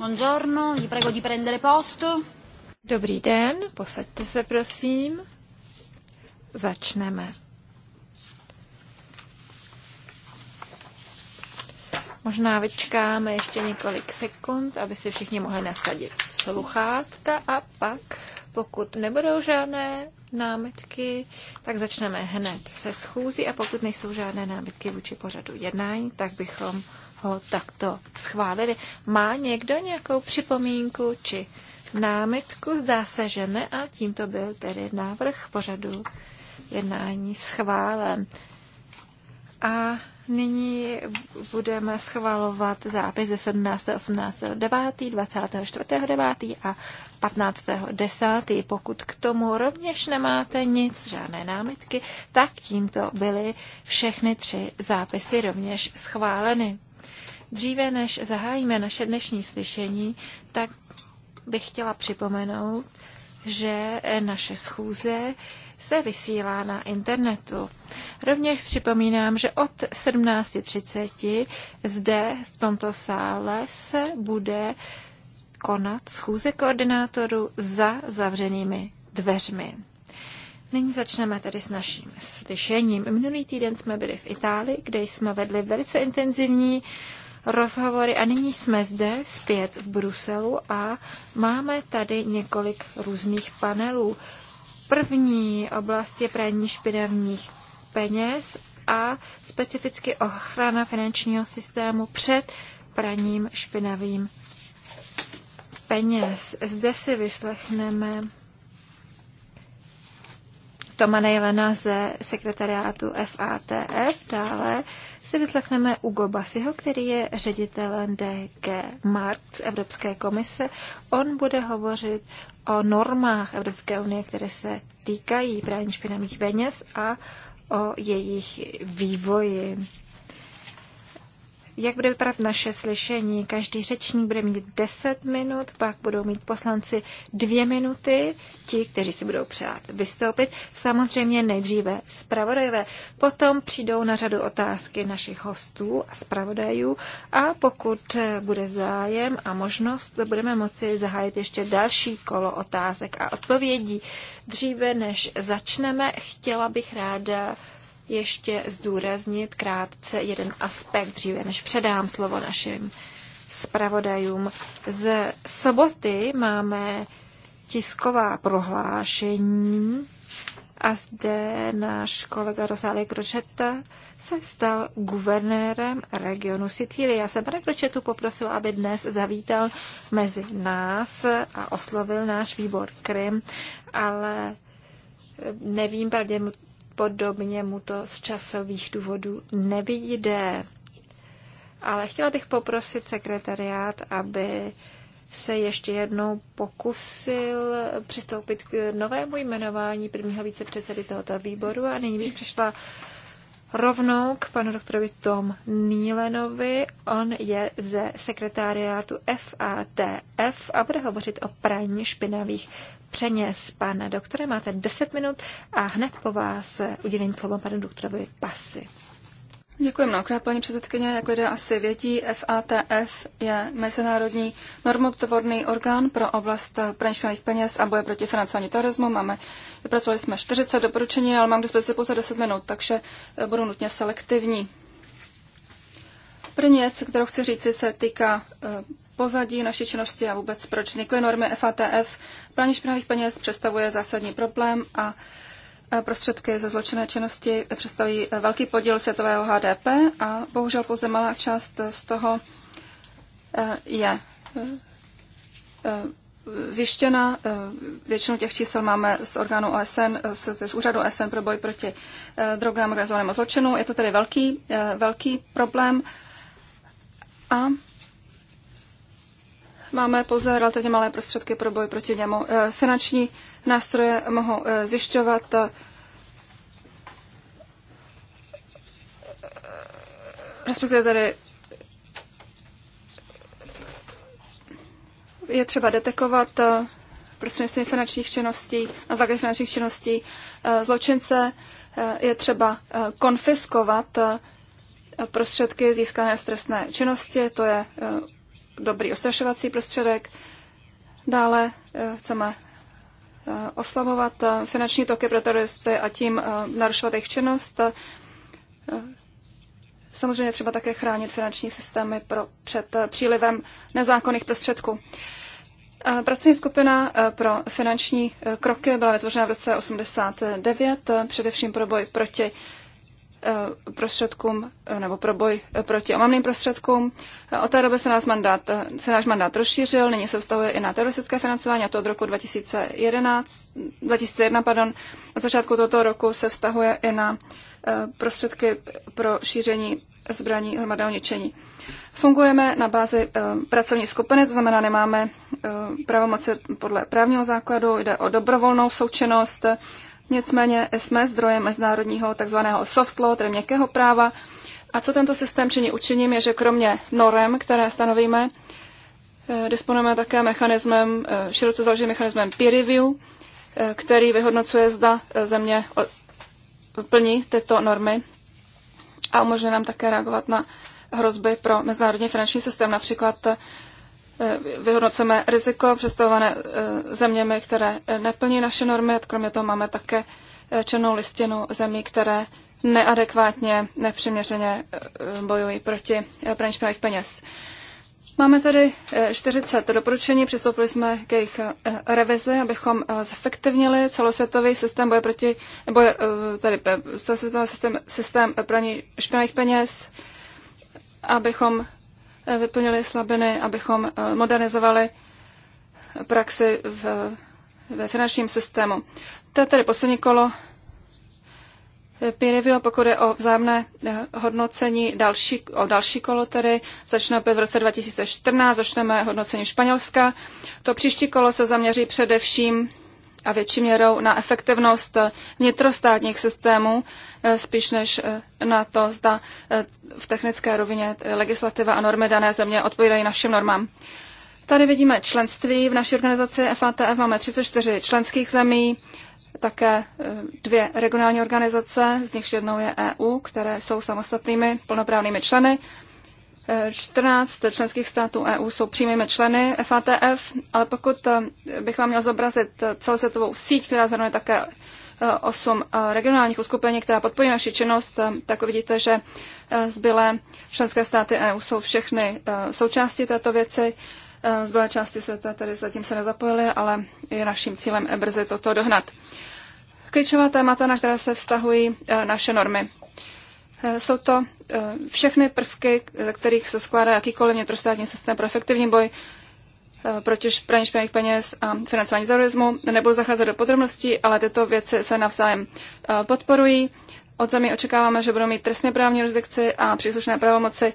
Buongiorno, vi prego di prendere posto. Dobrý den, posaďte se prosím. Začneme. Možná vyčkáme ještě několik sekund, aby si všichni mohli nasadit sluchátka a pak, pokud nebudou žádné námitky, tak začneme hned se schůzí a pokud nejsou žádné námitky vůči pořadu jednání, tak bychom ho takto schválili. Má někdo nějakou připomínku či námitku? Zdá se, že ne a tímto byl tedy návrh pořadu jednání schválen. A nyní budeme schvalovat zápis ze 17. 18. 9. 24. 9. a 15. 10. Pokud k tomu rovněž nemáte nic, žádné námitky, tak tímto byly všechny tři zápisy rovněž schváleny. Dříve než zahájíme naše dnešní slyšení, tak bych chtěla připomenout, že naše schůze se vysílá na internetu. Rovněž připomínám, že od 17.30 zde v tomto sále se bude konat schůze koordinátoru za zavřenými dveřmi. Nyní začneme tedy s naším slyšením. Minulý týden jsme byli v Itálii, kde jsme vedli velice intenzivní rozhovory a nyní jsme zde zpět v Bruselu a máme tady několik různých panelů. První oblast je praní špinavních peněz a specificky ochrana finančního systému před praním špinavým peněz. Zde si vyslechneme Toma Nejlena ze sekretariátu FATF, dále si vyslechneme Ugo Basiho, který je ředitelem DG Mark z Evropské komise. On bude hovořit o normách Evropské unie, které se týkají právě špinavých peněz a o jejich vývoji jak bude vypadat naše slyšení. Každý řečník bude mít 10 minut, pak budou mít poslanci dvě minuty, ti, kteří si budou přát vystoupit. Samozřejmě nejdříve zpravodajové. Potom přijdou na řadu otázky našich hostů a zpravodajů a pokud bude zájem a možnost, budeme moci zahájit ještě další kolo otázek a odpovědí. Dříve než začneme, chtěla bych ráda ještě zdůraznit krátce jeden aspekt, dříve než předám slovo našim zpravodajům. Z soboty máme tisková prohlášení a zde náš kolega Rosálie Kročeta se stal guvernérem regionu Sicílie. Já jsem pana Kročetu poprosila, aby dnes zavítal mezi nás a oslovil náš výbor Krym, ale nevím, pravděpodobně Pravděpodobně mu to z časových důvodů nevyjde. Ale chtěla bych poprosit sekretariát, aby se ještě jednou pokusil přistoupit k novému jmenování prvního vicepředsedy tohoto výboru a nyní bych přišla rovnou k panu doktorovi Tom Nílenovi. On je ze sekretariátu FATF a bude hovořit o praní špinavých přeněz. Pane doktore, máte 10 minut a hned po vás udělím slovo panu doktorovi Pasy. Děkuji mnohokrát, paní předsedkyně. Jak lidé asi vědí, FATF je mezinárodní normotvorný orgán pro oblast pranišmených peněz a boje proti financování terorismu. Máme, vypracovali jsme 40 doporučení, ale mám dispozici pouze 10 minut, takže budu nutně selektivní. První věc, kterou chci říci, se týká eh, pozadí naší činnosti a vůbec proč vznikly normy FATF. Praní špinavých peněz představuje zásadní problém a eh, prostředky ze zločinné činnosti představují eh, velký podíl světového HDP a bohužel pouze malá část z toho je zjištěna. Většinu těch čísel máme z orgánu OSN, z, z úřadu OSN pro boj proti drogám organizovanému zločinu. Je to tedy velký, velký problém a máme pouze relativně malé prostředky pro boj proti němu. Eh, finanční nástroje mohou eh, zjišťovat eh, respektive tady je třeba detekovat prostřednictvím finančních činností, a základě finančních činností zločince, je třeba konfiskovat prostředky získané z trestné činnosti, to je eh, dobrý ostrašovací prostředek. Dále eh, chceme eh, oslabovat finanční toky pro teroristy a tím narušovat jejich činnost. Samozřejmě třeba také chránit finanční systémy pro, před přílivem nezákonných prostředků. Pracovní skupina pro finanční kroky byla vytvořena v roce 89, především pro boj proti Eh, prostředkům eh, nebo pro boj eh, proti omamným prostředkům. Od té doby se, nás mandát, se náš mandát rozšířil, nyní se vztahuje i na teroristické financování, a to od roku 2011, 2001, pardon, od začátku tohoto roku se vztahuje i na prostředky pro šíření zbraní hromadného ničení. Fungujeme na bázi pracovní skupiny, to znamená, nemáme pravomoci podle právního základu, jde o dobrovolnou součinnost, nicméně jsme zdrojem mezinárodního tzv. soft law, tedy měkkého práva. A co tento systém činí učiním, je, že kromě norem, které stanovíme, eh, disponujeme také mechanismem, eh, široce založeným mechanismem peer review, eh, který vyhodnocuje, zda země plní tyto normy a umožňuje nám také reagovat na hrozby pro mezinárodní finanční systém. Například Eh, vyhodnocujeme riziko představované eh, zeměmi, které eh, neplní naše normy. Kromě toho máme také černou listinu zemí, které neadekvátně, nepřiměřeně bojují proti praní špinavých peněz. Máme tady 40 doporučení, přistoupili jsme k jejich revizi, abychom zefektivnili celosvětový systém boje proti, boje, tady celosvětový systém, systém praní špinavých peněz, abychom Eh, vyplnili slabiny, abychom eh, modernizovali praxi v, ve finančním systému. To je tedy poslední kolo eh, peer review, pokud je o vzájemné hodnocení, další, o další kolo tedy, začne opět v roce 2014, začneme hodnocení Španělska. To příští kolo se zaměří především a větší měrou na efektivnost vnitrostátních systémů, eh, spíš než eh, na to, zda eh, v technické rovině legislativa a normy dané země odpovídají našim normám. Tady vidíme členství. V naší organizaci FATF máme 34 členských zemí, také dvě regionální organizace, z nichž jednou je EU, které jsou samostatnými plnoprávnými členy. 14 členských států EU jsou přímými členy FATF, ale pokud eh, bych vám měl zobrazit eh, celosvětovou síť, která zhrnuje také eh, osm regionálních uskupení, která podporují naši činnost, tak vidíte, že zbylé členské státy EU jsou všechny součástí této věci. Zbylé části světa tedy zatím se nezapojily, ale je naším cílem brzy toto dohnat. Klíčová témata, na které se vztahují naše normy. Eh, jsou to eh, všechny prvky, ze kterých se skládá jakýkoliv vnitrostátní systém pro efektivní boj eh, proti praní špinavých peněz a financování terorismu. Nebudu zacházet do podrobností, ale tyto věci se navzájem podporují. Od zemí očekáváme, že budou mít trestně právní jurisdikci a příslušné pravomoci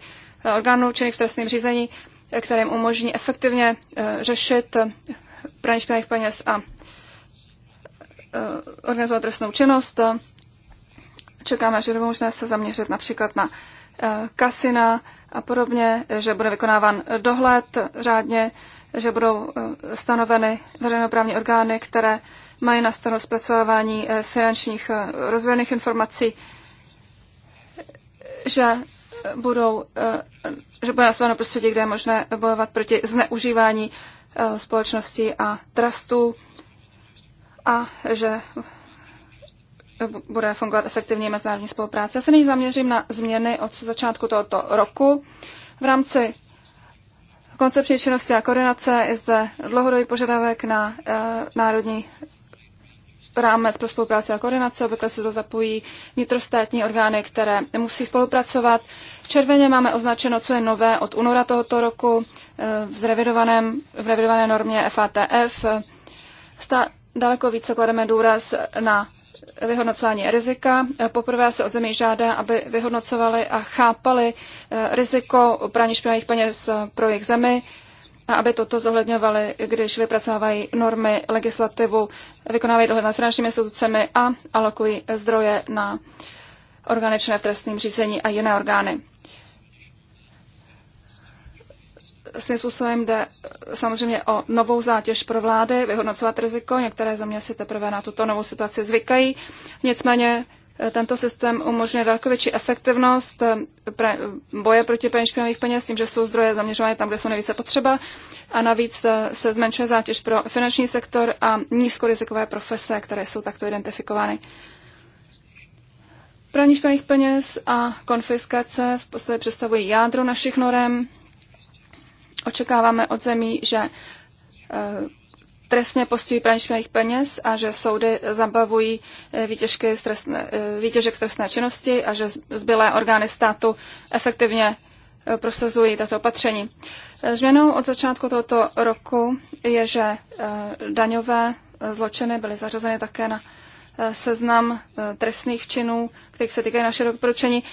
orgánů činných v trestním řízení, kterým umožní efektivně řešit praní špinavých peněz a organizovat trestnou činnost čekáme, že bude možné se zaměřit například na eh, kasina a podobně, že bude vykonáván dohled řádně, že budou eh, stanoveny veřejnoprávní orgány, které mají na stanu zpracovávání eh, finančních rozvojených informací, že budou, že bude nastaveno prostředí, kde je možné bojovat proti zneužívání společnosti a trustů a že bude fungovat efektivně mezinárodní spolupráce. Já se nyní zaměřím na změny od začátku tohoto roku. V rámci koncepční činnosti a koordinace je zde dlouhodobý požadavek na e, národní rámec pro spolupráci a koordinaci. Obvykle se to zapojí vnitrostátní orgány, které musí spolupracovat. V červeně máme označeno, co je nové od února tohoto roku eh, v, zrevidovaném, v revidované normě FATF. Sta, daleko více klademe důraz na vyhodnocování rizika. Poprvé se od zemí žádá, aby vyhodnocovali a chápali eh, riziko praní špinavých peněz pro jejich zemi a aby toto zohledňovali, když vypracovávají normy, legislativu, vykonávají dohled nad finančními institucemi a alokují zdroje na orgány v trestním řízení a jiné orgány. svým způsobem jde samozřejmě o novou zátěž pro vlády, vyhodnocovat riziko. Některé země si teprve na tuto novou situaci zvykají. Nicméně eh, tento systém umožňuje daleko větší efektivnost eh, pre, boje proti praní špinavých peněz tím, že jsou zdroje zaměřované tam, kde jsou nejvíce potřeba a navíc eh, se zmenšuje zátěž pro finanční sektor a nízkorizikové profese, které jsou takto identifikovány. Praní špinavých peněz a konfiskace v podstatě představují jádro našich norem Očekáváme od zemí, že eh, trestně postují praní špinavých peněz a že soudy zabavují eh, výtěžky trestné, eh, výtěžek z trestné činnosti a že zbylé orgány státu efektivně prosazují tato opatření. Změnou od začátku tohoto roku je, že daňové zločiny byly zařazeny také na seznam trestných činů, kterých se týkají naše doporučení.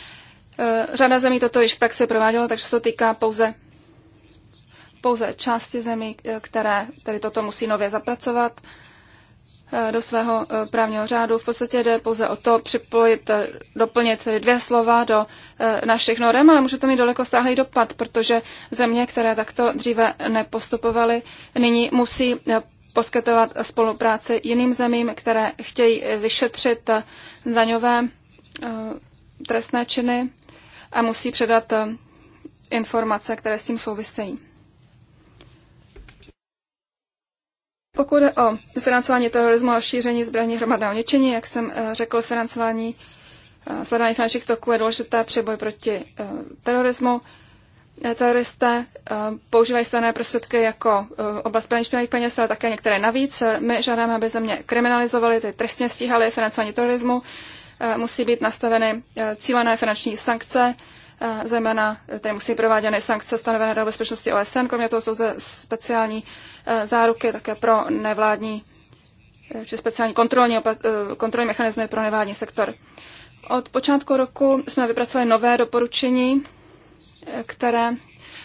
Řada zemí toto již v praxi prováděla, takže se to týká pouze pouze části zemí, které tedy toto musí nově zapracovat eh, do svého eh, právního řádu. V podstatě jde pouze o to připojit, eh, doplnit tedy dvě slova do našich norem, ale může to mít daleko stáhlý dopad, protože země, které takto dříve nepostupovaly, nyní musí poskytovat spolupráci jiným zemím, které chtějí vyšetřit daňové trestné činy a musí předat informace, které s tím souvisejí. Pokud jde o financování terorismu a šíření zbraní hromadného ničení, jak jsem eh, řekl, financování eh, sledování finančních toků je důležité při boji proti eh, terorismu. Teroristé používají stejné prostředky jako oblast praní špinavých peněz, ale také některé navíc. My žádáme, aby země kriminalizovaly, ty trestně stíhaly financování terorismu. Musí být nastaveny cílené finanční sankce, zejména tady musí prováděny sankce stanovené do bezpečnosti OSN. Kromě toho jsou zde speciální Eh, záruky, také pro nevládní eh, či speciální kontrolní, eh, kontrolní mechanismy pro nevládní sektor. Od počátku roku jsme vypracovali nové doporučení, které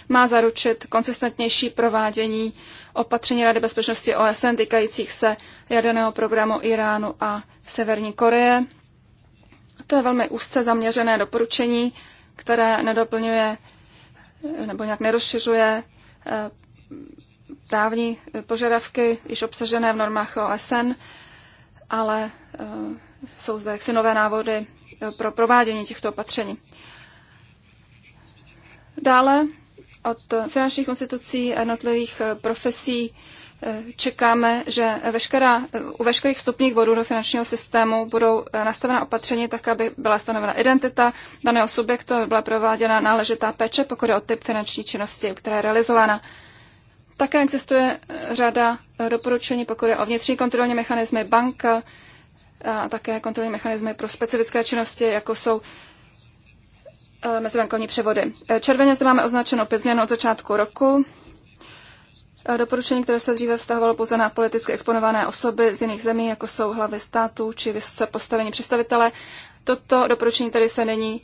má zaručit konsistentnější provádění opatření Rady bezpečnosti OSN týkajících se jaderného programu Iránu a Severní Koreje. To je velmi úzce zaměřené doporučení, které nedoplňuje nebo nějak nerozšiřuje právní požadavky již obsažené v normách OSN, ale e, jsou zde jaksi nové návody e, pro provádění těchto opatření. Dále od finančních institucí a jednotlivých e, profesí čekáme, že veškerá, u veškerých vstupních bodů do finančního systému budou nastavena opatření tak, aby byla stanovena identita daného subjektu, aby byla prováděna náležitá péče, pokud je o typ finanční činnosti, která je realizována. Také existuje eh, řada eh, doporučení, pokud je o vnitřní kontrolní mechanismy bank eh, a také kontrolní mechanismy pro specifické činnosti, jako jsou mezibankovní převody. Červeně zde máme označeno opět změnu od začátku roku. Doporučení, které se dříve vztahovalo pouze na politicky exponované osoby z jiných zemí, jako jsou hlavy států či vysoce postavení představitele, toto doporučení tedy se není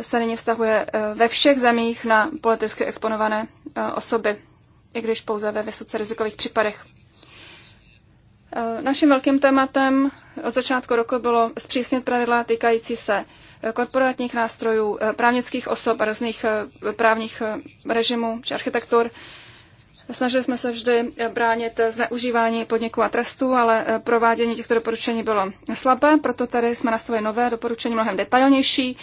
se nyní vztahuje ve všech zemích na politicky exponované Eh, osoby, i když pouze ve vysoce rizikových případech. Eh, naším velkým tématem od začátku roku bylo zpřísnit pravidla týkající se eh, korporátních nástrojů, právnických osob a různých právních režimů či architektur. Snažili jsme se vždy bránit zneužívání podniků a trestů, ale provádění těchto doporučení bylo slabé, proto tady jsme nastavili nové doporučení mnohem detailnější,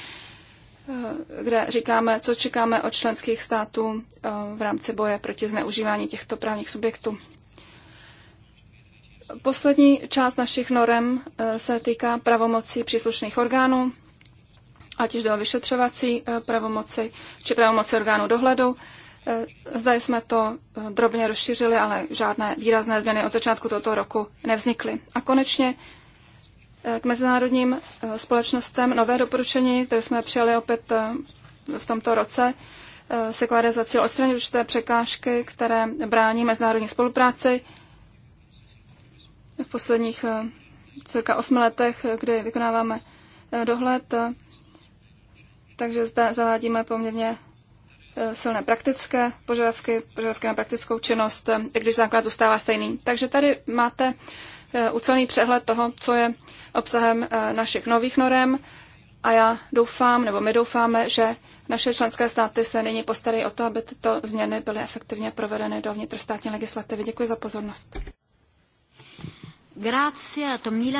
kde říkáme, co čekáme od členských států eh, v rámci boje proti zneužívání těchto právních subjektů. Poslední část našich norem eh, se týká pravomocí příslušných orgánů, ať už jde o vyšetřovací eh, pravomoci či pravomoci orgánů dohledu. Zde jsme to drobně rozšířili, ale žádné výrazné změny od začátku tohoto roku nevznikly. A konečně k mezinárodním eh, společnostem nové doporučení, které jsme přijali opět eh, v tomto roce, eh, se klade za cíl odstranit určité překážky, které brání mezinárodní spolupráci. V posledních cirka osmi letech, kdy vykonáváme dohled, takže zde zavádíme poměrně silné praktické požadavky, požadavky na praktickou činnost, i když základ zůstává stejný. Takže tady máte eh, ucelený přehled toho, co je obsahem eh, našich nových norem a já doufám, nebo my doufáme, že naše členské státy se nyní postarají o to, aby tyto změny byly efektivně provedeny do vnitrostátní legislativy. Děkuji za pozornost. Grazie,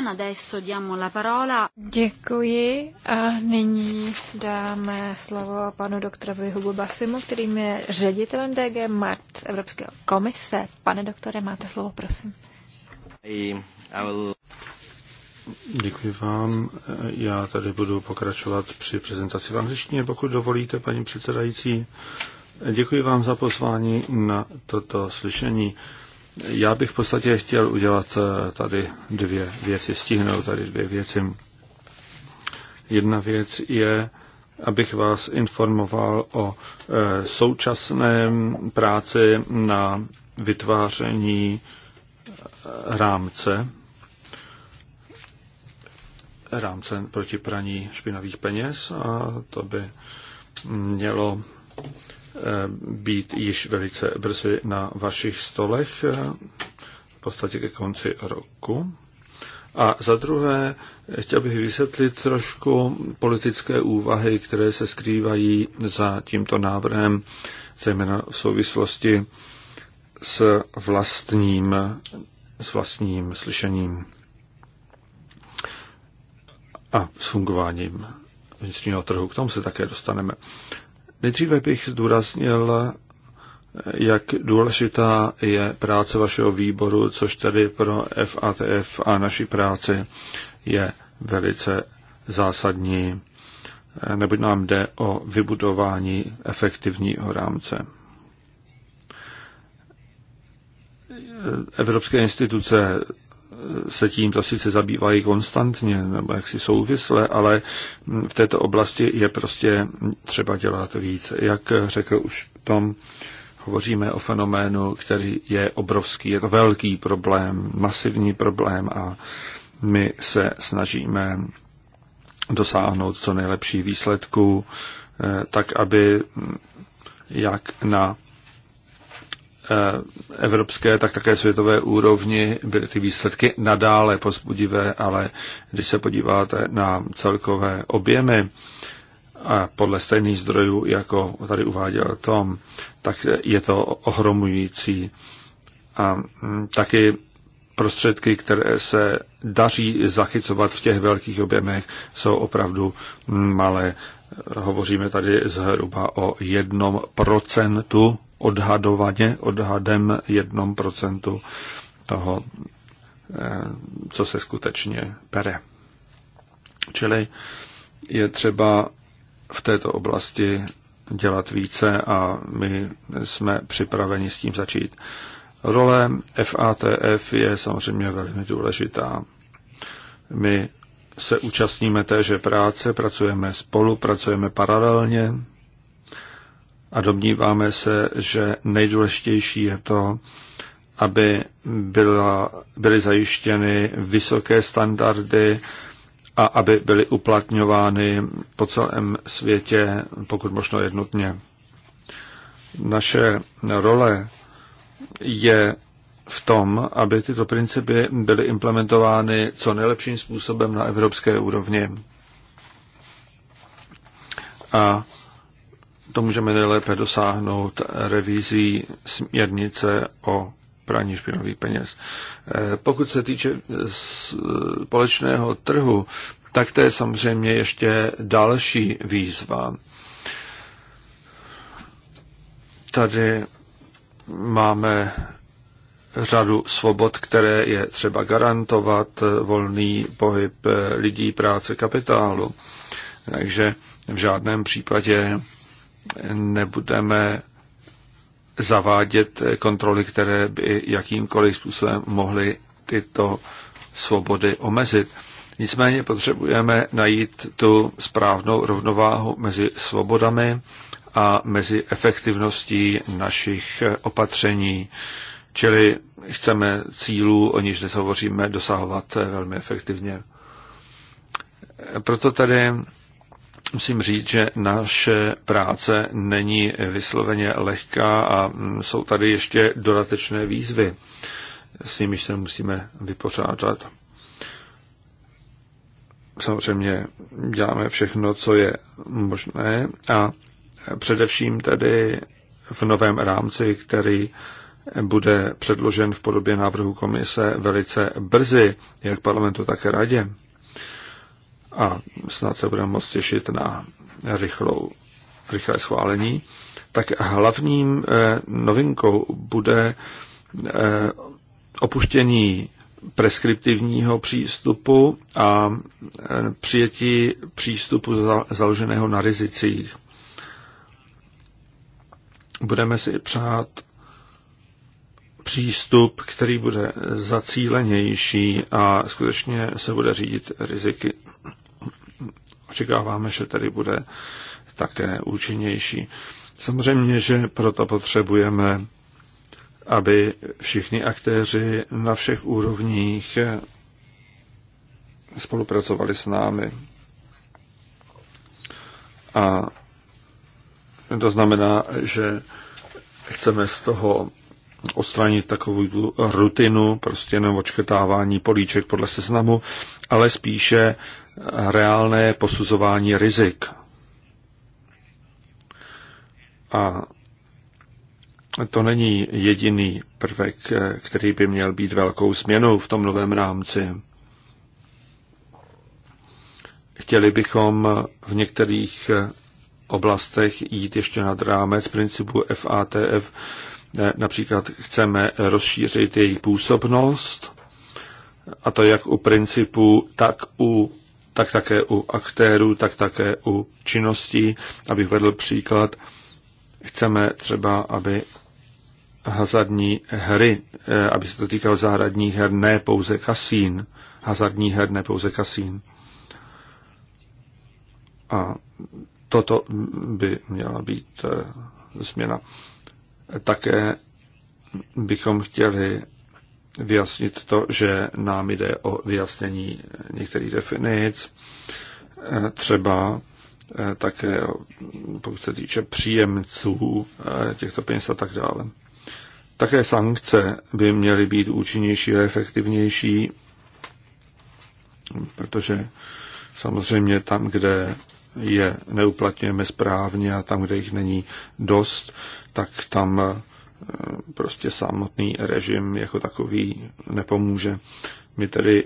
adesso diamo la parola. Děkuji a nyní dáme slovo panu doktorovi Hugo Basimu, kterým je ředitelem DG Mart Evropské komise. Pane doktore, máte slovo, prosím. Děkuji vám. Já tady budu pokračovat při prezentaci v angličtině, pokud dovolíte, paní předsedající. Děkuji vám za pozvání na toto slyšení. Já bych v podstatě chtěl udělat eh, tady dvě věci, stihnout tady dvě věci. Jedna věc je, abych vás informoval o eh, současném práci na vytváření eh, rámce rámce proti praní špinavých peněz a to by mělo Eh, být již velice brzy na vašich stolech, eh, v podstatě ke konci roku. A za druhé, chtěl bych vysvětlit trošku politické úvahy, které se skrývají za tímto návrhem, zejména v souvislosti s vlastním, s vlastním slyšením a s fungováním vnitřního trhu. K tomu se také dostaneme. Nejdříve bych zdůraznil, jak důležitá je práce vašeho výboru, což tedy pro FATF a naší práci je velice zásadní, neboť nám jde o vybudování efektivního rámce. Evropské instituce se tím to sice zabývají konstantně nebo jaksi souvisle, ale v této oblasti je prostě třeba dělat víc. Jak řekl už Tom, hovoříme o fenoménu, který je obrovský, je to velký problém, masivní problém a my se snažíme dosáhnout co nejlepší výsledků, eh, tak aby jak na Eh, evropské, tak také světové úrovni byly ty výsledky nadále pozbudivé, ale když se podíváte na celkové objemy a podle stejných zdrojů, jako tady uváděl Tom, tak je to ohromující. A mm, taky prostředky, které se daří zachycovat v těch velkých objemech, jsou opravdu mm, malé. Hovoříme tady zhruba o jednom procentu odhadovaně odhadem 1% toho, eh, co se skutečně pere. Čili je třeba v této oblasti dělat více a my jsme připraveni s tím začít. Role FATF je samozřejmě velmi důležitá. My se účastníme téže práce, pracujeme spolu, pracujeme paralelně a domníváme se, že nejdůležitější je to, aby byla, byly zajištěny vysoké standardy a aby byly uplatňovány po celém světě, pokud možno jednotně. Naše role je v tom, aby tyto principy byly implementovány co nejlepším způsobem na evropské úrovni. A to můžeme nejlépe dosáhnout revizí směrnice o praní špinavých peněz. Eh, pokud se týče eh, společného trhu, tak to je samozřejmě ještě další výzva. Tady máme řadu svobod, které je třeba garantovat, eh, volný pohyb lidí, práce, kapitálu. Takže v žádném případě nebudeme zavádět kontroly, které by jakýmkoliv způsobem mohly tyto svobody omezit. Nicméně potřebujeme najít tu správnou rovnováhu mezi svobodami a mezi efektivností našich opatření. Čili chceme cílů, o níž dnes hovoříme, dosahovat velmi efektivně. Proto tady musím říct, že naše práce není vysloveně lehká a mm, jsou tady ještě dodatečné výzvy, s nimiž se musíme vypořádat. Samozřejmě děláme všechno, co je možné a především tedy v novém rámci, který bude předložen v podobě návrhu komise velice brzy, jak parlamentu, tak radě a snad se budeme moc těšit na rychlou, rychlé schválení, tak hlavním eh, novinkou bude eh, opuštění preskriptivního přístupu a eh, přijetí přístupu založeného na rizicích. Budeme si přát přístup, který bude zacílenější a skutečně se bude řídit riziky očekáváme, že tady bude také účinnější. Samozřejmě, že proto potřebujeme, aby všichni aktéři na všech úrovních spolupracovali s námi. A to znamená, že chceme z toho odstranit takovou rutinu, prostě jenom očkrtávání políček podle seznamu ale spíše eh, reálné posuzování rizik. A to není jediný prvek, eh, který by měl být velkou změnou v tom novém rámci. Chtěli bychom v některých eh, oblastech jít ještě nad rámec principu FATF. Například chceme rozšířit jejich působnost a to jak u principů, tak, u, tak také u aktérů, tak také u činností. Abych vedl příklad, chceme třeba, aby hazardní hry, eh, aby se to týkalo zahradních her, ne pouze kasín. Hazardní her, ne pouze kasín. A toto by měla být eh, změna. Také bychom chtěli vyjasnit to, že nám jde o vyjasnění některých definic, eh, třeba eh, také pokud se týče příjemců eh, těchto peněz a tak dále. Také sankce by měly být účinnější a efektivnější, protože samozřejmě tam, kde je neuplatňujeme správně a tam, kde jich není dost, tak tam prostě samotný režim jako takový nepomůže. My tedy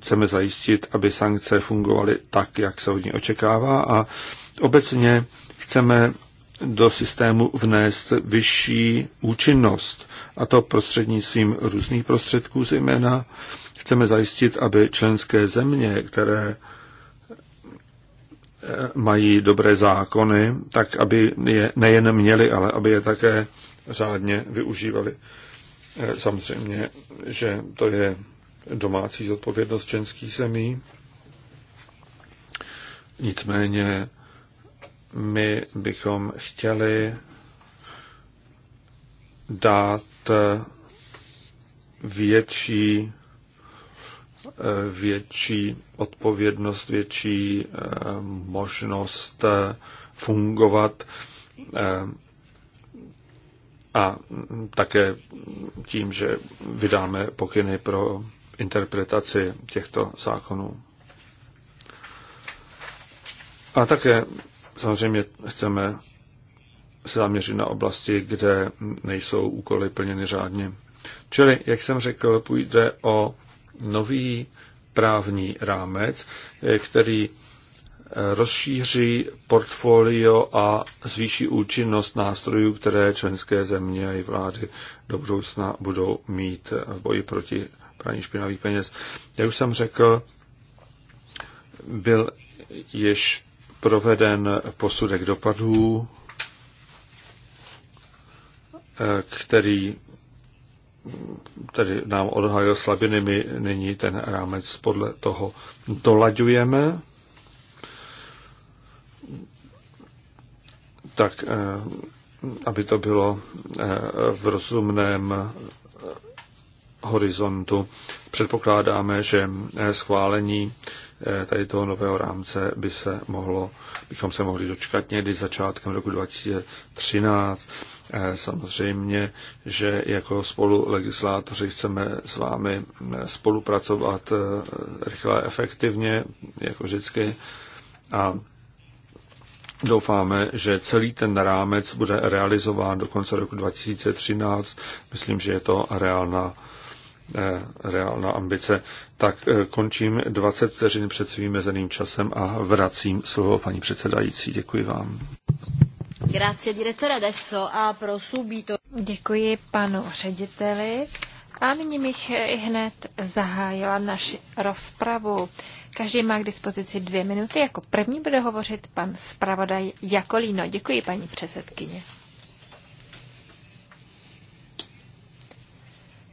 chceme zajistit, aby sankce fungovaly tak, jak se od ní očekává a obecně chceme do systému vnést vyšší účinnost, a to prostřednictvím různých prostředků zejména. Chceme zajistit, aby členské země, které eh, mají dobré zákony, tak aby je nejen měli, ale aby je také řádně využívali. Eh, samozřejmě, že to je domácí zodpovědnost členských zemí. Nicméně my bychom chtěli dát eh, větší, eh, větší odpovědnost, větší možnost fungovat a také tím, že vydáme pokyny pro interpretaci těchto zákonů. A také samozřejmě chceme se zaměřit na oblasti, kde nejsou úkoly plněny řádně. Čili, jak jsem řekl, půjde o nový právní rámec, který rozšíří portfolio a zvýší účinnost nástrojů, které členské země a i vlády do budoucna budou mít v boji proti praní špinavých peněz. Jak už jsem řekl, byl již proveden posudek dopadů, který tedy nám odhalil slabiny, my nyní ten rámec podle toho dolaďujeme. tak eh, aby to bylo eh, v rozumném eh, horizontu. Předpokládáme, že schválení tady toho nového rámce by se mohlo, bychom se mohli dočkat někdy začátkem roku 2013. Samozřejmě, že jako legislátoři chceme s vámi spolupracovat rychle a efektivně, jako vždycky. A Doufáme, že celý ten rámec bude realizován do konce roku 2013. Myslím, že je to reálná, eh, reálná ambice. Tak eh, končím 20 vteřin před svým mezeným časem a vracím slovo paní předsedající. Děkuji vám. Grazie direttore, adesso pro subito. Děkuji panu řediteli a nyní bych eh, hned zahájila naši rozpravu. Každý má k dispozici dvě minuty. Jako první bude hovořit pan zpravodaj Jakolíno. Děkuji, paní předsedkyně.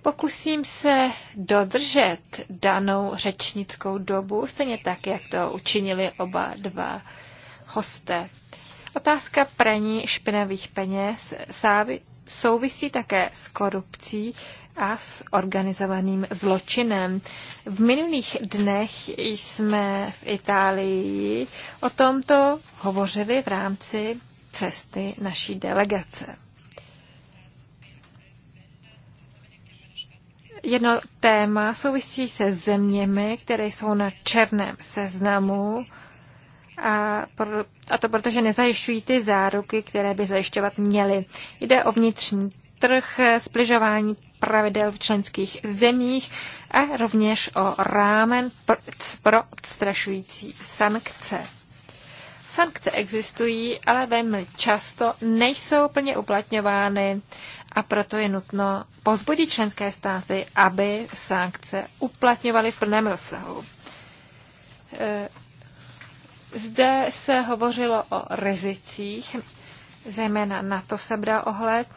Pokusím se dodržet danou řečnickou dobu, stejně tak, jak to učinili oba dva hosté. Otázka praní špinavých peněz sávy souvisí také s korupcí, a s organizovaným zločinem. V minulých dnech jsme v Itálii o tomto hovořili v rámci cesty naší delegace. Jedno téma souvisí se zeměmi, které jsou na černém seznamu a, pro, a to protože nezajišťují ty záruky, které by zajišťovat měly. Jde o vnitřní trh, spližování pravidel v členských zemích a rovněž o rámen pro odstrašující sankce. Sankce existují, ale velmi často nejsou plně uplatňovány a proto je nutno pozbudit členské státy, aby sankce uplatňovaly v plném rozsahu. E, zde se hovořilo o rizicích, zejména na to se bral ohled,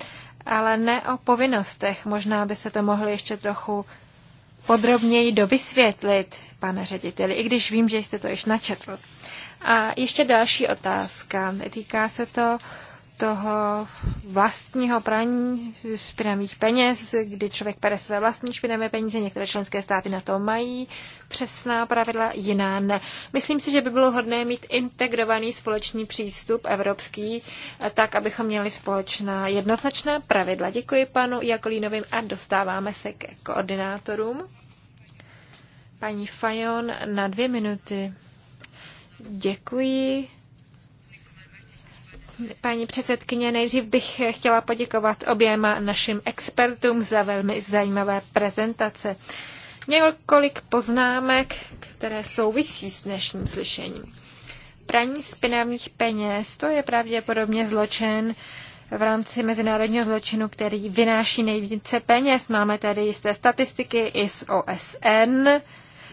ale ne o povinnostech. Možná by se to mohlo ještě trochu podrobněji dovysvětlit, pane řediteli, i když vím, že jste to již načetl. A ještě další otázka. Týká se to uh, toho vlastního praní špinavých peněz, kdy člověk pere své vlastní špinavé peníze, některé členské státy na to mají přesná pravidla, jiná ne. Myslím si, že by bylo hodné mít integrovaný společný přístup evropský, tak, abychom měli společná jednoznačná pravidla. Děkuji panu Jakolínovým a dostáváme se ke koordinátorům. Paní Fajon na dvě minuty. Děkuji paní předsedkyně. Nejdřív bych chtěla poděkovat oběma našim expertům za velmi zajímavé prezentace. Několik poznámek, které souvisí s dnešním slyšením. Praní spinavých peněz, to je pravděpodobně zločin, v rámci mezinárodního zločinu, který vynáší nejvíce peněz. Máme tady jisté statistiky i z OSN.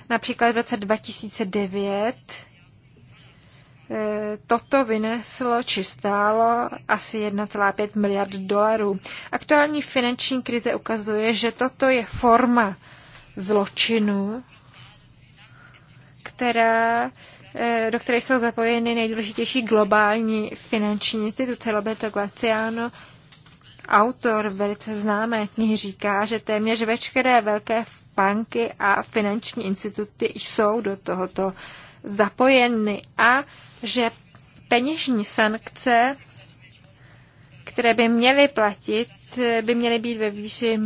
Například v roce 2009 toto vyneslo či stálo asi 1,5 miliard dolarů. Aktuální finanční krize ukazuje, že toto je forma zločinu, která eh, do které jsou zapojeny nejdůležitější globální finanční instituce. Roberto Glaciano, autor velice známé knihy, říká, že téměř veškeré velké banky a finanční instituty jsou do tohoto zapojeny a že peněžní sankce, které by měly platit, by měly být ve výši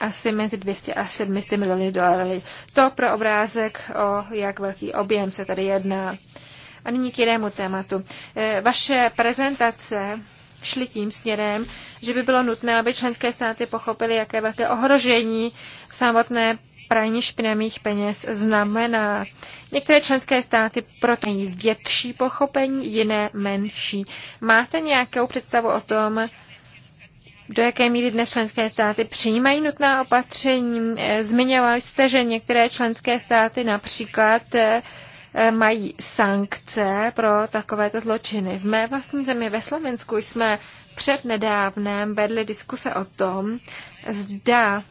asi mezi 200 až 700 miliony dolarů. To pro obrázek, o jak velký objem se tady jedná. A nyní k jinému tématu. E, vaše prezentace šly tím směrem, že by bylo nutné, aby členské státy pochopily, jaké velké ohrožení samotné praní špinavých peněz znamená. Některé členské státy proto mají větší pochopení, jiné menší. Máte nějakou představu o tom, do jaké míry dnes členské státy přijímají nutná opatření? Zmiňovali jste, že některé členské státy například eh, mají sankce pro takovéto zločiny. V mé vlastní zemi ve Slovensku jsme před nedávnem vedli diskuse o tom, zda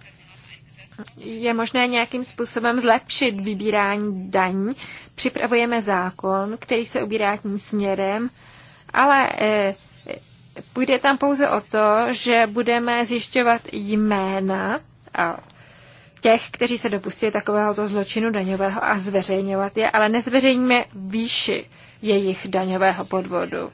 je možné nějakým způsobem zlepšit vybírání daní. Připravujeme zákon, který se ubírá tím směrem, ale e, půjde tam pouze o to, že budeme zjišťovat jména a těch, kteří se dopustili takovéhoto zločinu daňového a zveřejňovat je, ale nezveřejníme výši jejich daňového podvodu.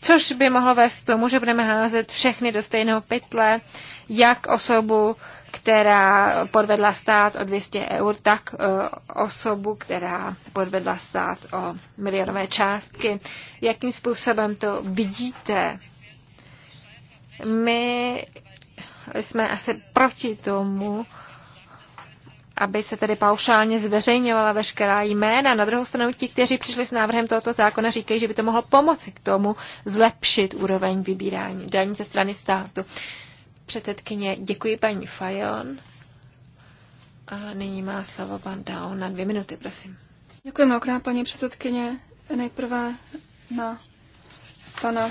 Což by mohlo vést k tomu, že budeme házet všechny do stejného pytle, jak osobu, která podvedla stát o 200 eur, tak eh, osobu, která podvedla stát o milionové částky. Jakým způsobem to vidíte? My jsme asi proti tomu, aby se tedy paušálně zveřejňovala veškerá jména. Na druhou stranu ti, kteří přišli s návrhem tohoto zákona, říkají, že by to mohlo pomoci k tomu zlepšit úroveň vybírání daní ze strany státu. Předsedkyně, děkuji paní Fajon. A nyní má slovo pan Dao na dvě minuty, prosím. Děkuji mnohokrát, paní předsedkyně. Nejprve na pana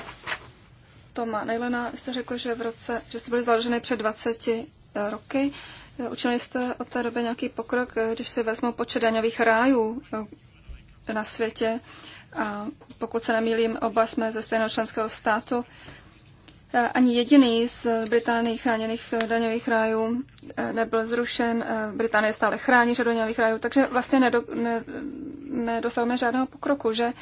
Toma Nejlena. jste řekl, že, v roce, že jste byli založeny před 20 eh, roky. Eh, Učili jste od té doby nějaký pokrok, eh, když si vezmu počet daňových rájů na světě. A pokud se nemýlím, oba jsme ze stejného členského státu. Eh, ani jediný z Británii chráněných eh, daňových rájů eh, nebyl zrušen. Británie stále chrání řadu daňových rájů, takže vlastně nedo, ne, nedosahujeme žádného pokroku, že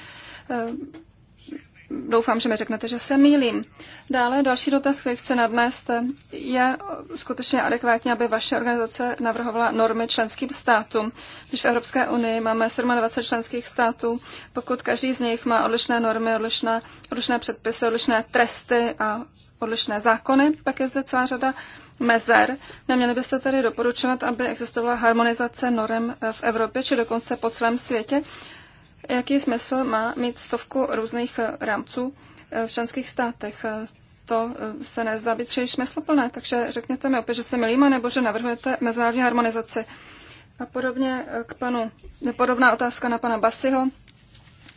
doufám, že mi řeknete, že se mýlím. Dále další dotaz, který chci nadnést, je skutečně adekvátní, aby vaše organizace navrhovala normy členským státům. Když v Evropské unii máme 27 členských států, pokud každý z nich má odlišné normy, odlišné, odlišné předpisy, odlišné tresty a odlišné zákony, pak je zde celá řada mezer. Neměli byste tedy doporučovat, aby existovala harmonizace norm v Evropě či dokonce po celém světě, jaký smysl má mít stovku různých eh, rámců eh, v členských státech. Eh, to se nezdá být příliš smysluplné, takže řekněte mi opět, že se milíme, nebo že navrhujete mezinárodní harmonizaci. A podobně k panu, podobná otázka na pana Basiho.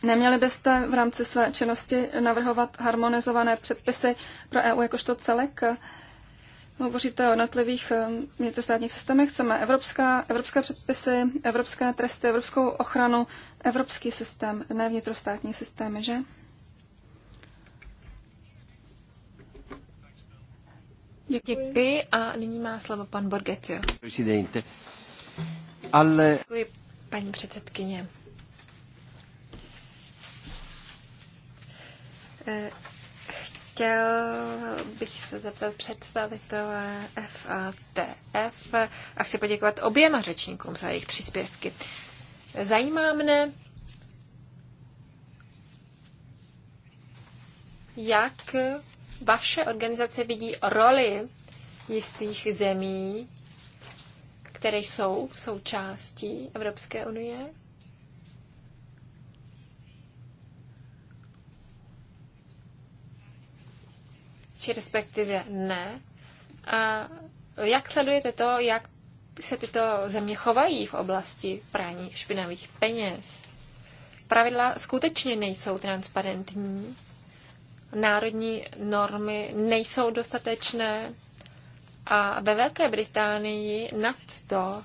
Neměli byste v rámci své činnosti navrhovat harmonizované předpisy pro EU jakožto celek? Hovoříte o jednotlivých eh, vnitrostátních systémech. Chceme evropská, evropské předpisy, evropské tresty, evropskou ochranu, evropský systém, ne vnitrostátní systémy, že? Děkuji a nyní má slovo pan Borgetio. Ale... Děkuji, paní předsedkyně. Eh, Chtěl bych se zeptat představitele FATF a chci poděkovat oběma řečníkům za jejich příspěvky. Zajímá mne, jak vaše organizace vidí roli jistých zemí, které jsou součástí Evropské unie či respektive ne. A jak sledujete to, jak se tyto země chovají v oblasti prání špinavých peněz? Pravidla skutečně nejsou transparentní, národní normy nejsou dostatečné a ve Velké Británii nad to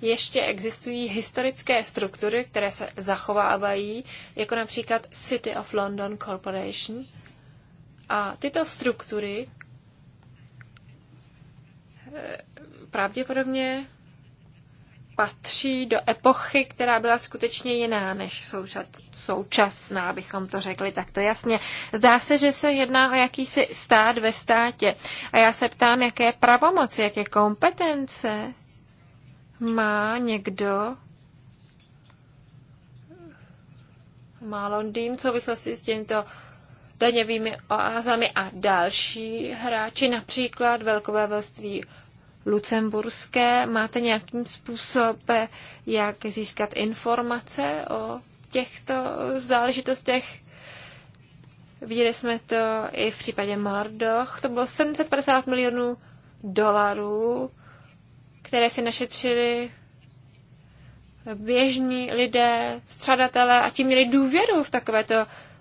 ještě existují historické struktury, které se zachovávají, jako například City of London Corporation, a tyto struktury eh, pravděpodobně patří do epochy, která byla skutečně jiná než současná, abychom to řekli takto jasně. Zdá se, že se jedná o jakýsi stát ve státě. A já se ptám, jaké pravomoci, jaké kompetence má někdo, má Londýn v souvislosti s tímto daňovými oázami a další hráči, například velství lucemburské. Máte nějakým způsob, jak získat informace o těchto záležitostech? Viděli jsme to i v případě Mardoch. To bylo 750 milionů dolarů, které si našetřili běžní lidé, střadatelé a ti měli důvěru v takovéto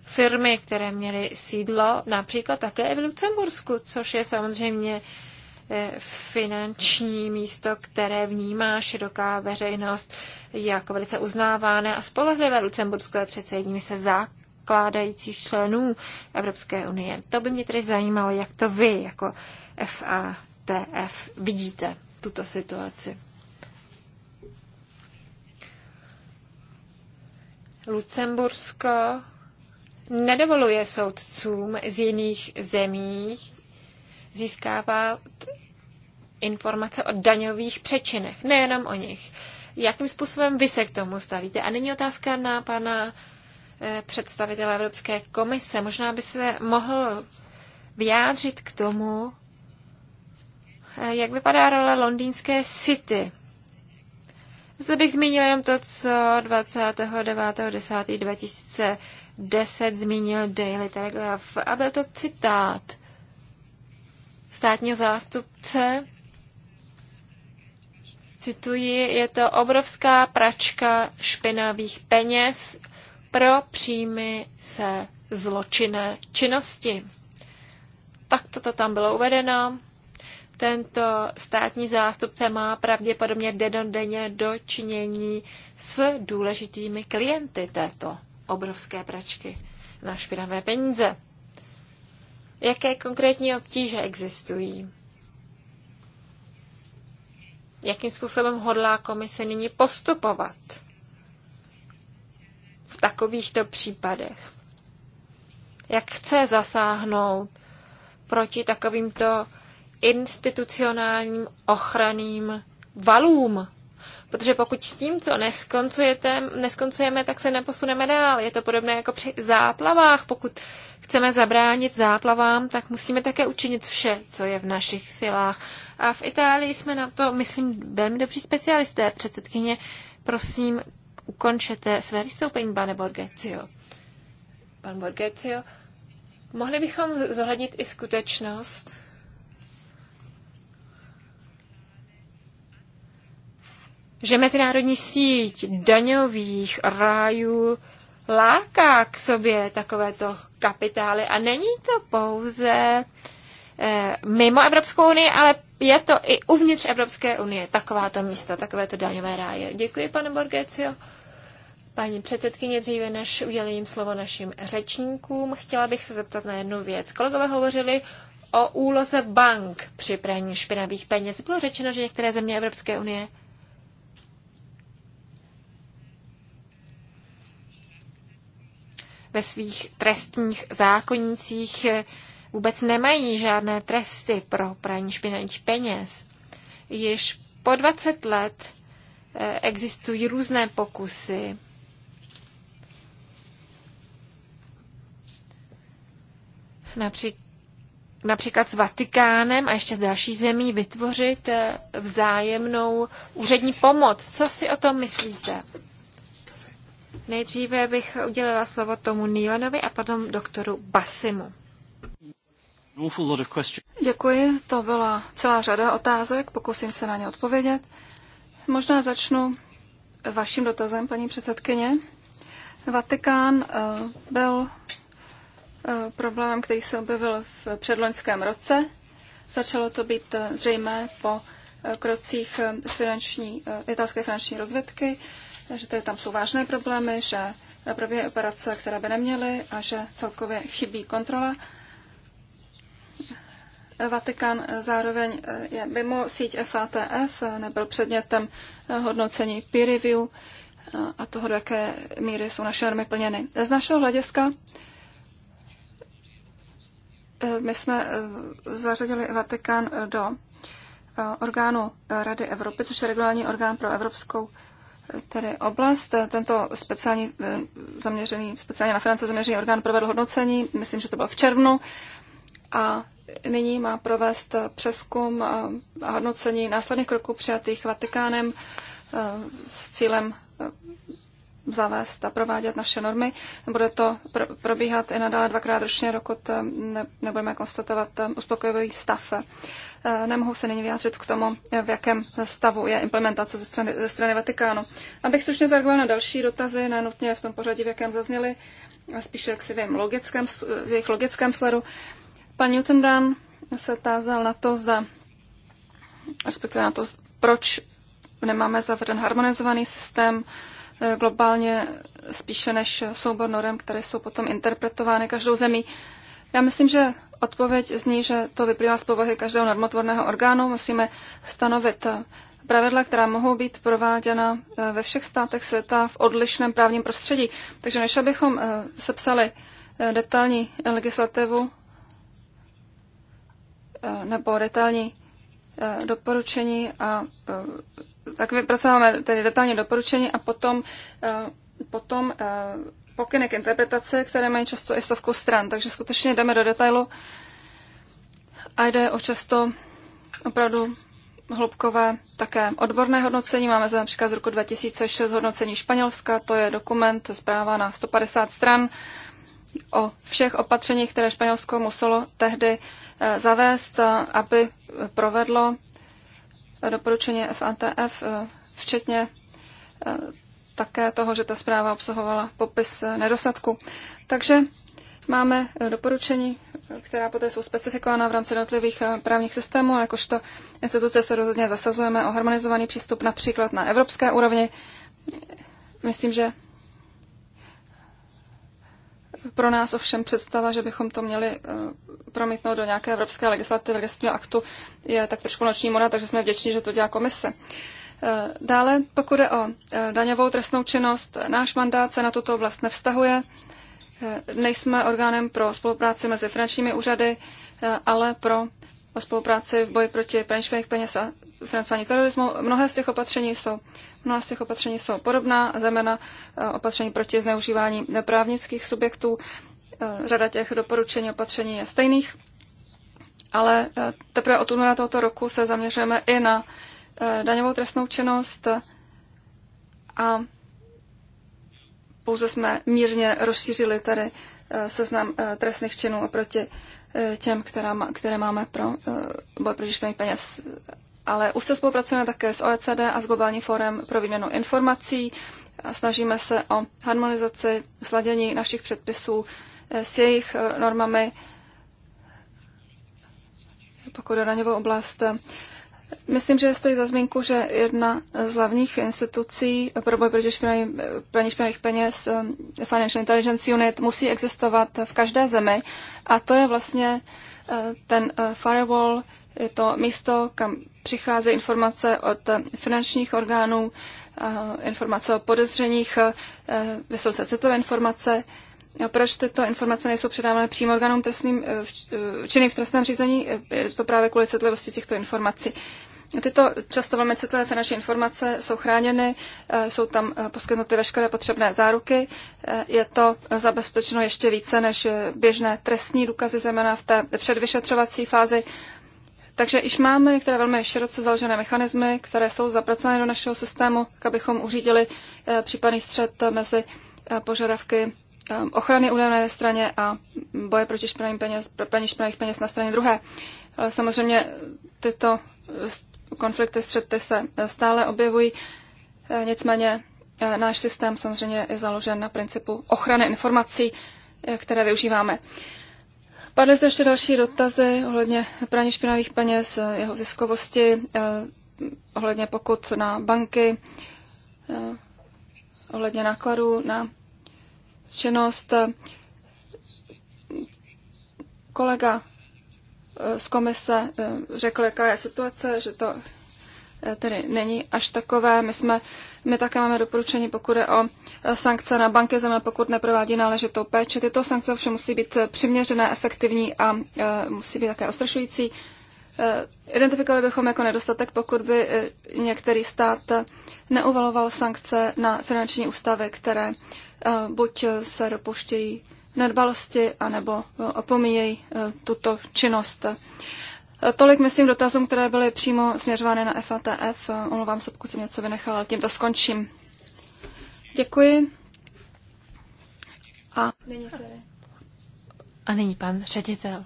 firmy, které měly sídlo například také v Lucembursku, což je samozřejmě eh, finanční místo, které vnímá široká veřejnost jako velice uznávané a spolehlivé. Lucembursko je přece jedním se zakládajících členů Evropské unie. To by mě tedy zajímalo, jak to vy jako FATF vidíte tuto situaci. Lucembursko nedovoluje soudcům z jiných zemí získávat informace o daňových přečinech, nejenom o nich. Jakým způsobem vy se k tomu stavíte? A není otázka na pana eh, představitele Evropské komise. Možná by se mohl vyjádřit k tomu, eh, jak vypadá role londýnské City. Zde bych zmínil jenom to, co 29.10.2000 10 zmínil Daily Telegraph a byl to citát státního zástupce. Cituji, je to obrovská pračka špinavých peněz pro příjmy se zločinné činnosti. Tak toto tam bylo uvedeno. Tento státní zástupce má pravděpodobně denodenně dočinění s důležitými klienty této obrovské pračky na špinavé peníze. Jaké konkrétní obtíže existují? Jakým způsobem hodlá komise nyní postupovat v takovýchto případech? Jak chce zasáhnout proti takovýmto institucionálním ochranným valům Protože pokud s tímto neskoncujeme, tak se neposuneme dál. Je to podobné jako při záplavách. Pokud chceme zabránit záplavám, tak musíme také učinit vše, co je v našich silách. A v Itálii jsme na to, myslím, velmi dobří specialisté. Předsedkyně, prosím, ukončete své vystoupení, pane Borgecio. Pan Borgecio, mohli bychom zohlednit i skutečnost, že mezinárodní síť daňových rájů láká k sobě takovéto kapitály. A není to pouze eh, mimo Evropskou unii, ale je to i uvnitř Evropské unie. Takováto místa, takovéto daňové ráje. Děkuji, pane Borgecio. Paní předsedkyně, dříve než udělím slovo našim řečníkům, chtěla bych se zeptat na jednu věc. Kolegové hovořili o úloze bank při praní špinavých peněz. Bylo řečeno, že některé země Evropské unie ve svých trestních zákonících eh, vůbec nemají žádné tresty pro praní špinavých peněz. Již po 20 let eh, existují různé pokusy například například s Vatikánem a ještě s další zemí vytvořit eh, vzájemnou úřední pomoc. Co si o tom myslíte? Nejdříve bych udělala slovo tomu Nílenovi a potom doktoru Basimu. Děkuji, to byla celá řada otázek, pokusím se na ně odpovědět. Možná začnu vaším dotazem, paní předsedkyně. Vatikán eh, byl eh, problémem, který se objevil v předloňském roce. Začalo to být eh, zřejmé po krocích z finanční, italské finanční rozvědky že tedy tam jsou vážné problémy, že probíhají operace, které by neměly a že celkově chybí kontrola. Vatikán zároveň eh, je mimo síť FATF, eh, nebyl předmětem eh, hodnocení peer review a toho, do jaké míry jsou naše normy plněny. Z našeho hlediska my jsme zařadili Vatikán do orgánu Rady Evropy, což je regulární orgán pro evropskou tedy oblast. Tento speciální eh, zaměřený, speciálně na finance zaměřený orgán provedl hodnocení, myslím, že to bylo v červnu, a nyní má provést přeskum a hodnocení následných kroků přijatých Vatikánem eh, s cílem eh, zavést a provádět naše normy. Bude to pr- probíhat i nadále dvakrát ročně, dokud ne- nebudeme konstatovat uspokojivý stav. Eh, nemohu se nyní vyjádřit k tomu, eh, v jakém stavu je implementace ze strany, ze strany Vatikánu. Abych stručně zareagoval na další dotazy, nenutně v tom pořadí, v jakém zazněly, spíše jak si vím, logickém, v jejich logickém sledu. Pan Newton Dan se tázal na to, zda, respektive na to, proč nemáme zaveden harmonizovaný systém eh, globálně spíše než soubor norem, které jsou potom interpretovány každou zemí. Já myslím, že odpověď zní, že to vyplývá z povahy každého normotvorného orgánu. Musíme stanovit eh, pravidla, která mohou být prováděna eh, ve všech státech světa v odlišném právním prostředí. Takže než abychom eh, sepsali detailní legislativu nebo detailní doporučení a tak vypracováme tedy detailní doporučení a potom, potom pokyny k interpretaci, které mají často i stovku stran, takže skutečně jdeme do detailu a jde o často opravdu hloubkové také odborné hodnocení. Máme zde například z roku 2006 hodnocení Španělska, to je dokument, zpráva na 150 stran o všech opatřeních, které Španělsko muselo tehdy eh, zavést, eh, aby provedlo doporučení FATF, eh, včetně také toho, že ta zpráva obsahovala popis eh, nedostatku. Takže máme eh, doporučení, eh, která poté jsou specifikována v rámci jednotlivých právních systémů, ale jakožto instituce se rozhodně zasazujeme o harmonizovaný přístup například na evropské úrovni. Myslím, že pro nás ovšem představa, že bychom to měli promítnout do nějaké evropské legislativy, legislativního aktu, je tak trošku noční mora, takže jsme vděční, že to dělá komise. Eh, dále, pokud je o eh, daňovou trestnou činnost, náš mandát se na tuto oblast nevztahuje. Eh, nejsme orgánem pro spolupráci mezi finančními úřady, ale pro spolupráci v boji proti praní peněz a financování terorismu. Mnohé z těch opatření jsou, mnohé z těch opatření jsou podobná, zejména opatření proti zneužívání neprávnických subjektů. Řada těch doporučení opatření je stejných, ale teprve od února tohoto roku se zaměřujeme i na Eh, daňovou trestnou činnost a pouze jsme mírně rozšířili tady eh, seznam eh, trestných činů oproti těm, která, které máme pro boj proti špinavým peněz. Ale už se spolupracujeme také s OECD a s Globální fórem pro výměnu informací a snažíme se o harmonizaci, sladění našich předpisů s jejich normami, pokud o daňovou oblast. Myslím, že stojí za zmínku, že jedna z hlavních institucí pro boj proti špinavým, praní špinavých peněz, um, Financial Intelligence Unit, musí existovat v každé zemi. A to je vlastně uh, ten uh, firewall, je to místo, kam přicházejí informace od uh, finančních orgánů, informace o podezřeních, vysoce citové informace, proč tyto informace nejsou předávány přímo orgánům trestným, činným v trestném řízení? Je to právě kvůli citlivosti těchto informací. Tyto často velmi citlivé finanční informace jsou chráněny, eh, jsou tam eh, poskytnuty veškeré potřebné záruky. Eh, je to zabezpečeno ještě více než běžné trestní důkazy, zejména v té předvyšetřovací fázi. Takže již máme některé velmi široce založené mechanismy, které jsou zapracované do našeho systému, tak abychom uřídili případný střed mezi požadavky ochrany údajů na jedné straně a boje proti špinavým peněz, praní špinavých peněz na straně druhé. Ale samozřejmě tyto konflikty, střety se stále objevují. Eh, nicméně eh, náš systém samozřejmě je založen na principu ochrany informací, eh, které využíváme. Padly zde ještě další dotazy ohledně praní špinavých peněz, jeho ziskovosti, ohledně pokud na banky, ohledně nákladů na činnost. Kolega Eh, z komise eh, řekl, jaká je situace, že to eh, tedy není až takové. My, jsme, my také máme doporučení, pokud je o sankce na banky země, pokud neprovádí náležitou péči. Tyto sankce ovšem musí být přiměřené, efektivní a musí být také ostrašující. Identifikovali bychom jako nedostatek, pokud by některý stát neuvaloval sankce na finanční ústavy, které buď se dopuštějí nedbalosti anebo eh, opomíjejí eh, tuto činnost. Eh, tolik, myslím, dotazům, které byly přímo směřovány na FATF. Omlouvám se, pokud jsem něco vynechala, tím to skončím. Děkuji. A nyní, A nyní pan ředitel.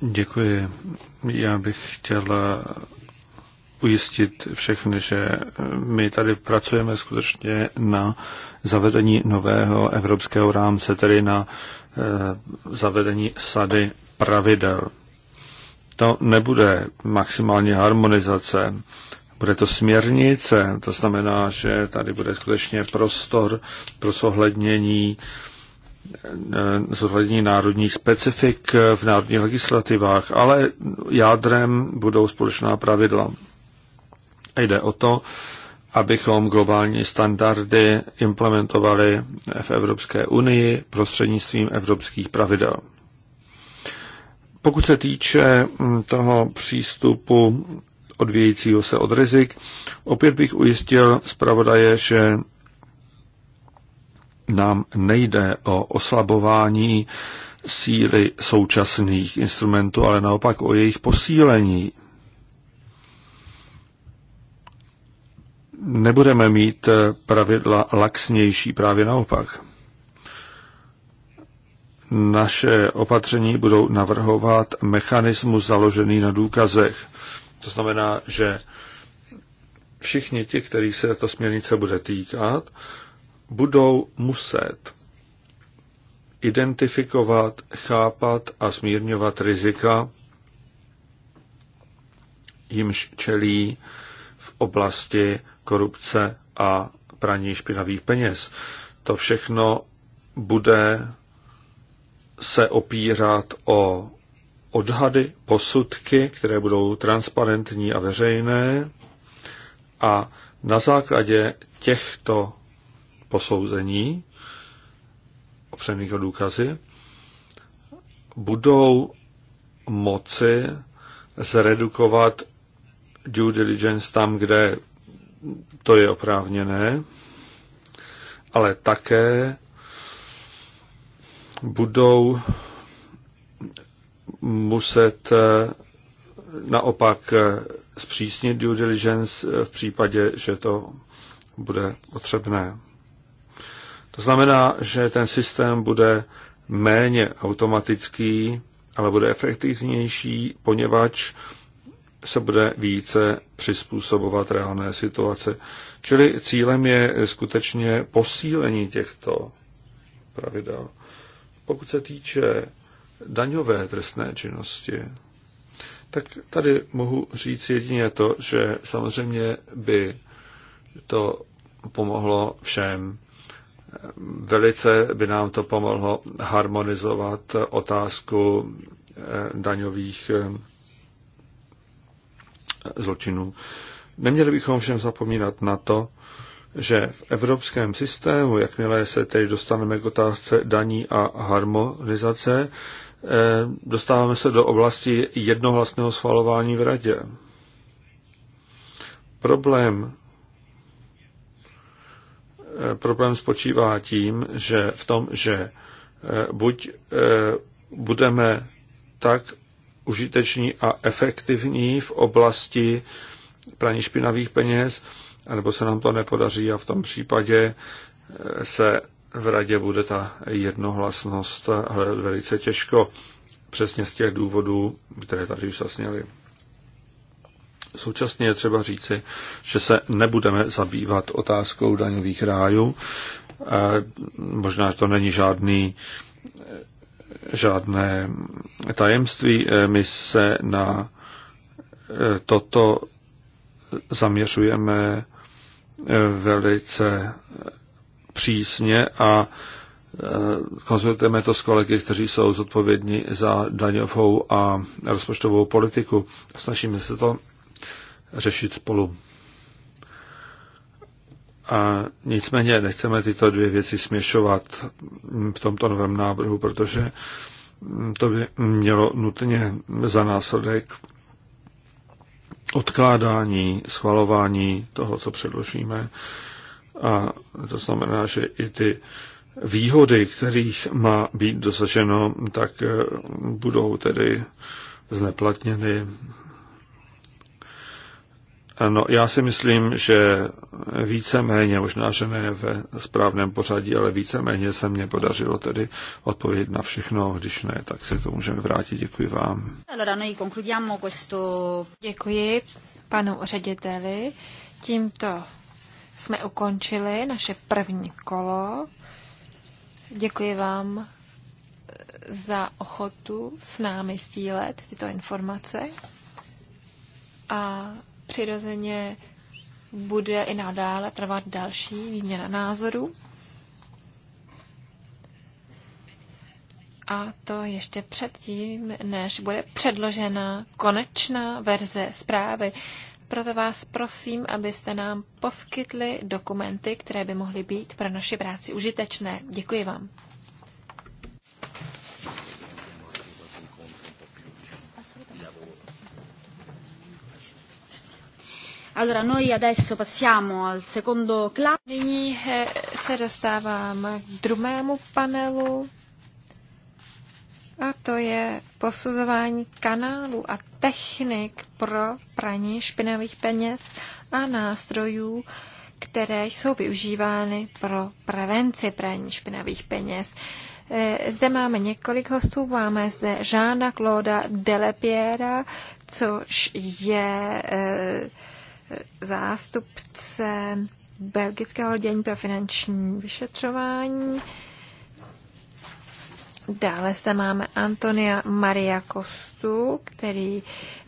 Děkuji. Já bych chtěla ujistit všechny, že eh, my tady pracujeme skutečně na zavedení nového evropského rámce, tedy na eh, zavedení sady pravidel. To nebude maximální harmonizace, bude to směrnice, to znamená, že tady bude skutečně prostor pro zohlednění eh, zohlednění národních specifik v národních legislativách, ale jádrem budou společná pravidla. Jde o to, abychom globální standardy implementovali v Evropské unii prostřednictvím evropských pravidel. Pokud se týče mm, toho přístupu odvějícího se od rizik, opět bych ujistil zpravodaje, že nám nejde o oslabování síly současných instrumentů, ale naopak o jejich posílení. nebudeme mít eh, pravidla laxnější, právě naopak. Naše opatření budou navrhovat mechanismus založený na důkazech. To znamená, že všichni ti, kteří se to směrnice bude týkat, budou muset identifikovat, chápat a smírňovat rizika, jimž čelí v oblasti korupce a praní špinavých peněz. To všechno bude se opírat o odhady, posudky, které budou transparentní a veřejné a na základě těchto posouzení, opřených o důkazy, budou moci zredukovat due diligence tam, kde to je oprávněné, ale také budou muset eh, naopak eh, zpřísnit due diligence eh, v případě, že to bude potřebné. To znamená, že ten systém bude méně automatický, ale bude efektivnější, poněvadž se bude více přizpůsobovat reálné situaci. Čili cílem je skutečně posílení těchto pravidel. Pokud se týče daňové trestné činnosti, tak tady mohu říct jedině to, že samozřejmě by to pomohlo všem. Velice by nám to pomohlo harmonizovat otázku daňových zločinů. Neměli bychom všem zapomínat na to, že v evropském systému, jakmile se tedy dostaneme k otázce daní a harmonizace, eh, dostáváme se do oblasti jednohlasného schvalování v radě. Problém eh, problém spočívá tím, že v tom, že eh, buď budeme tak užiteční a efektivní v oblasti praní špinavých peněz, anebo se nám to nepodaří a v tom případě eh, se v radě bude ta jednohlasnost hledat velice těžko, přesně z těch důvodů, které tady už zasněly. Současně je třeba říci, že se nebudeme zabývat otázkou daňových rájů. Eh, možná, že to není žádný žádné tajemství. Eh, my se na eh, toto zaměřujeme eh, velice přísně a konzultujeme to s kolegy, kteří jsou zodpovědní za daňovou a rozpočtovou politiku. Snažíme se to řešit spolu. A nicméně nechceme tyto dvě věci směšovat v tomto novém návrhu, protože to by mělo nutně za následek odkládání, schvalování toho, co předložíme. A to znamená, že i ty výhody, kterých má být dosaženo, tak budou tedy zneplatněny No, já si myslím, že víceméně, možná, že ne ve správném pořadí, ale víceméně se mně podařilo tedy odpovědět na všechno. Když ne, tak se to můžeme vrátit. Děkuji vám. Děkuji panu řediteli. Tímto jsme ukončili naše první kolo. Děkuji vám eh, za ochotu s námi stílet tyto informace. A přirozeně bude i nadále trvat další výměna názorů. A to ještě předtím, než bude předložena konečná verze zprávy. Proto vás prosím, abyste nám poskytli dokumenty, které by mohly být pro naši práci užitečné. Děkuji vám. Allora, noi adesso passiamo al secondo clap. Nyní eh, se dostáváme k druhému panelu a to je posuzování kanálu a technik pro praní špinavých peněz a nástrojů, které jsou využívány pro prevenci praní špinavých peněz. Eh, zde máme několik hostů. Máme zde Žána Claude Delepiera, což je eh, zástupce Belgického oddělení pro finanční vyšetřování. Dále se máme Antonia Maria Kostu, který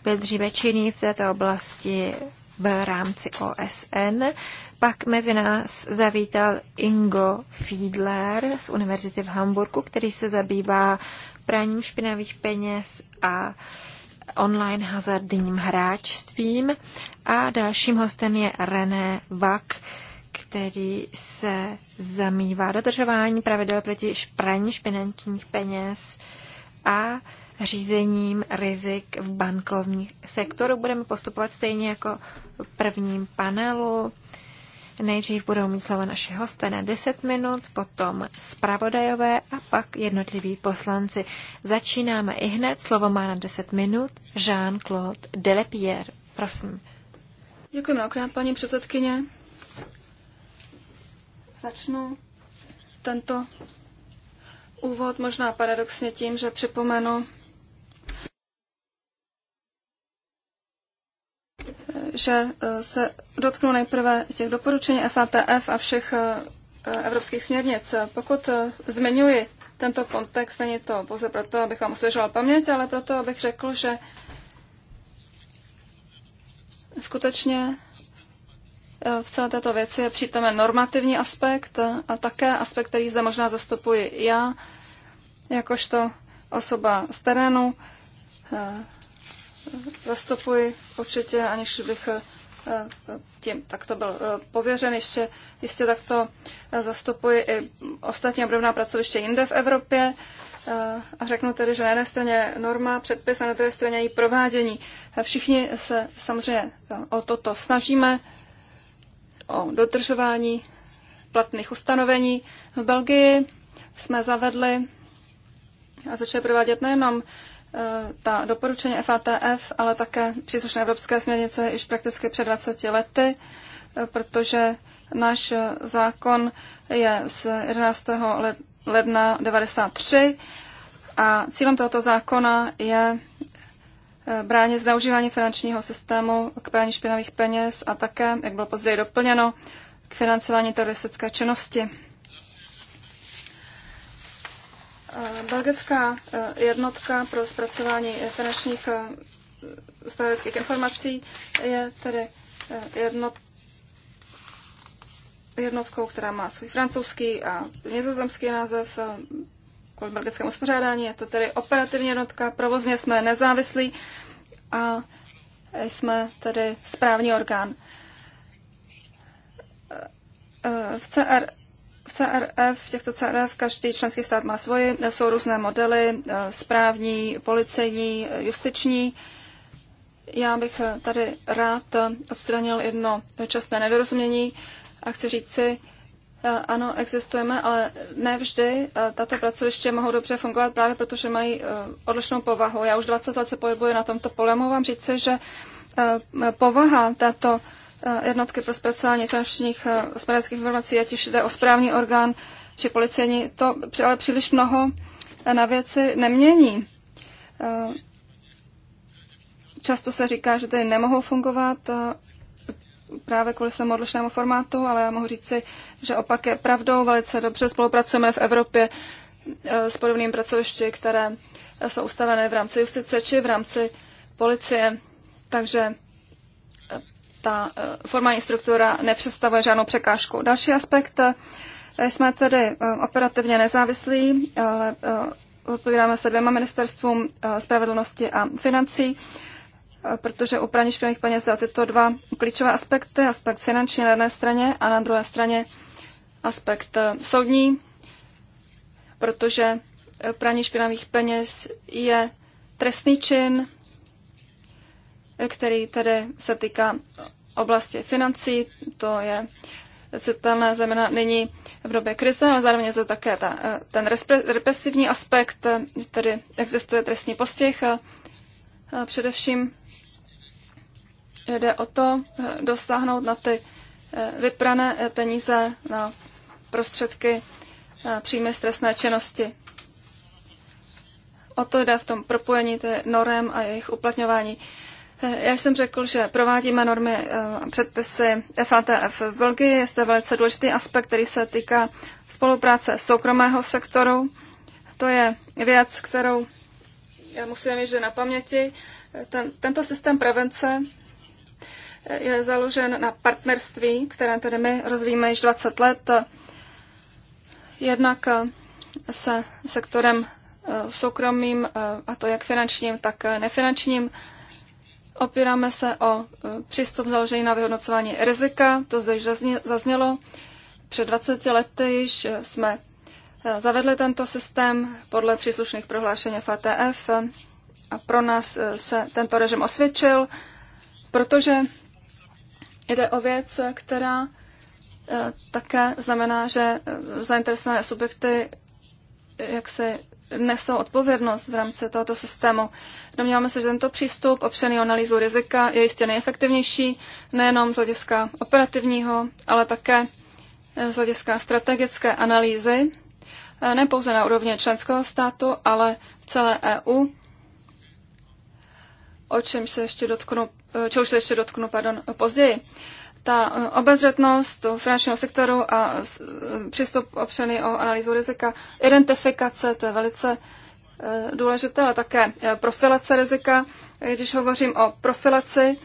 byl dříve činný v této oblasti v rámci OSN. Pak mezi nás zavítal Ingo Fiedler z Univerzity v Hamburgu, který se zabývá praním špinavých peněz a uh, online hazardním hráčstvím. A dalším hostem je René Vak, který se zamývá dodržování pravidel proti praní špinančních peněz a řízením rizik v bankovním sektoru. Budeme postupovat stejně jako v prvním panelu. Nejdřív budou mít slovo naši hosté na 10 minut, potom zpravodajové a pak jednotliví poslanci. Začínáme i hned, slovo má na 10 minut Jean-Claude Delepierre. Prosím. Děkuji mnohokrát, paní předsedkyně. Začnu tento úvod možná paradoxně tím, že připomenu že eh, se dotknu nejprve těch doporučení FATF a všech eh, eh, evropských směrnic. Pokud zmiňuji tento kontext, není to pouze proto, abych vám osvěžoval paměť, ale proto, abych řekl, že skutečně v celé této věci je přítomen normativní aspekt a také aspekt, který zde možná zastupuji já, jakožto osoba z terénu, zastupuji určitě, aniž bych eh, tím takto byl eh, pověřen, ještě jistě takto eh, zastupuji i ostatní obrovná pracoviště jinde v Evropě a řeknu tedy, že na jedné straně norma, předpis a na druhé straně její provádění. Všichni se samozřejmě o toto snažíme, o dodržování platných ustanovení. V Belgii jsme zavedli a začali provádět nejenom Eh, ta doporučení FATF, ale také příslušné evropské směrnice již prakticky před 20 lety, eh, protože náš eh, zákon je z 11. ledna 93 a cílem tohoto zákona je bránit zneužívání finančního systému k praní špinavých peněz a také, jak bylo později doplněno, k financování teroristické činnosti. Eh, belgická eh, jednotka pro zpracování eh, finančních spravedlivých informací je tedy jednot, jednotkou, která má svůj francouzský a nizozemský název kvůli belgickému uspořádání. Je to tedy operativní jednotka, provozně jsme nezávislí a jsme tedy správní orgán. V CR v CRF, v těchto CRF, každý členský stát má svoji, jsou různé modely, eh, správní, policejní, eh, justiční. Já bych eh, tady rád odstranil jedno časné nedorozumění a chci říct si, ano, existujeme, ale ne vždy tato pracoviště mohou dobře fungovat právě protože mají odlišnou povahu. Já už 20 let se pohybuji na tomto polemu, vám říct, že povaha této Eh, jednotky pro zpracování finančních hospodářských eh, informací, ať už jde o správní orgán či policejní, to ale příliš mnoho eh, na věci nemění. Často se říká, že tady nemohou fungovat právě kvůli svému odlišnému formátu, ale já mohu říci, že opak je pravdou. Velice dobře spolupracujeme v Evropě s podobnými pracovišti, které jsou ustavené v rámci justice či v rámci policie. Takže ta eh, formální struktura nepředstavuje žádnou překážku. Další aspekt, eh, jsme tedy eh, operativně nezávislí, ale odpovídáme se dvěma ministerstvům spravedlnosti a financí, protože u praní špinavých peněz jde o tyto dva klíčové aspekty, aspekt finanční na jedné straně a na druhé straně aspekt soudní, protože praní špinavých peněz je trestný čin, který tady se týká oblasti financí, to je citelné zejména nyní v době krize, ale zároveň je to také ta, ten represivní aspekt, tedy existuje trestní postih a, a především jde o to e, dosáhnout na ty e, vyprané e, peníze na prostředky příjmy z trestné činnosti. O to jde v tom propojení norem a jejich uplatňování. Já jsem řekl, že provádíme normy eh, předpisy FATF v Belgii. Je to velice důležitý aspekt, který se týká spolupráce soukromého sektoru. To je věc, kterou musím mít že na paměti. Ten, tento systém prevence je založen na partnerství, které tedy my rozvíjíme již 20 let. Jednak eh, se sektorem eh, soukromým, a to jak finančním, tak nefinančním, Opíráme se o e, přístup založený na vyhodnocování rizika, to zde již zaznělo. Před 20 lety již e, jsme e, zavedli tento systém podle příslušných prohlášení FATF a pro nás se tento režim osvědčil, protože jde o věc, která také znamená, že zainteresované subjekty jak se nesou odpovědnost v rámci tohoto systému. Domníváme se, že tento přístup opřený o analýzu rizika je jistě nejefektivnější, nejenom z hlediska operativního, ale také z hlediska strategické analýzy, eh, ne pouze na úrovni členského státu, ale celé EU, o čem se ještě dotknu, eh, čehož se ještě dotknu pardon, později ta eh, obezřetnost finančního sektoru a eh, přístup opřený o analýzu rizika, identifikace, to je velice eh, důležité, ale také profilace rizika. Když hovořím o profilaci,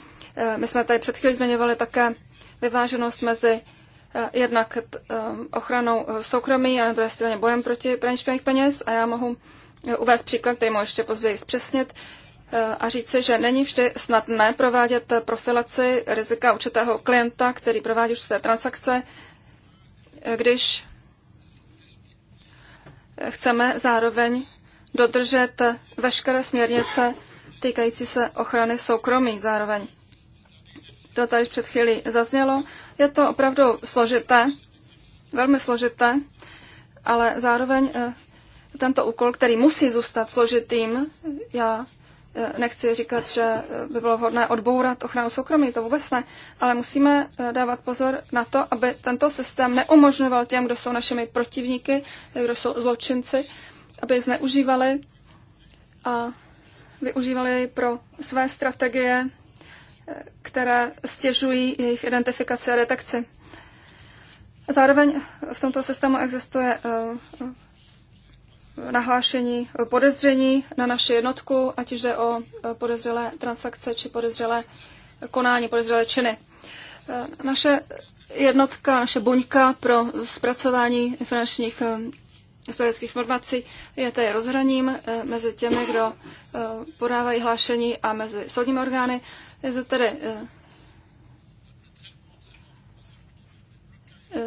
my jsme tady před chvílí zmiňovali také vyváženost mezi jednak ochranou soukromí a na druhé straně bojem proti praní peněz. A já mohu uvést příklad, který mohu ještě později zpřesnit a říci, že není vždy snadné provádět profilaci rizika určitého klienta, který provádí určité transakce, když chceme zároveň dodržet veškeré směrnice týkající se ochrany soukromí zároveň. To tady před chvílí zaznělo. Je to opravdu složité, velmi složité, ale zároveň eh, tento úkol, který musí zůstat složitým, já Eh, nechci říkat, že eh, by bylo vhodné odbourat ochranu soukromí, to vůbec ne, ale musíme eh, dávat pozor na to, aby tento systém neumožňoval těm, kdo jsou našimi protivníky, kdo jsou zločinci, aby zneužívali a využívali pro své strategie, které stěžují jejich identifikaci a detekci. Zároveň v tomto systému existuje nahlášení eh, podezření na naši jednotku, ať už jde o eh, podezřelé transakce či podezřelé eh, konání, podezřelé činy. Naše jednotka, naše buňka pro zpracování finančních historických informací je tady rozhraním mezi těmi, kdo podávají hlášení a mezi soudními orgány. Je to tedy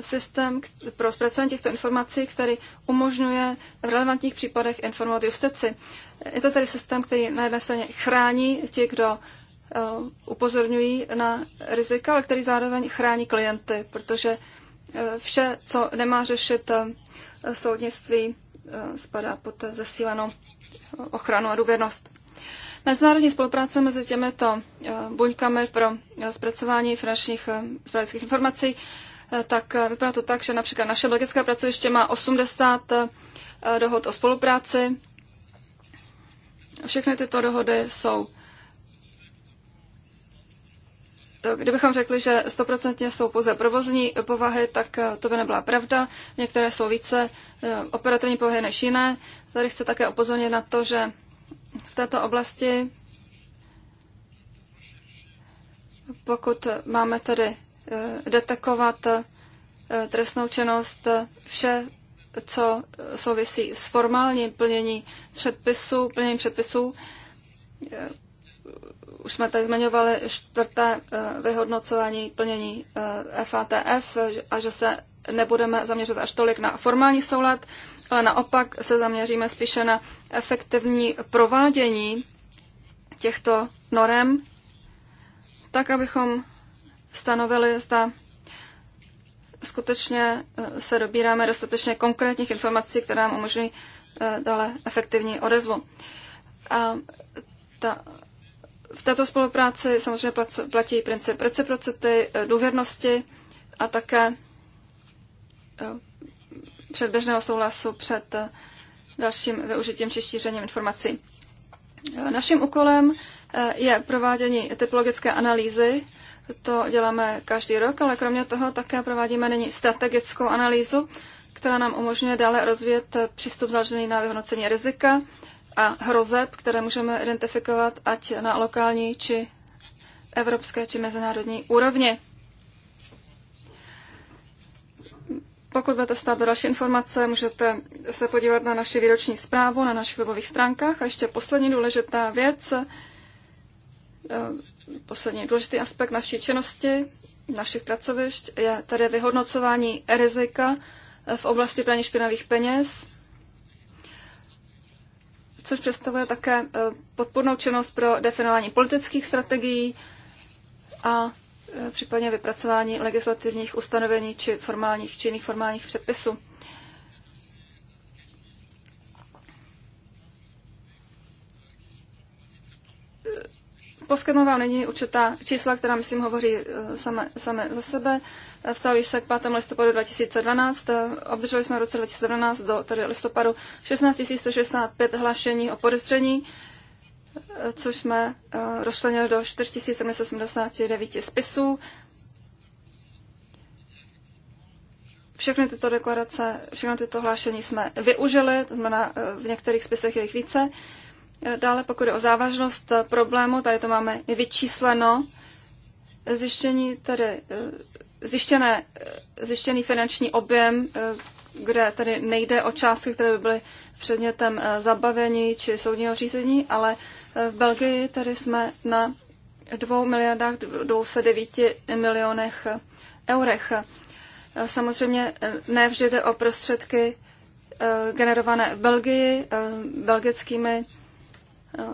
systém pro zpracování těchto informací, který umožňuje v relevantních případech informovat justici. Je to tedy systém, který na jedné straně chrání ti, kdo eh, upozorňují na rizika, ale který zároveň chrání klienty, protože eh, vše, co nemá řešit eh, soudnictví, spadá pod zesílenou ochranu a důvěrnost. Mezinárodní spolupráce mezi těmito buňkami pro zpracování finančních zpravodajských informací Eh, tak eh, vypadá to tak, že například naše belgické pracoviště má 80 eh, dohod o spolupráci. Všechny tyto dohody jsou kdybychom řekli, že stoprocentně jsou pouze provozní povahy, tak to by nebyla pravda. Některé jsou více operativní povahy než jiné. Tady chci také upozornit na to, že v této oblasti, pokud máme tedy Eh, detekovat eh, trestnou činnost, vše, co souvisí s formálním plnění předpisů, plnění předpisů. Eh, už jsme tak zmiňovali čtvrté vyhodnocování plnění FATF a že se nebudeme zaměřovat až tolik na formální soulad, ale naopak se zaměříme spíše na efektivní provádění těchto norem, tak abychom stanovili, zda skutečně eh, se dobíráme dostatečně konkrétních informací, které nám umožňují eh, dále efektivní odezvu. A ta, v této spolupráci samozřejmě platí princip reciprocity, eh, důvěrnosti a také předběžného souhlasu před dalším využitím či šířením informací. Naším úkolem je provádění typologické analýzy to děláme každý rok, ale kromě toho také provádíme nyní strategickou analýzu, která nám umožňuje dále rozvíjet přístup založený na vyhodnocení rizika a hrozeb, které můžeme identifikovat ať na lokální či evropské či mezinárodní úrovni. Pokud budete stát do další informace, můžete se podívat na naši výroční zprávu na našich webových stránkách. A ještě poslední důležitá věc poslední důležitý aspekt naší činnosti, našich pracovišť, je tedy vyhodnocování rizika eh, v oblasti praní špinavých peněz, což představuje také eh, podpornou činnost pro definování politických strategií a eh, případně vypracování legislativních ustanovení či formálních či jiných formálních předpisů. poskytnou vám nyní určitá čísla, která, myslím, hovoří eh, same, same za sebe. Eh, Vstavují se k 5. listopadu 2012. Eh, obdrželi jsme v roce 2012 do tedy listopadu 16 165 hlášení o podezření, což jsme rozšlenili do 4789 spisů. Všechny tyto deklarace, všechny tyto hlášení jsme využili, to znamená v některých spisech je jich více. Dále pokud je o závažnost problému, tady to máme vyčísleno. Zjištění tedy, eh, zjištěné, eh, zjištěný finanční objem, eh, kde tady nejde o částky, které by byly předmětem zabavení či soudního řízení, ale v Belgii tady jsme na 2 miliardách 209 milionech eurech. Samozřejmě ne vždy jde o prostředky generované v Belgii, belgickými Eh,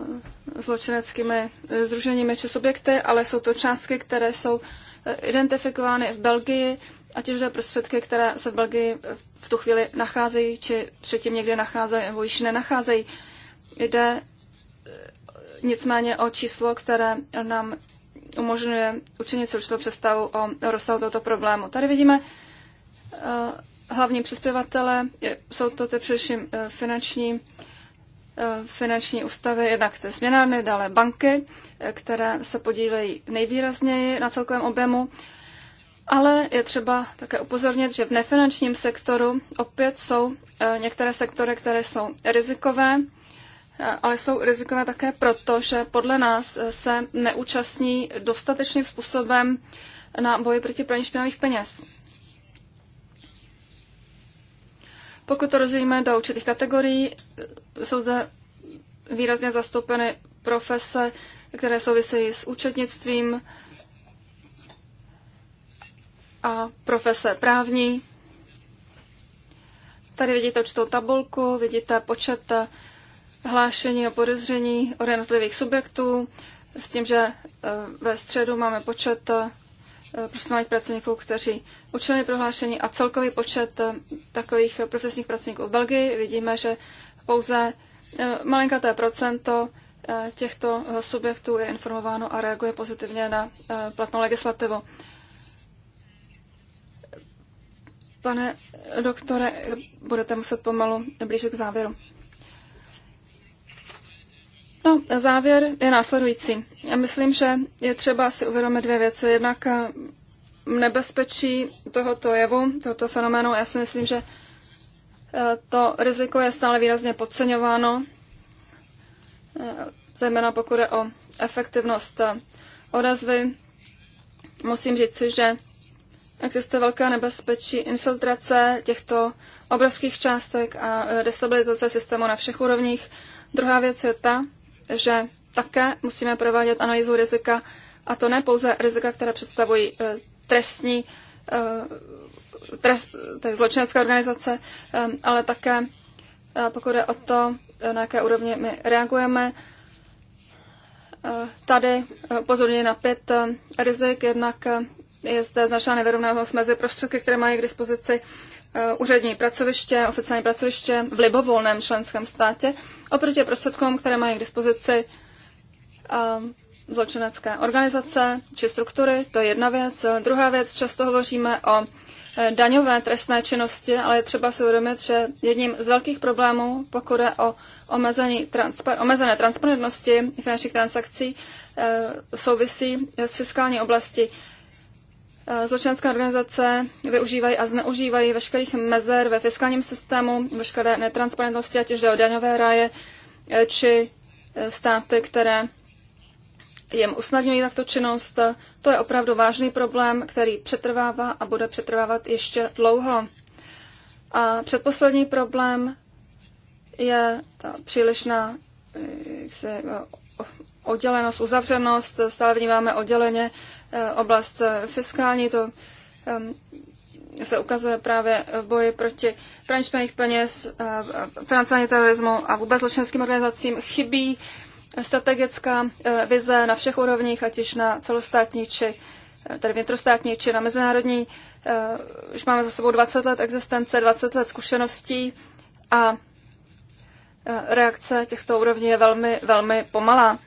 zločineckými eh, združeními či subjekty, ale jsou to částky, které jsou eh, identifikovány v Belgii a těžké prostředky, které se v Belgii v tu chvíli nacházejí, či předtím někde nacházejí nebo již nenacházejí. Jde nicméně o číslo, které nám umožňuje učinit si určitou představu o rozsahu tohoto problému. Tady vidíme hlavní přispěvatele, jsou to ty především finanční Eh, finanční ústavy, jednak ty směnárny, dále banky, eh, které se podílejí nejvýrazněji na celkovém objemu. Ale je třeba také upozornit, že v nefinančním sektoru opět jsou eh, některé sektory, které jsou rizikové, ale jsou rizikové také proto, že podle nás se neúčastní dostatečným způsobem na boji proti praní špinavých peněz. Pokud to rozdělíme do určitých kategorií, jsou zde výrazně zastoupeny profese, které souvisejí s účetnictvím a profese právní. Tady vidíte určitou tabulku, vidíte počet hlášení o podezření od jednotlivých subjektů, s tím, že eh, ve středu máme počet eh, Eh, profesionálních pracovníků, kteří učili prohlášení a celkový počet eh, takových profesních pracovníků v Belgii. Vidíme, že pouze eh, malinkaté procento těchto subjektů je informováno a reaguje pozitivně na platnou legislativu. Pane doktore, budete muset pomalu blížit k závěru. No, závěr je následující. Já myslím, že je třeba si uvědomit dvě věci. Jednak eh, nebezpečí tohoto jevu, tohoto fenoménu, já si myslím, že eh, to riziko je stále výrazně podceňováno, eh, zejména pokud je o efektivnost odezvy. Musím říci, že existuje velké nebezpečí infiltrace těchto obrovských částek a destabilizace systému na všech úrovních. Druhá věc je ta, že také musíme provádět analýzu rizika, a to ne pouze rizika, které představují eh, trestní eh, trest, tedy zločinecké organizace, eh, ale také pokud je o to, na jaké úrovni my reagujeme. Tady pozorně na pět rizik, jednak je zde značná nevyrovnanost mezi prostředky, které mají k dispozici Eh, úřední pracoviště, oficiální pracoviště v libovolném členském státě oproti prostředkům, které mají k dispozici eh, zločinecké organizace či struktury. To je jedna věc. Druhá věc, často hovoříme o eh, daňové trestné činnosti, ale je třeba si uvědomit, že jedním z velkých problémů, pokud je o omezení transpar- omezené transparentnosti finančních transakcí, souvisí s fiskální oblasti. Eh, zločinské organizace využívají a zneužívají veškerých mezer ve fiskálním systému, veškeré netransparentnosti, ať už jde o daňové ráje, eh, či eh, státy, které jim usnadňují takto činnost. To je opravdu vážný problém, který přetrvává a bude přetrvávat ještě dlouho. A předposlední problém je ta přílišná jak se, oddělenost, uzavřenost. Stále vnímáme odděleně Eh, oblast fiskální, to se ukazuje právě v boji proti praní peněz, eh, financování terorismu a vůbec zločinským organizacím chybí strategická eh, vize na všech úrovních, ať již na celostátní či tedy vnitrostátní či na mezinárodní. Už máme za sebou 20 let existence, 20 let zkušeností a reakce těchto úrovní je velmi, velmi pomalá.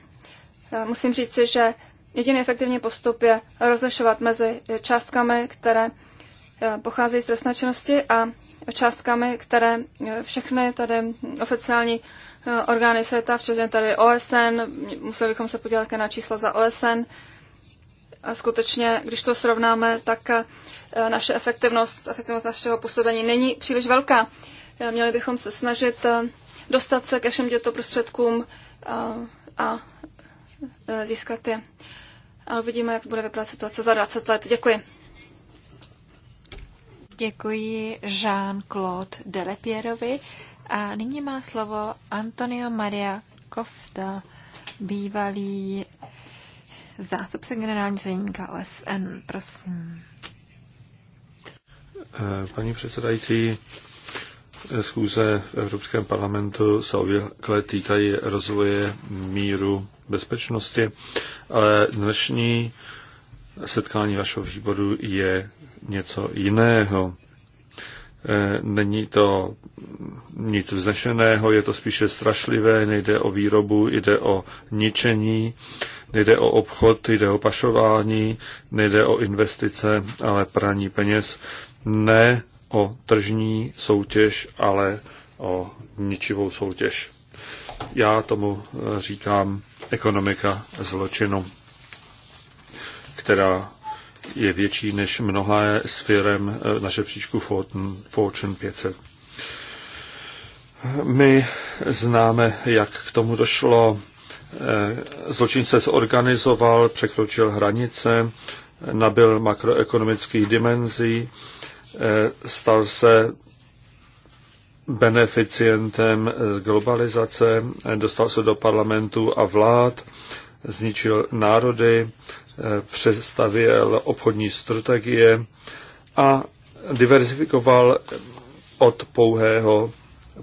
Musím říci, že Jediný efektivní postup je rozlišovat mezi částkami, které eh, pocházejí z trestné činnosti a částkami, které eh, všechny tady oficiální eh, orgány světa, včetně tady OSN, museli bychom se podívat na čísla za OSN, a skutečně, když to srovnáme, tak naše efektivnost, efektivnost našeho působení není příliš velká. Měli bychom se snažit dostat se ke všem těmto prostředkům a Eh, získat je. A uvidíme, jak bude vypadat situace za 20 let. Děkuji. Děkuji Jean-Claude Delepierovi. A nyní má slovo Antonio Maria Costa, bývalý zástupce generální tajemníka OSN. Prosím. Eh, paní předsedající, eh, schůze v Evropském parlamentu se obvykle týkají rozvoje míru bezpečnosti, ale dnešní setkání vašeho výboru je něco jiného. E, není to nic vznešeného, je to spíše strašlivé, nejde o výrobu, jde o ničení, nejde o obchod, jde o pašování, nejde o investice, ale praní peněz. Ne o tržní soutěž, ale o ničivou soutěž. Já tomu eh, říkám ekonomika zločinu, která je větší než mnohé s firem eh, na žebříčku Fortune 500. My známe, jak k tomu došlo. Eh, Zločin se zorganizoval, překročil hranice, nabil makroekonomických dimenzí, stal se beneficientem globalizace, dostal se do parlamentu a vlád, zničil národy, eh, přestavěl obchodní strategie a diversifikoval od pouhého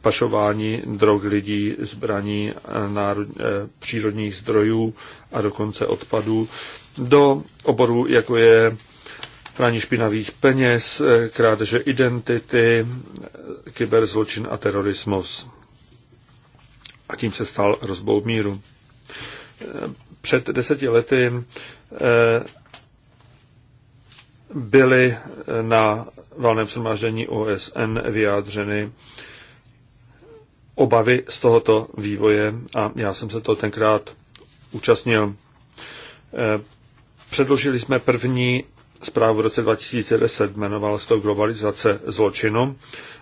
pašování drog lidí, zbraní, národ, eh, přírodních zdrojů a dokonce odpadů do oboru, jako je praní špinavých peněz, eh, krádeže identity, eh, kyberzločin a terorismus. A tím se stal rozbou míru. Eh, před deseti lety byly na valném shromáždění OSN vyjádřeny obavy z tohoto vývoje a já jsem se to tenkrát účastnil. Předložili jsme první zprávu v roce 2010, jmenovala se to globalizace zločinu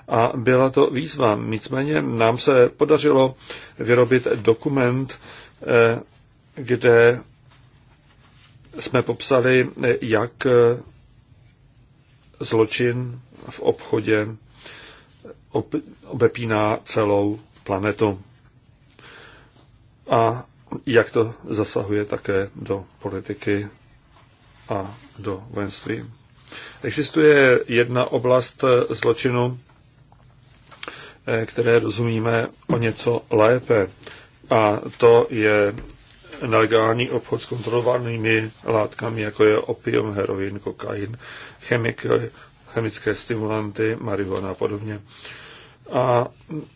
a byla to výzva. Nicméně nám se podařilo vyrobit dokument, eh, kde jsme popsali, eh, jak eh, zločin v obchodě obepíná celou planetu. A jak to zasahuje také do politiky a do vojenství. Existuje jedna oblast eh, zločinu, eh, které rozumíme o něco lépe, a to je nelegální obchod s kontrolovanými látkami, jako je opium, heroin, kokain, chemik, chemické stimulanty, marihuana a podobně. A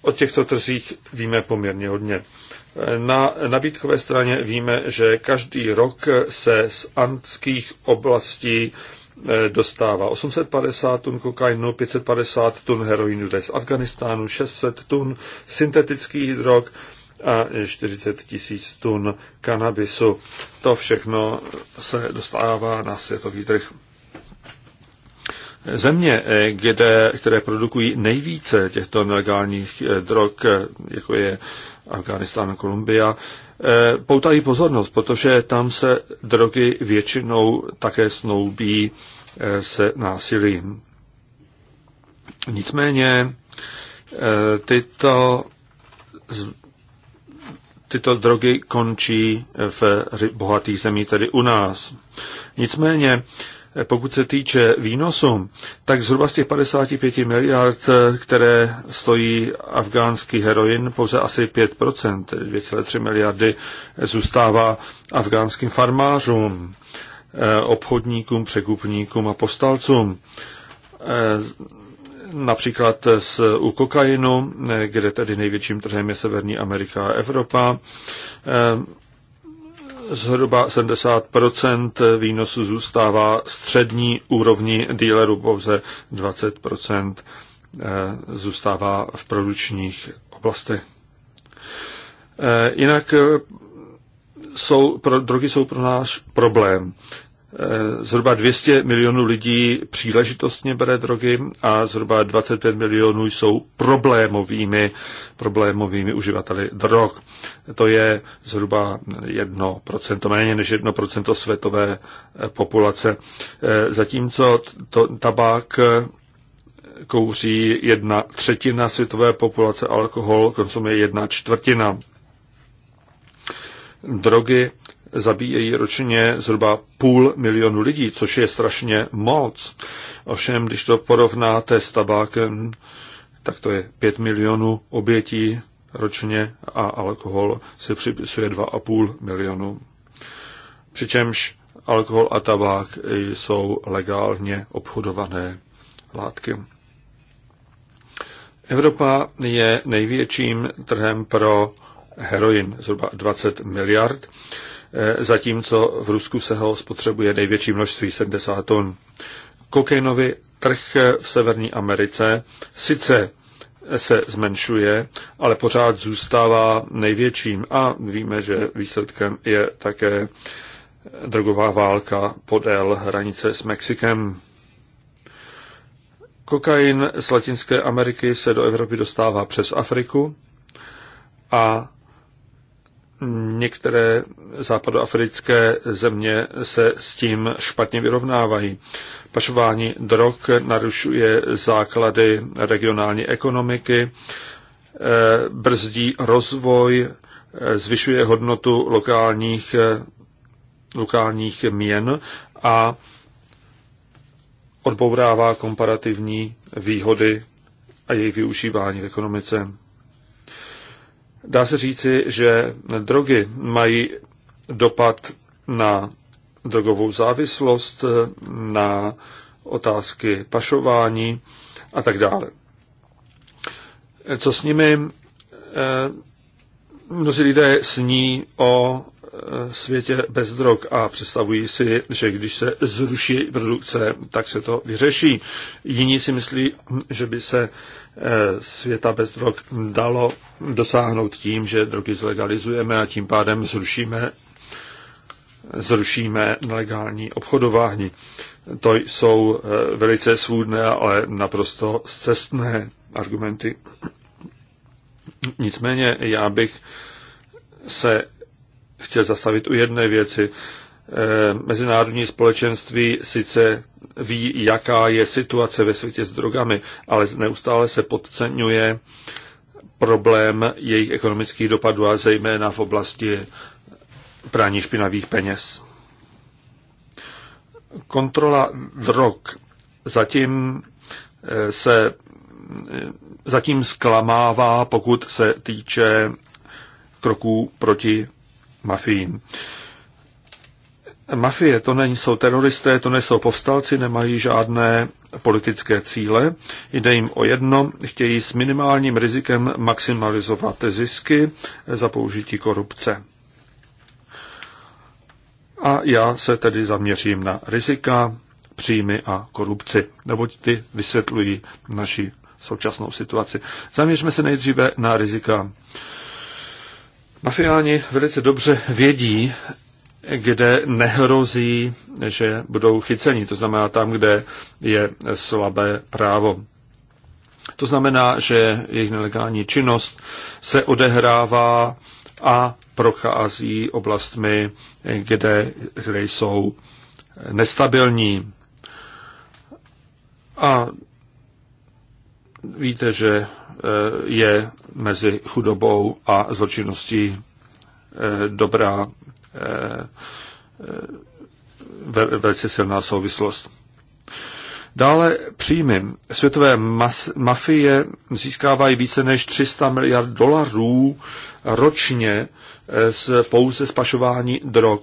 o těchto trzích víme poměrně hodně. Na nabídkové straně víme, že každý rok se z antských oblastí eh, dostává 850 tun kokainu, 550 tun heroinu z Afganistánu, 600 tun syntetických drog a 40 tisíc tun kanabisu. To všechno se dostává na světový trh. Země, eh, kde, které produkují nejvíce těchto nelegálních eh, drog, jako je Afganistán a Kolumbia, eh, poutají pozornost, protože tam se drogy většinou také snoubí eh, se násilím. Nicméně eh, tyto, tyto drogy končí v bohatých zemích, tedy u nás. Nicméně pokud se týče výnosu, tak zhruba z těch 55 miliard, které stojí afgánský heroin, pouze asi 5%, 2,3 miliardy zůstává afgánským farmářům, eh, obchodníkům, překupníkům a postalcům. Eh, například z, u kokainu, eh, kde tedy největším trhem je Severní Amerika a Evropa, zhruba 70 výnosu zůstává střední úrovni dílerů, pouze 20 eh, zůstává v produčních oblastech. Eh, jinak eh, jsou, pro, drogy jsou pro náš problém. Eh, zhruba 200 milionů lidí příležitostně bere drogy a zhruba 25 milionů jsou problémovými, problémovými uživateli drog. To je zhruba 1%, méně než 1% světové eh, populace. Eh, zatímco to, tabák kouří jedna třetina světové populace, alkohol konsumuje jedna čtvrtina drogy zabíjejí ročně zhruba půl milionu lidí, což je strašně moc. Ovšem, když to porovnáte s tabákem, tak to je pět milionů obětí ročně a alkohol se připisuje 2,5 milionu. Přičemž alkohol a tabák jsou legálně obchodované látky. Evropa je největším trhem pro heroin, zhruba 20 miliard, Eh, zatímco v Rusku se ho spotřebuje největší množství 70 tun. Kokainový trh eh, v Severní Americe sice eh, se zmenšuje, ale pořád zůstává největším a víme, že výsledkem je také drogová válka podél hranice s Mexikem. Kokain z Latinské Ameriky se do Evropy dostává přes Afriku a některé západoafrické země se s tím špatně vyrovnávají. Pašování drog narušuje základy regionální ekonomiky, eh, brzdí rozvoj, eh, zvyšuje hodnotu lokálních, eh, lokálních měn a odbourává komparativní výhody a jejich využívání v ekonomice. Dá se říci, že drogy mají dopad na drogovou závislost, na otázky pašování a tak dále. Co s nimi? Eh, mnozí lidé sní o světě bez drog a představují si, že když se zruší produkce, tak se to vyřeší. Jiní si myslí, že by se eh, světa bez drog dalo dosáhnout tím, že drogy zlegalizujeme a tím pádem zrušíme, zrušíme nelegální obchodování. To jsou eh, velice svůdné, ale naprosto zcestné argumenty. Nicméně já bych se chtěl zastavit u jedné věci. Eh, mezinárodní společenství sice ví, jaká je situace ve světě s drogami, ale neustále se podceňuje problém jejich ekonomických dopadů a zejména v oblasti prání špinavých peněz. Kontrola drog zatím eh, se eh, zatím zklamává, pokud se týče kroků proti mafiím. Mafie to nejsou teroristé, to nejsou povstalci, nemají žádné politické cíle. Jde jim o jedno, chtějí s minimálním rizikem maximalizovat zisky za použití korupce. A já se tedy zaměřím na rizika, příjmy a korupci, neboť ty vysvětlují naši současnou situaci. Zaměřme se nejdříve na rizika. Mafiáni velice dobře vědí, kde nehrozí, že budou chyceni, to znamená tam, kde je slabé právo. To znamená, že jejich nelegální činnost se odehrává a prochází oblastmi, kde, kde jsou nestabilní. A víte, že Eh, je mezi chudobou a zločinností eh, dobrá eh, velice silná souvislost. Dále příjmy. Světové mas- mafie získávají více než 300 miliard dolarů ročně z, pouze spašování drog,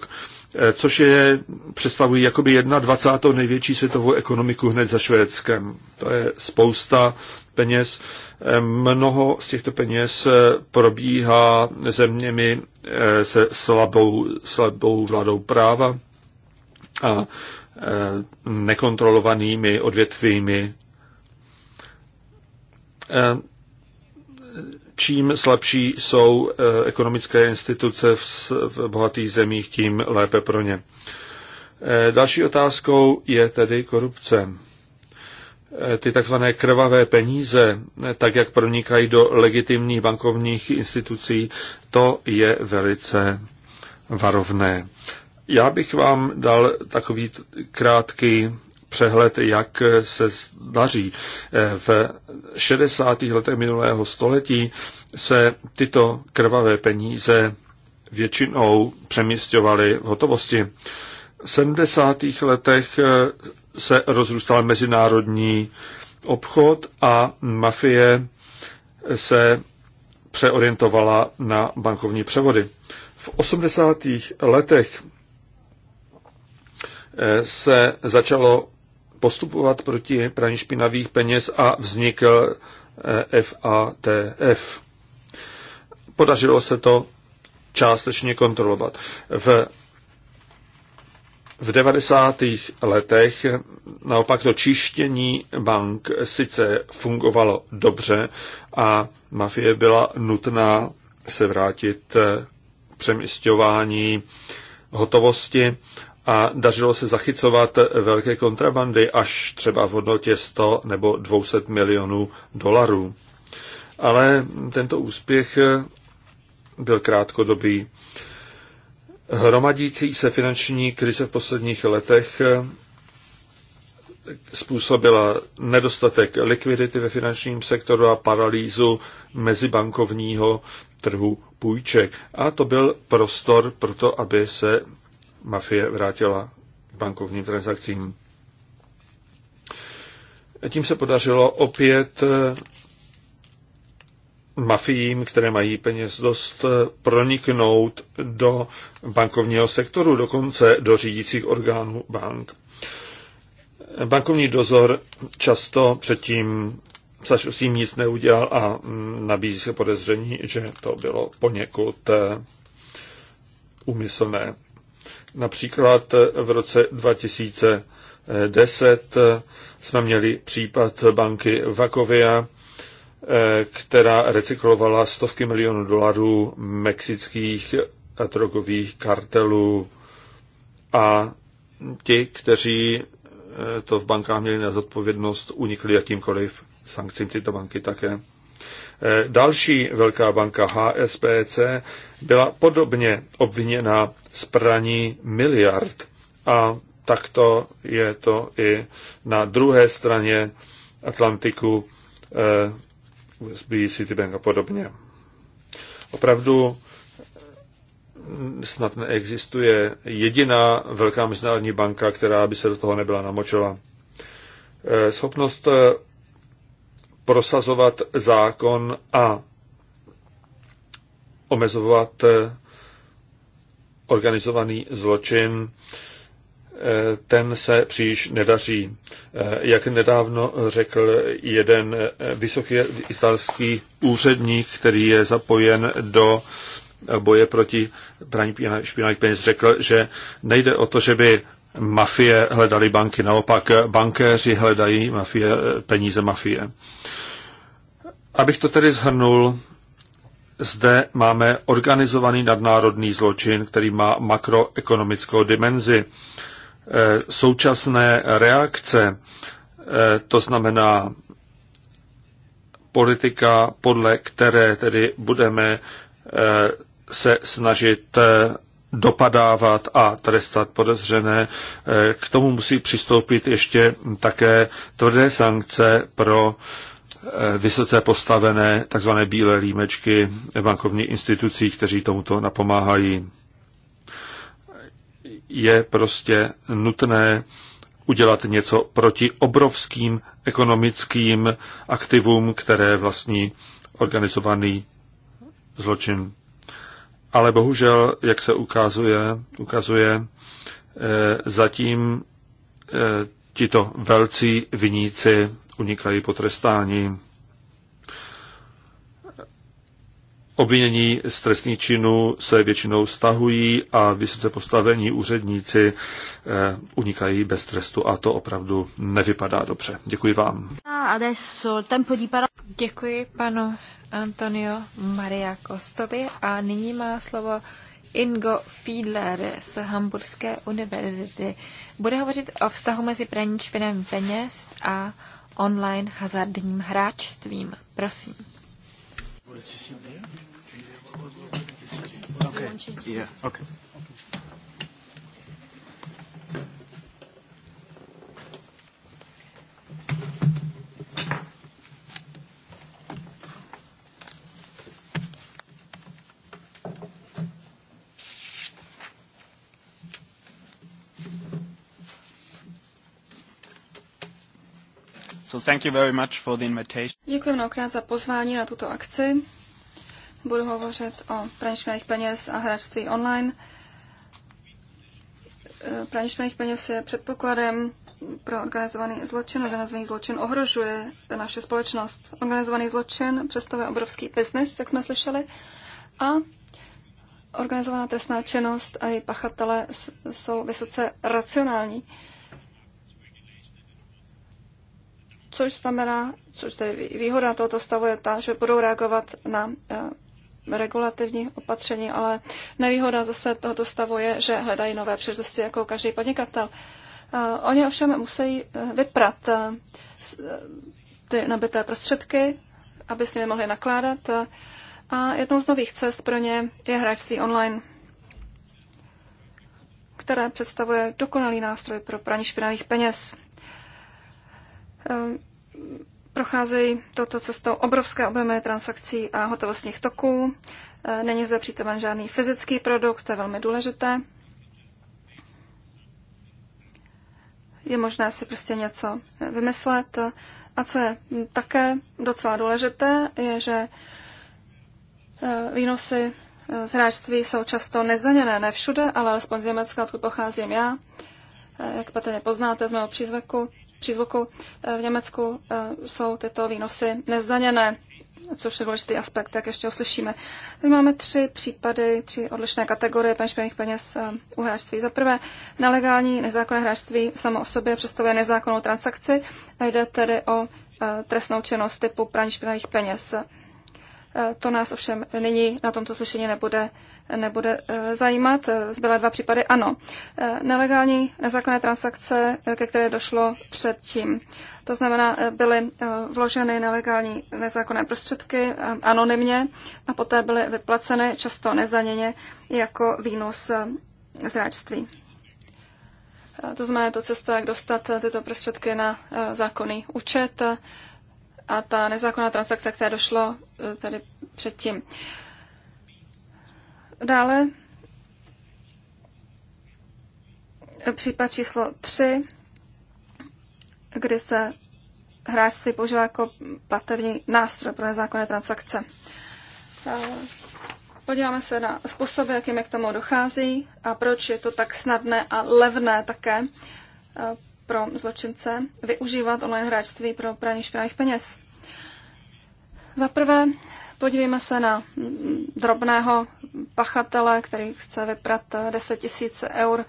což je, představují jakoby 21. největší světovou ekonomiku hned za Švédskem. To je spousta peněz. Eh, mnoho z těchto peněz eh, probíhá zeměmi eh, se slabou, slabou vládou práva a nekontrolovanými odvětvími. Čím slabší jsou ekonomické instituce v bohatých zemích, tím lépe pro ně. Další otázkou je tedy korupce. Eh, ty takzvané krvavé peníze, eh, tak jak pronikají do legitimních bankovních institucí, to je velice varovné. Já bych vám dal takový krátký přehled, jak eh, se daří. V 60. letech minulého století se tyto krvavé peníze většinou přemístěvaly v hotovosti. V 70. letech se rozrůstal mezinárodní obchod a mafie se přeorientovala na bankovní převody. V 80. letech eh, se začalo postupovat proti praní špinavých peněz a vznikl FATF. Eh, Podařilo se to částečně kontrolovat. V v 90. letech naopak to čištění bank sice fungovalo dobře a mafie byla nutná se vrátit k přemysťování hotovosti a dařilo se zachycovat velké kontrabandy až třeba v hodnotě 100 nebo 200 milionů dolarů. Ale tento úspěch byl krátkodobý. Hromadící se finanční krize v posledních letech eh, způsobila nedostatek likvidity ve finančním sektoru a paralýzu mezibankovního trhu půjček. A to byl prostor pro to, aby se mafie vrátila k bankovním transakcím. Tím se podařilo opět eh, mafiím, které mají peněz dost, eh, proniknout do bankovního sektoru, dokonce do řídících orgánů bank. Bankovní dozor často předtím Saš s tím nic neudělal a mm, nabízí se podezření, že to bylo poněkud umyslné. Eh, Například eh, v roce 2010 jsme měli případ banky Vakovia, Eh, která recyklovala stovky milionů dolarů mexických eh, drogových kartelů a ti, kteří eh, to v bankách měli na zodpovědnost, unikli jakýmkoliv sankcím tyto banky také. Další velká banka HSBC byla podobně obviněna z praní miliard a takto je to i na druhé straně Atlantiku USB, Citibank a podobně. Opravdu mm, snad neexistuje jediná velká mezinárodní banka, která by se do toho nebyla namočila. Eh, schopnost eh, prosazovat zákon a omezovat eh, organizovaný zločin ten se příliš nedaří. Eh, jak nedávno řekl jeden eh, vysoký italský úředník, který je zapojen do boje proti praní špinavých peněz, řekl, že nejde o to, že by mafie hledali banky, naopak bankéři hledají mafie, peníze mafie. Abych to tedy zhrnul, zde máme organizovaný nadnárodní zločin, který má makroekonomickou dimenzi. Eh, současné reakce, eh, to znamená politika, podle které tedy budeme eh, se snažit dopadávat a trestat podezřené. K tomu musí přistoupit ještě také tvrdé sankce pro vysoce postavené tzv. bílé límečky v bankovních institucích, kteří tomuto napomáhají je prostě nutné udělat něco proti obrovským ekonomickým aktivům, které vlastní organizovaný zločin. Ale bohužel, jak se ukazuje, ukazuje eh, zatím eh, tito velcí viníci unikají potrestání. Obvinění z trestných činů se většinou stahují a vysoce postavení úředníci eh, unikají bez trestu a to opravdu nevypadá dobře. Děkuji vám. Děkuji panu Antonio Maria Kostovi a nyní má slovo Ingo Fiedler z Hamburské univerzity. Bude hovořit o vztahu mezi praní špinavých peněz a online hazardním hráčstvím. Prosím. Okay. Yeah. Okay. So thank you very much for the invitation. Děkuji mnohokrát za pozvání na tuto akci budu hovořit o praní peněz a hráčství online. Eh, praní peněz je předpokladem pro organizovaný zločin. Organizovaný zločin ohrožuje naše společnost. Organizovaný zločin představuje obrovský biznis, jak jsme slyšeli, a organizovaná trestná činnost a její pachatele jsou vysoce racionální. Což znamená, což tedy výhoda tohoto stavu je ta, že budou reagovat na eh, regulativních opatření, ale nevýhoda zase tohoto stavu je, že hledají nové příležitosti jako každý podnikatel. Oni ovšem musí eh, vyprat eh, eh, ty nabité prostředky, aby s nimi mohli nakládat. A jednou z nových cest pro ně je hráčství online, které představuje dokonalý nástroj pro praní špinavých peněz. Ehm, Procházejí toto cestou obrovské objemy transakcí a hotovostních toků. E, Není zde přítomen žádný fyzický produkt, to je velmi důležité. Je možné si prostě něco vymyslet. A co je také docela důležité, je, že e, výnosy e, z hráčství jsou často nezdaněné, ne všude, ale alespoň z Německa, odkud pocházím já, jak patrně poznáte z mého přízveku, přízvuku eh, v Německu eh, jsou tyto výnosy nezdaněné, což je důležitý aspekt, jak ještě uslyšíme. My máme tři případy, tři odlišné kategorie peněžních peněz eh, u hráčství. Za prvé, nelegální nezákonné hráčství samo o sobě představuje nezákonnou transakci a jde tedy o trestnou činnost typu praní špinavých peněz. To nás ovšem nyní na tomto slyšení nebude, nebude eh, zajímat. Zbyla dva případy, ano. Eh, nelegální nezákonné transakce, eh, ke které došlo předtím. To znamená, byly vloženy nelegální nezákonné prostředky anonymně a poté byly vyplaceny často nezdaněně jako výnos hráčství. To znamená, je to cesta, jak dostat tyto prostředky na zákonný účet a ta nezákonná transakce, která došlo e, tady předtím. Dále e, případ číslo 3, kdy se hráčství používá jako platební nástroj pro nezákonné transakce. E, podíváme se na způsoby, jakým k tomu dochází a proč je to tak snadné a levné také pro zločince využívat online hráčství pro praní špinavých peněz. Za prvé, podívejme se na drobného pachatele, který chce vyprat 10 tisíc eur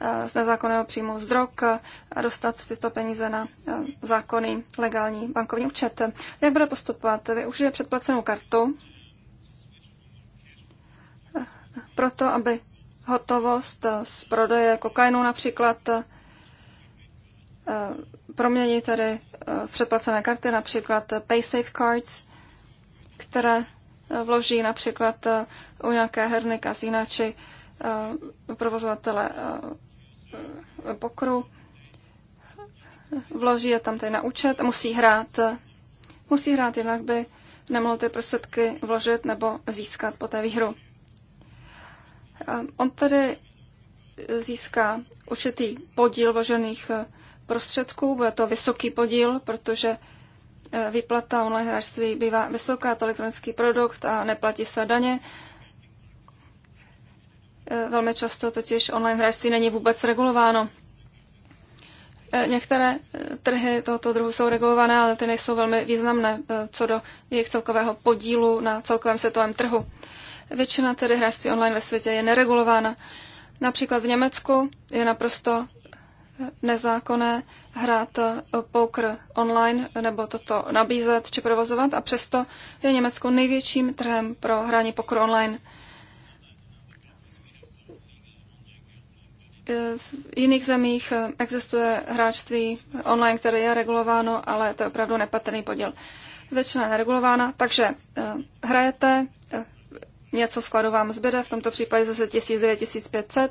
eh, z nezákonného příjmu z drog a dostat tyto peníze na eh, zákonný legální bankovní účet. Jak bude postupovat? Využije předplacenou kartu eh, proto, aby hotovost z prodeje kokainu například Eh, promění tedy v eh, předplacené karty, například eh, PaySafe Cards, které vloží například u nějaké herny kasína či provozovatele pokru, vloží je tam tady na účet, musí hrát, musí hrát, jinak by nemohl ty prostředky vložit nebo získat po té výhru. On tedy získá určitý podíl vložených prostředků. Bude to vysoký podíl, protože eh, vyplata online hráčství bývá vysoká, to elektronický produkt a neplatí se daně. Eh, velmi často totiž online hráčství není vůbec regulováno. Eh, některé trhy tohoto druhu jsou regulované, ale ty nejsou velmi významné co do jejich celkového podílu na celkovém světovém trhu. Většina tedy hráčství online ve světě je neregulována. Například v Německu je naprosto nezákonné hrát poker online nebo toto nabízet či provozovat a přesto je Německo největším trhem pro hraní poker online. V jiných zemích existuje hráčství online, které je regulováno, ale to je opravdu nepatrný podíl. Většina je neregulována, takže eh, hrajete, eh, něco skladu vám zbyde, v tomto případě zase 1000-9500,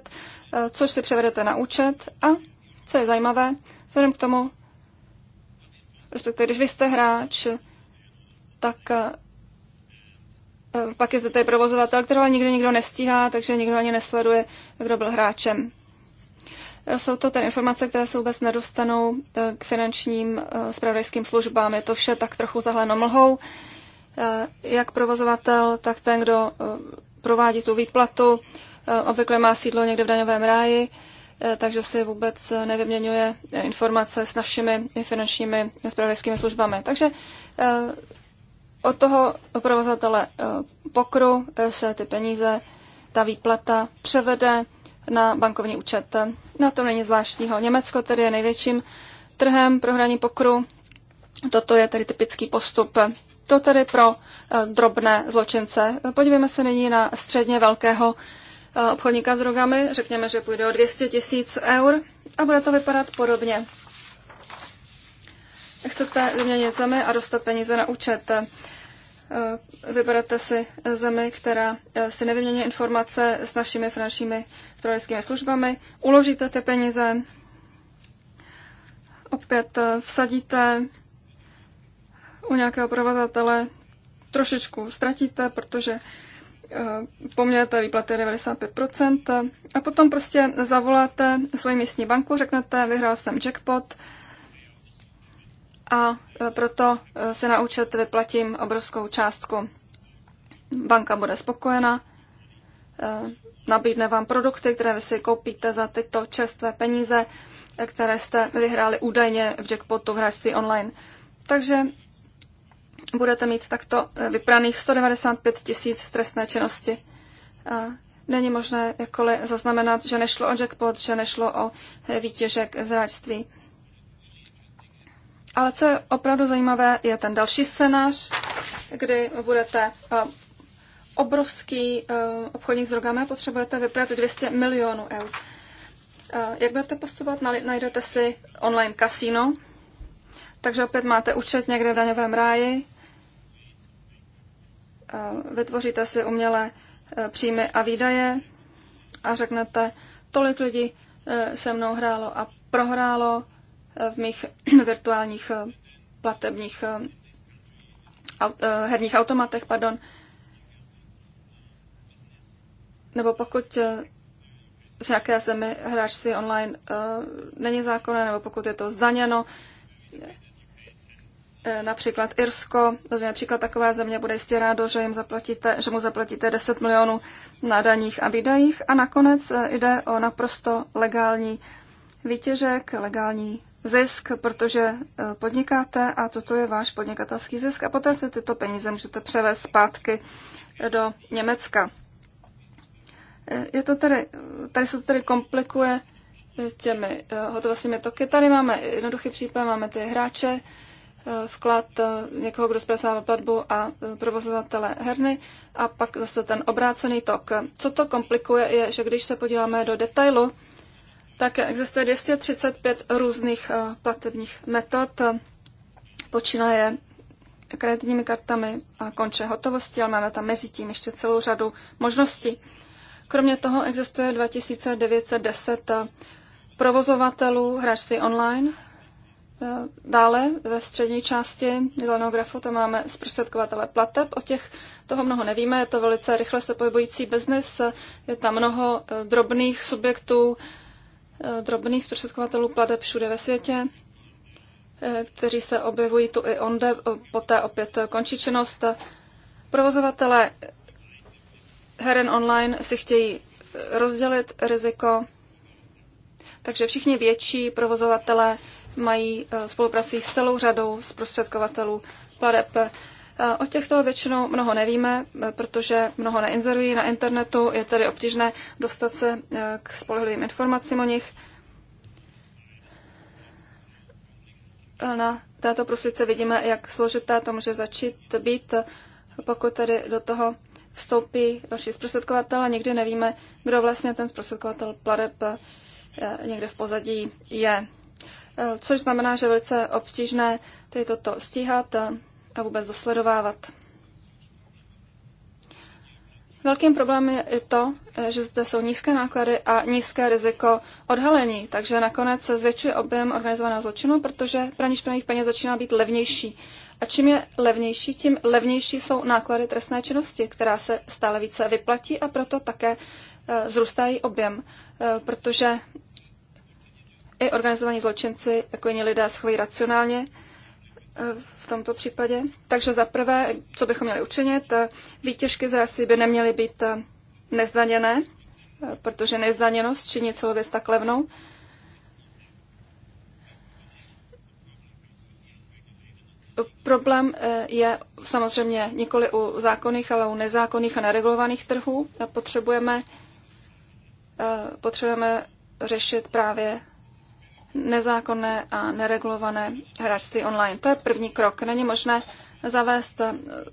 eh, což si převedete na účet a co je zajímavé, vzhledem k tomu, respektive když vy jste hráč, tak eh, pak je zde tady provozovatel, kterého nikdy nikdo nestíhá, takže nikdo ani nesleduje, kdo byl hráčem. Eh, jsou to tedy informace, které se vůbec nedostanou eh, k finančním spravodajským službám. Je to vše tak trochu zahleno mlhou. Jak provozovatel, tak ten, kdo provádí tu výplatu, obvykle má sídlo někde v daňovém ráji Eh, takže si vůbec eh, nevyměňuje eh, informace s našimi finančními spravodajskými službami. Takže od toho provozatele pokru se ty peníze, ta výplata převede na bankovní účet. Na to není zvláštního. Německo tedy je největším trhem pro hraní pokru. Toto je tedy typický postup. To tedy pro drobné zločince. Podívejme se nyní na středně velkého Eh, obchodníka s drogami, řekněme, že půjde o 200 tisíc eur a bude to vypadat podobně. Chcete vyměnit zemi a dostat peníze na účet. Eh, vyberete si zemi, která eh, si nevyměňuje informace s našimi finančními zpravodajskými službami, uložíte ty peníze, opět vsadíte u nějakého provozatele trošičku ztratíte, protože mně ta výplata je 95%. A potom prostě zavoláte svoji místní banku, řeknete, vyhrál jsem jackpot a eh, proto eh, se na účet vyplatím obrovskou částku. Banka bude spokojena, eh, nabídne vám produkty, které vy si koupíte za tyto čerstvé peníze, které jste vyhráli údajně v jackpotu v hráčství online. Takže budete mít takto eh, vypraných 195 tisíc trestné činnosti. A není možné jakkoliv zaznamenat, že nešlo o jackpot, že nešlo o eh, výtěžek z hráčství. Ale co je opravdu zajímavé, je ten další scénář, kdy budete eh, obrovský obchodník s drogami a potřebujete vyprat 200 milionů eur. Jak budete postupovat? Najdete si online kasino, takže opět máte účet někde v daňovém ráji, Eh, vytvoříte si umělé eh, příjmy a výdaje a řeknete, tolik lidí eh, se mnou hrálo a prohrálo v mých virtuálních platebních herních automatech, pardon. Nebo pokud v nějaké zemi hráčství online není zákonné, nebo pokud je to zdaněno, E, například Irsko, vezměme příklad takové země, bude jistě rádo, že, jim zaplatíte, že mu zaplatíte 10 milionů na daních a výdajích a nakonec e, jde o naprosto legální výtěžek, legální zisk, protože e, podnikáte a toto je váš podnikatelský zisk a poté se tyto peníze můžete převést zpátky do Německa. Je to tady, tady se to tady komplikuje těmi hotovostními toky. Tady máme jednoduchý případ, máme ty hráče, Eh, vklad eh, někoho, kdo zpracovává platbu a eh, provozovatele herny a pak zase ten obrácený tok. Co to komplikuje je, že když se podíváme do detailu, tak existuje 235 různých platebních metod. Počínaje kreditními kartami a konče hotovosti, ale máme tam mezi tím ještě celou řadu možností. Kromě toho existuje 2910 provozovatelů hráčství online, Eh, dále ve střední části zelenografu tam máme zprostředkovatele plateb. O těch toho mnoho nevíme, je to velice rychle se pohybující biznis, je tam mnoho eh, drobných subjektů, eh, drobných zprostředkovatelů plateb všude ve světě, kteří se objevují tu i onde, poté opět končí činnost. Provozovatele heren online si chtějí rozdělit riziko, takže všichni větší provozovatele mají, eh, spolupracují s celou řadou zprostředkovatelů pladeb. Eh, o těchto většinou mnoho nevíme, eh, protože mnoho neinzerují na internetu, je tedy obtížné dostat se k spolehlivým informacím o nich. Na této prosvědce vidíme, jak složité to může začít být, pokud tedy do toho vstoupí další zprostředkovatel a nikdy nevíme, kdo vlastně ten zprostředkovatel pladeb někde v pozadí je. Eh, což znamená, že je velice obtížné tady toto stíhat a vůbec dosledovávat. Velkým problémem je i to, eh, že zde jsou nízké náklady a nízké riziko odhalení, takže nakonec se zvětšuje objem organizovaného zločinu, protože praní špinavých peněz začíná být levnější. A čím je levnější, tím levnější jsou náklady trestné činnosti, která se stále více vyplatí a proto také eh, zrůstají objem, protože i organizovaní zločinci, jako jiní lidé, schovají racionálně eh, v tomto případě. Takže za prvé, co bychom měli učinit, eh, výtěžky z rasy by neměly být eh, nezdaněné, protože nezdaněnost činí celou věc tak levnou. Problém je samozřejmě nikoli u zákonných, ale u nezákonných a neregulovaných trhů. Potřebujeme, potřebujeme řešit právě nezákonné a neregulované hráčství online. To je první krok. Není možné zavést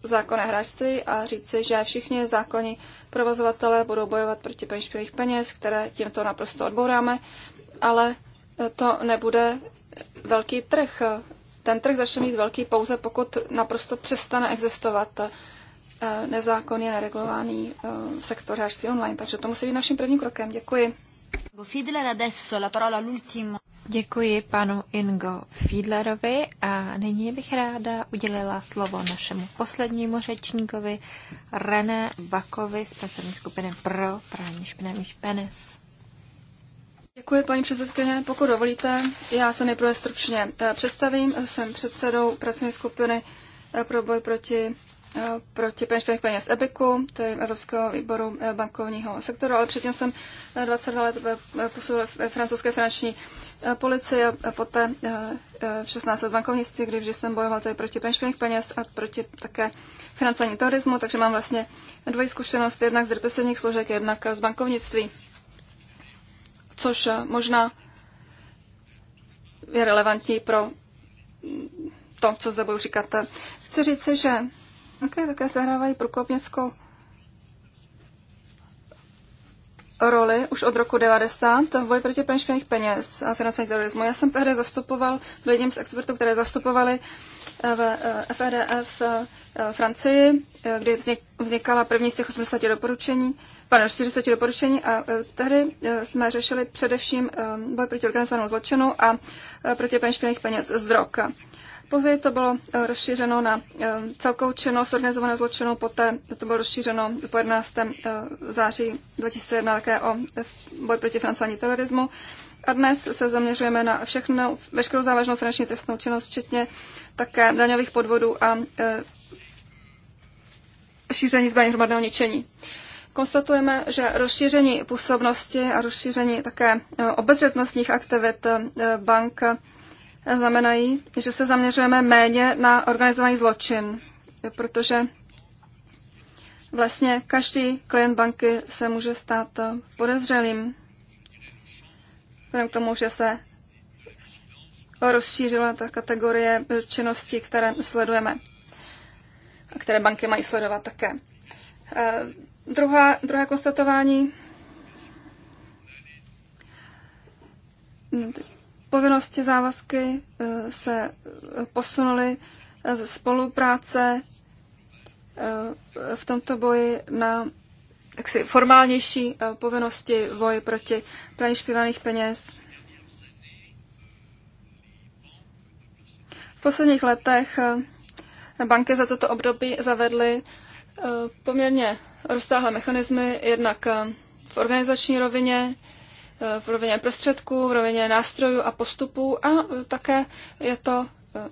zákonné hráčství a říci, že všichni zákonní provozovatelé budou bojovat proti praní peněz, které tímto naprosto odbouráme, ale to nebude velký trh. Ten trh začne mít velký pouze, pokud naprosto přestane existovat eh, nezákonně neregulovaný eh, sektor hráčství online. Takže to musí být naším prvním krokem. Děkuji. Děkuji panu Ingo Fiedlerovi a nyní bych ráda udělila slovo našemu poslednímu řečníkovi René Bakovi z pracovní skupiny pro právní špinavých penis. Děkuji, paní předsedkyně. Pokud dovolíte, já se nejprve stručně eh, představím. Jsem předsedou pracovní skupiny eh, pro boj proti proti praní peněz, peněz EBIKu, tedy Evropského výboru eh, bankovního sektoru, ale předtím jsem 22 eh, let eh, působil v francouzské finanční policii a poté 16 let bankovnictví, když jsem bojoval tedy proti praní peněz a proti také financování terorismu, takže mám vlastně dvojí zkušenost, jednak z represivních složek, jednak z bankovnictví, což možná je relevantní pro mm, to, co zde budu říkat. Chci říci, že také, také zahrávají průkopnickou roli už od roku 90 v boji proti peněžních peněz a financování terorismu. Já jsem tehdy zastupoval, byl jedním z expertů, které zastupovali eh, v FEDF eh, eh, Francii, kdy vznikala první z těch 80 doporučení, pane, 40 doporučení a tehdy jsme řešili především boj proti organizovanému zločinu a proti peněžních peněz z drog. Později to bylo eh, rozšířeno na eh, celkovou činnost organizovaného zločinu, poté to bylo rozšířeno po 11. Eh, září 2001 také o boj proti financování terorismu. A dnes se zaměřujeme na všechno, veškerou závažnou finanční trestnou činnost, včetně také daňových podvodů a šíření zbraní hromadného ničení. Konstatujeme, že rozšíření působnosti a rozšíření také obezřetnostních aktivit bank znamenají, že se zaměřujeme méně na organizovaný zločin, protože vlastně každý klient banky se může stát podezřelým, vzhledem k tomu, že se rozšířila ta kategorie činností, které sledujeme a které banky mají sledovat také. Eh, druhá, druhé konstatování hm, Povinnosti, závazky eh, se eh, posunuly eh, ze spolupráce v tomto boji na jaksi formálnější povinnosti v boji proti praní špinaných peněz. V posledních letech banky za toto období zavedly poměrně rozsáhlé mechanismy, jednak v organizační rovině, v rovině prostředků, v rovině nástrojů a postupů a e, také je to e,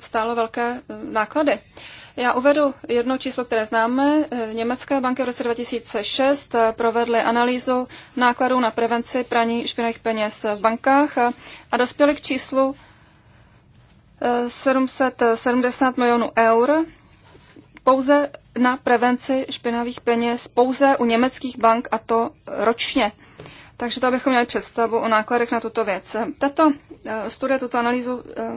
stálo velké e, náklady. Já uvedu jedno číslo, které známe. Německé banky v roce 2006 provedly analýzu nákladů na prevenci praní špinavých peněz v bankách a dospěly k číslu 770 milionů eur pouze na prevenci špinavých peněz pouze u německých bank a to ročně. Takže to abychom měli představu o nákladech na tuto věc. Tato eh, studie, tuto analýzu eh,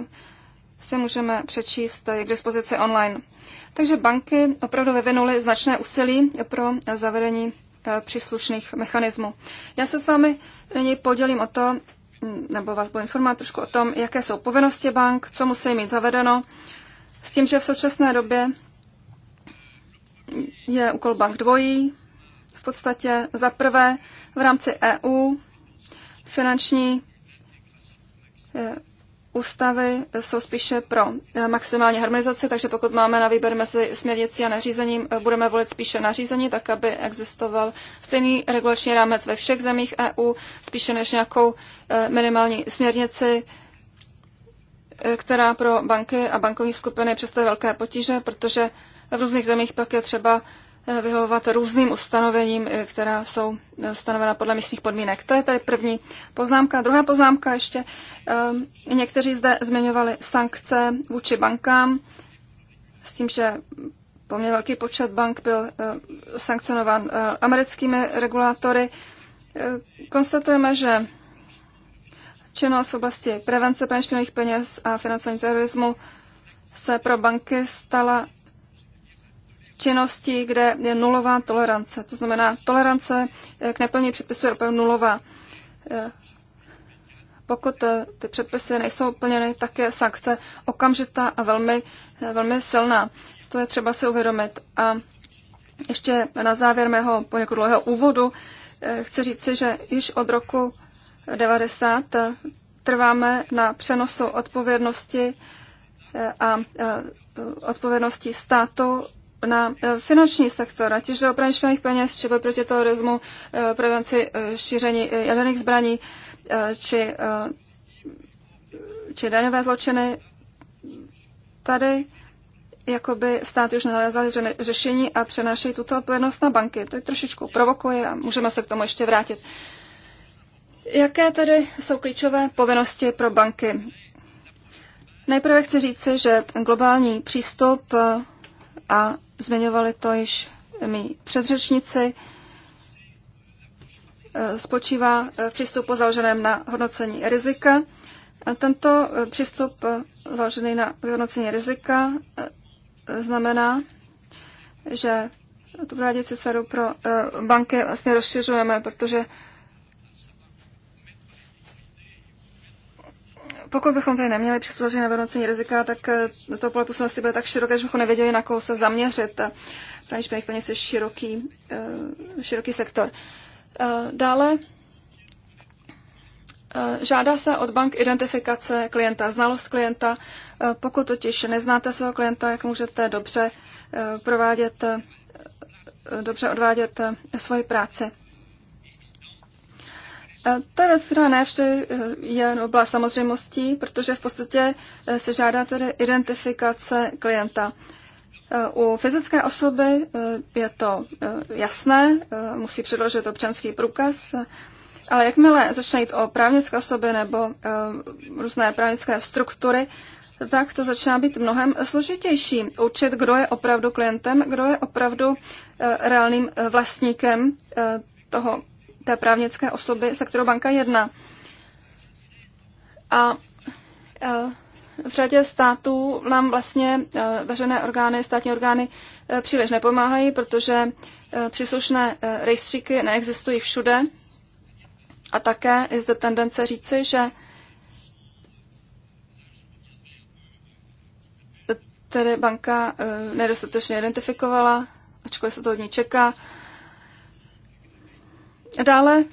si můžeme přečíst, eh, je k dispozici online. Takže banky opravdu vyvinuly značné úsilí pro zavedení příslušných mechanismů. Já se s vámi nyní podělím o to, hm, nebo vás budu informovat trošku o tom, jaké jsou povinnosti bank, co musí mít zavedeno, s tím, že v současné době je úkol bank dvojí. V podstatě za prvé v rámci EU finanční eh, ústavy jsou spíše pro eh, maximální harmonizaci, takže pokud máme na výběr mezi směrnicí a nařízením, eh, budeme volit spíše nařízení, tak aby existoval stejný regulační rámec ve všech zemích EU, spíše než nějakou minimální směrnici, která pro banky a bankovní skupiny představuje velké potíže, protože v různých zemích pak je třeba Eh, vyhovovat různým ustanovením, eh, která jsou eh, stanovena podle místních podmínek. To je tady první poznámka. Druhá poznámka ještě. Někteří zde zmiňovali sankce vůči bankám s tím, že poměrně velký počet bank byl sankcionován americkými regulátory. Konstatujeme, že činnost v oblasti prevence praní peněz a financování terorismu se pro banky stala činnosti, kde je nulová tolerance. To znamená, tolerance eh, k neplnění předpisu je opravdu nulová. Eh, pokud eh, ty předpisy nejsou plněny, tak je sankce okamžitá a velmi, velmi silná. To je třeba si uvědomit. A ještě na závěr mého poněkud dlouhého úvodu chci říci, že již od roku 90 trváme na přenosu odpovědnosti a odpovědnosti státu na e, finanční sektor, ať už jde o praní špinavých peněz, či boj proti terorismu, e, prevenci e, šíření jaderných zbraní, či, či daňové zločiny. Tady jakoby stát už nalezali řešení a přenáší tuto odpovědnost na banky. To je trošičku provokuje a můžeme se k tomu ještě vrátit. Jaké tedy jsou klíčové povinnosti pro banky? Nejprve chci říci, že globální přístup a Zmiňovali to již mý předřečníci. E, spočívá v přístupu založeném na hodnocení rizika. Tento e, přístup e, založený na vyhodnocení rizika znamená, že tu prováděcí sféru pro banky vlastně rozšiřujeme, protože Pokud bychom tady neměli přesvědčení na vyhodnocení rizika, tak eh, to pole působnosti bude tak široké, že bychom nevěděli, na koho se zaměřit. Právě špinavých peněz je široký, eh, široký sektor. Eh, dále žádá se od bank identifikace klienta, znalost klienta. Pokud totiž neznáte svého klienta, jak můžete dobře provádět, dobře odvádět svoji práci. Eh, Ta věc, která eh, je byla samozřejmostí, protože v podstatě eh, se žádá tedy identifikace klienta. U fyzické osoby je to jasné, musí předložit občanský průkaz, ale jakmile začne jít o právnické osoby nebo různé právnické struktury, tak to začíná být mnohem složitější. Určit, kdo je opravdu klientem, kdo je opravdu reálným vlastníkem toho té právnické osoby, se kterou banka jedná. A e, v řadě států nám vlastně e, veřejné orgány, státní orgány e, příliš nepomáhají, protože příslušné rejstříky neexistují všude. A také je zde tendence říci, že tedy banka nedostatečně identifikovala, ačkoliv se to od ní čeká, Dále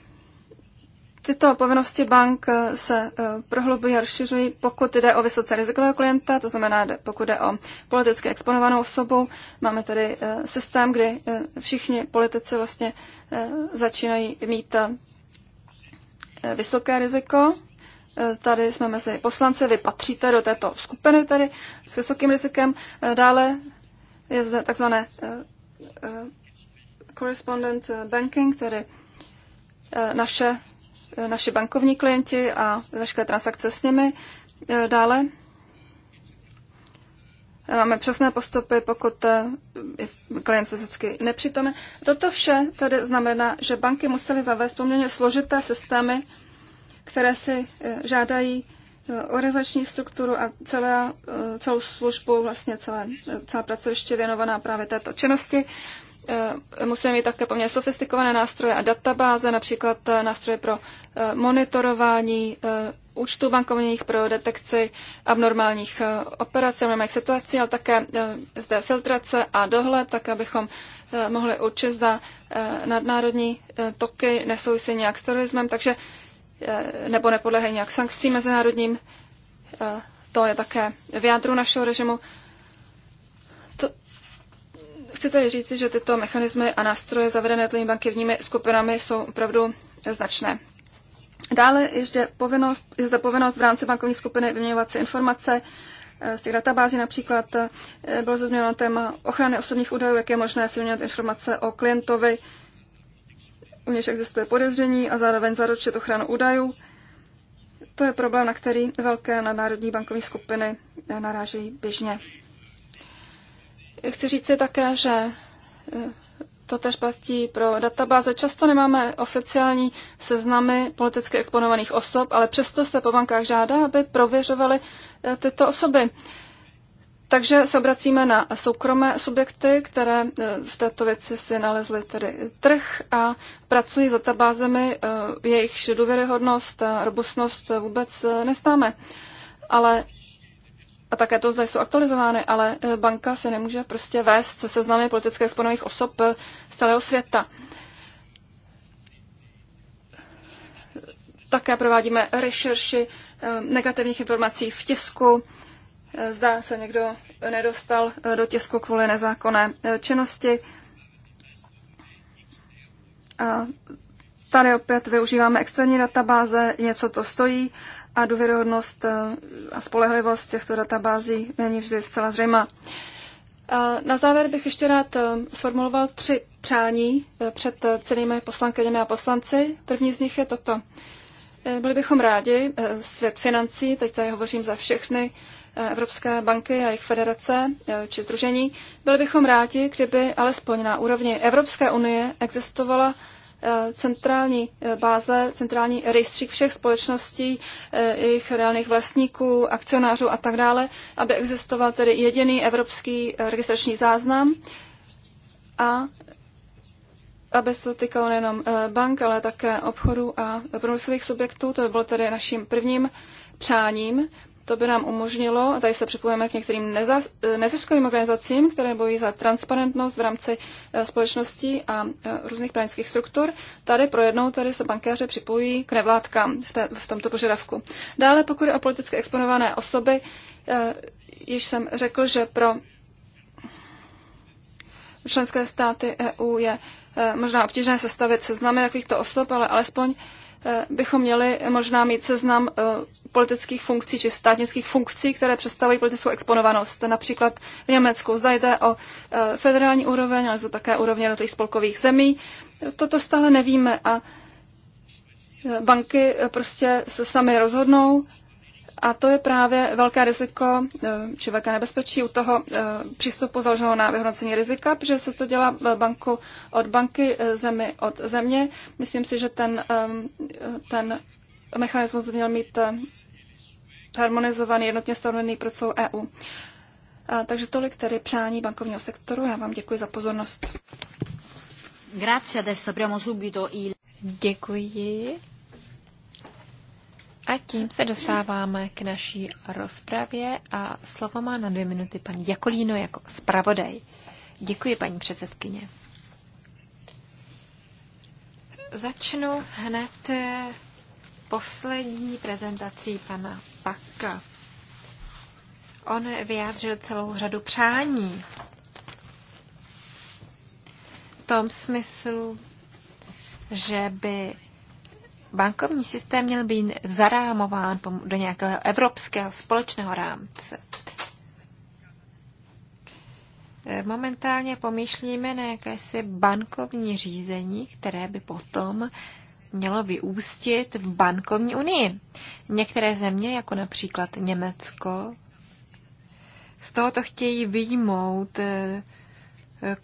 tyto povinnosti bank se eh, prohlubují a rozšiřují, pokud jde o vysoce rizikového klienta, to znamená, pokud jde o politicky exponovanou osobu. Máme tady eh, systém, kdy eh, všichni politici vlastně začínají mít vysoké riziko. Tady jsme mezi poslanci, vy patříte do této skupiny tady s vysokým rizikem. Dále je zde takzvané correspondent banking, tedy Eh, naše, eh, naši bankovní klienti a veškeré transakce s nimi. Eh, dále máme přesné postupy, pokud je klient fyzicky nepřítomen. Toto vše tedy znamená, že banky musely zavést poměrně složité systémy, které si žádají organizační strukturu a celé, celou službu, vlastně celé, celá pracoviště věnovaná právě této činnosti. Eh, musíme mít také poměrně sofistikované nástroje a databáze, například eh, nástroje pro eh, monitorování účtů bankovních pro detekci abnormálních operací, abnormálních situací, ale také zde filtrace a dohled, tak abychom mohli určit, zda nadnárodní toky nesouvisí nějak s terorismem, takže nebo nepodléhají nějak sankcí mezinárodním. To je také v jádru našeho režimu. Chci tady říci, že tyto mechanismy a nástroje zavedené těmi bankovními skupinami jsou opravdu značné. Dále ještě povinnost, je zde povinnost v rámci bankovní skupiny vyměňovat si informace eh, z těch databází například. Eh, bylo se změněno téma ochrany osobních údajů, jak je možné si vyměňovat informace o klientovi, u něž existuje podezření a zároveň zaručit ochranu údajů. To je problém, na který velké nadnárodní bankovní skupiny eh, narážejí běžně. Chci říci také, že eh, to tež platí pro databáze. Často nemáme oficiální seznamy politicky exponovaných osob, ale přesto se po bankách žádá, aby prověřovali eh, tyto osoby. Takže se obracíme na soukromé subjekty, které eh, v této věci si nalezly tedy trh a pracují s databázemi, jejichž důvěryhodnost a robustnost vůbec nestáme. Ale a také to zde jsou aktualizovány, ale e, banka se nemůže prostě vést se seznamy politické exponovaných osob e, z celého světa. Také provádíme rešerši e, negativních informací v tisku. Zdá se, někdo nedostal do tisku kvůli nezákonné činnosti. A tady opět využíváme externí databáze, něco to stojí a důvěryhodnost eh, a spolehlivost těchto databází není vždy zcela zřejmá. Na závěr bych ještě rád eh, sformuloval tři přání eh, před celými poslankyněmi a poslanci. První z nich je toto. Byli bychom rádi, svět financí, teď tady hovořím za všechny Evropské banky a jejich federace či združení, byli bychom rádi, kdyby alespoň na úrovni Evropské unie existovala Eh, centrální eh, báze, centrální rejstřík všech společností, eh, jejich reálných vlastníků, akcionářů a tak dále, aby existoval tedy jediný evropský registrační záznam a aby se to týkalo nejenom bank, ale také obchodu a průmyslových subjektů. To by bylo tedy naším prvním přáním. To by nám umožnilo, a tady se připojíme k některým eh, neziskovým organizacím, které bojí za transparentnost v rámci eh, společností a eh, různých právnických struktur. Tady projednou, tady se bankéři připojí k nevládkám v, te, v tomto požadavku. Dále, pokud je o politicky exponované osoby, již jsem řekl, že pro členské státy EU je možná obtížné sestavit seznamy takovýchto osob, ale alespoň Eh, bychom měli možná mít seznam eh, politických funkcí či státnických funkcí, které představují politickou exponovanost. Například v Německu zda jde o eh, federální úroveň, ale to také úrovně jednotlivých spolkových zemí. Toto stále nevíme a banky prostě se sami rozhodnou, a to je právě velké riziko eh, či velké nebezpečí u toho eh, přístupu založeného na vyhodnocení rizika, protože se to dělá eh, banku od banky, zemi od země. Myslím si, že ten, ten mechanismus by měl mít harmonizovaný, jednotně stanovený pro celou EU. A, takže tolik tedy přání bankovního sektoru. Já vám děkuji za pozornost. Grazie, adesso apriamo subito il... Děkuji. A tím se dostáváme k naší rozpravě a slovo má na dvě minuty pan Jakolíno jako zpravodaj. Děkuji, paní předsedkyně. Začnu hned poslední prezentací pana Paka. On vyjádřil celou řadu přání. V tom smyslu, že by bankovní systém měl být zarámován do nějakého evropského společného rámce. E, momentálně pomýšlíme na jakési bankovní řízení, které by potom mělo vyústit v bankovní unii. Některé země, jako například Německo, z tohoto chtějí vyjmout e,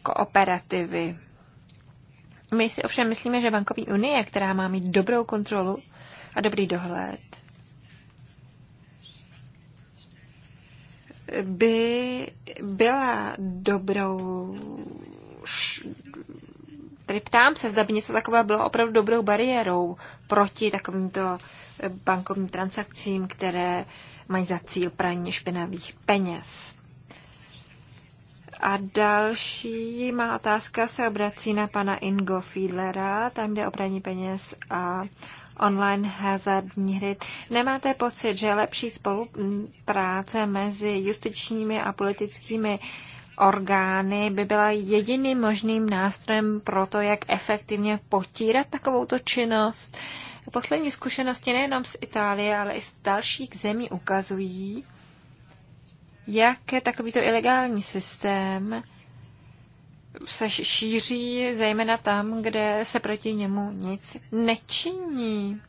kooperativy. My si ovšem myslíme, že bankovní unie, která má mít dobrou kontrolu a dobrý dohled, by byla dobrou Tady ptám se, zda by něco takového bylo opravdu dobrou bariérou proti takovýmto eh, bankovním transakcím, které mají za cíl praní špinavých peněz. A další má otázka se obrací na pana Ingo Fiedlera, tam jde o praní peněz a online hazardní hry. Nemáte pocit, že lepší spolupráce mezi justičními a politickými orgány by byla jediným možným nástrojem pro to, jak efektivně potírat takovouto činnost? Poslední zkušenosti nejenom z Itálie, ale i z dalších zemí ukazují, jak takovýto ilegální systém se šíří zejména tam, kde se proti němu nic nečiní.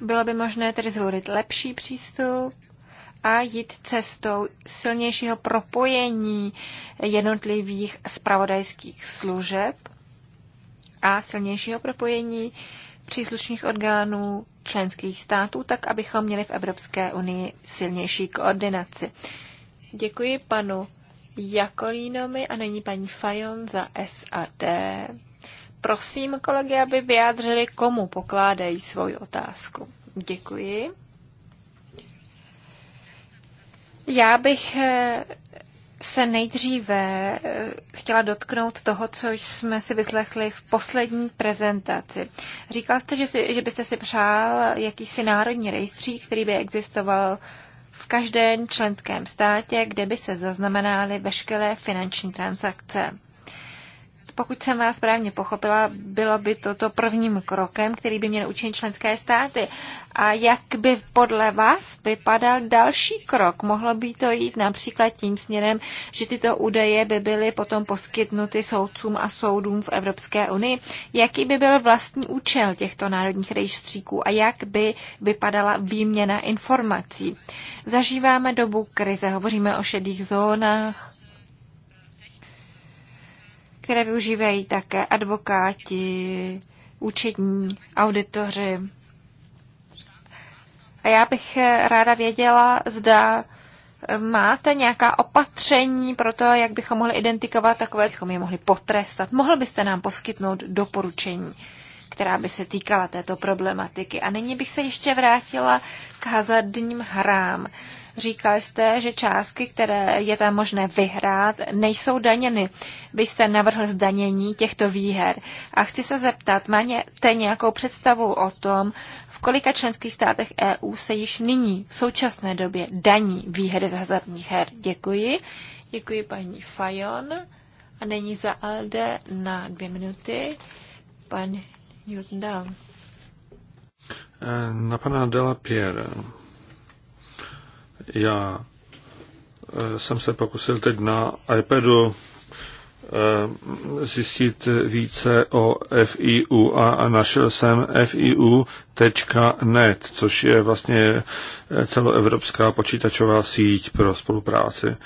Bylo by možné tedy zvolit lepší přístup a jít cestou silnějšího propojení jednotlivých spravodajských služeb a silnějšího propojení příslušných orgánů členských států, tak abychom měli v Evropské unii silnější koordinaci. Děkuji panu Jakolínovi a není paní Fajon za SAD. Prosím kolegy, aby vyjádřili, komu pokládají svoji otázku. Děkuji. Já bych eh, se nejdříve eh, chtěla dotknout toho, co jsme si vyslechli v poslední prezentaci. Říkal jste, že, si, že byste si přál jakýsi národní rejstřík, který by existoval v každém členském státě, kde by se zaznamenály veškeré finanční transakce. Pokud jsem vás správně pochopila, bylo by toto prvním krokem, který by měly učinit členské státy. A jak by podle vás vypadal další krok? Mohlo by to jít například tím směrem, že tyto údaje by byly potom poskytnuty soudcům a soudům v Evropské unii. Jaký by byl vlastní účel těchto národních rejstříků a jak by vypadala výměna informací? Zažíváme dobu krize, hovoříme o šedých zónách, které využívají také advokáti, účetní, auditoři. A já bych ráda věděla, zda máte nějaká opatření pro to, jak bychom mohli identifikovat takové, bychom je mohli potrestat. Mohl byste nám poskytnout doporučení, která by se týkala této problematiky. A nyní bych se ještě vrátila k hazardním hrám. Říkal jste, že částky, které je tam možné vyhrát, nejsou daněny. Vy jste navrhl zdanění těchto výher. A chci se zeptat, máte nějakou představu o tom, v kolika členských státech EU se již nyní v současné době daní výhry z hazardních her? Děkuji. Děkuji paní Fajon. A není za Alde na dvě minuty. Pan Newton Na pana Dela Pierre. Já eh, jsem se pokusil teď na iPadu eh, zjistit více o FIU a našel jsem fiu.net, což je vlastně eh, celoevropská počítačová síť pro spolupráci.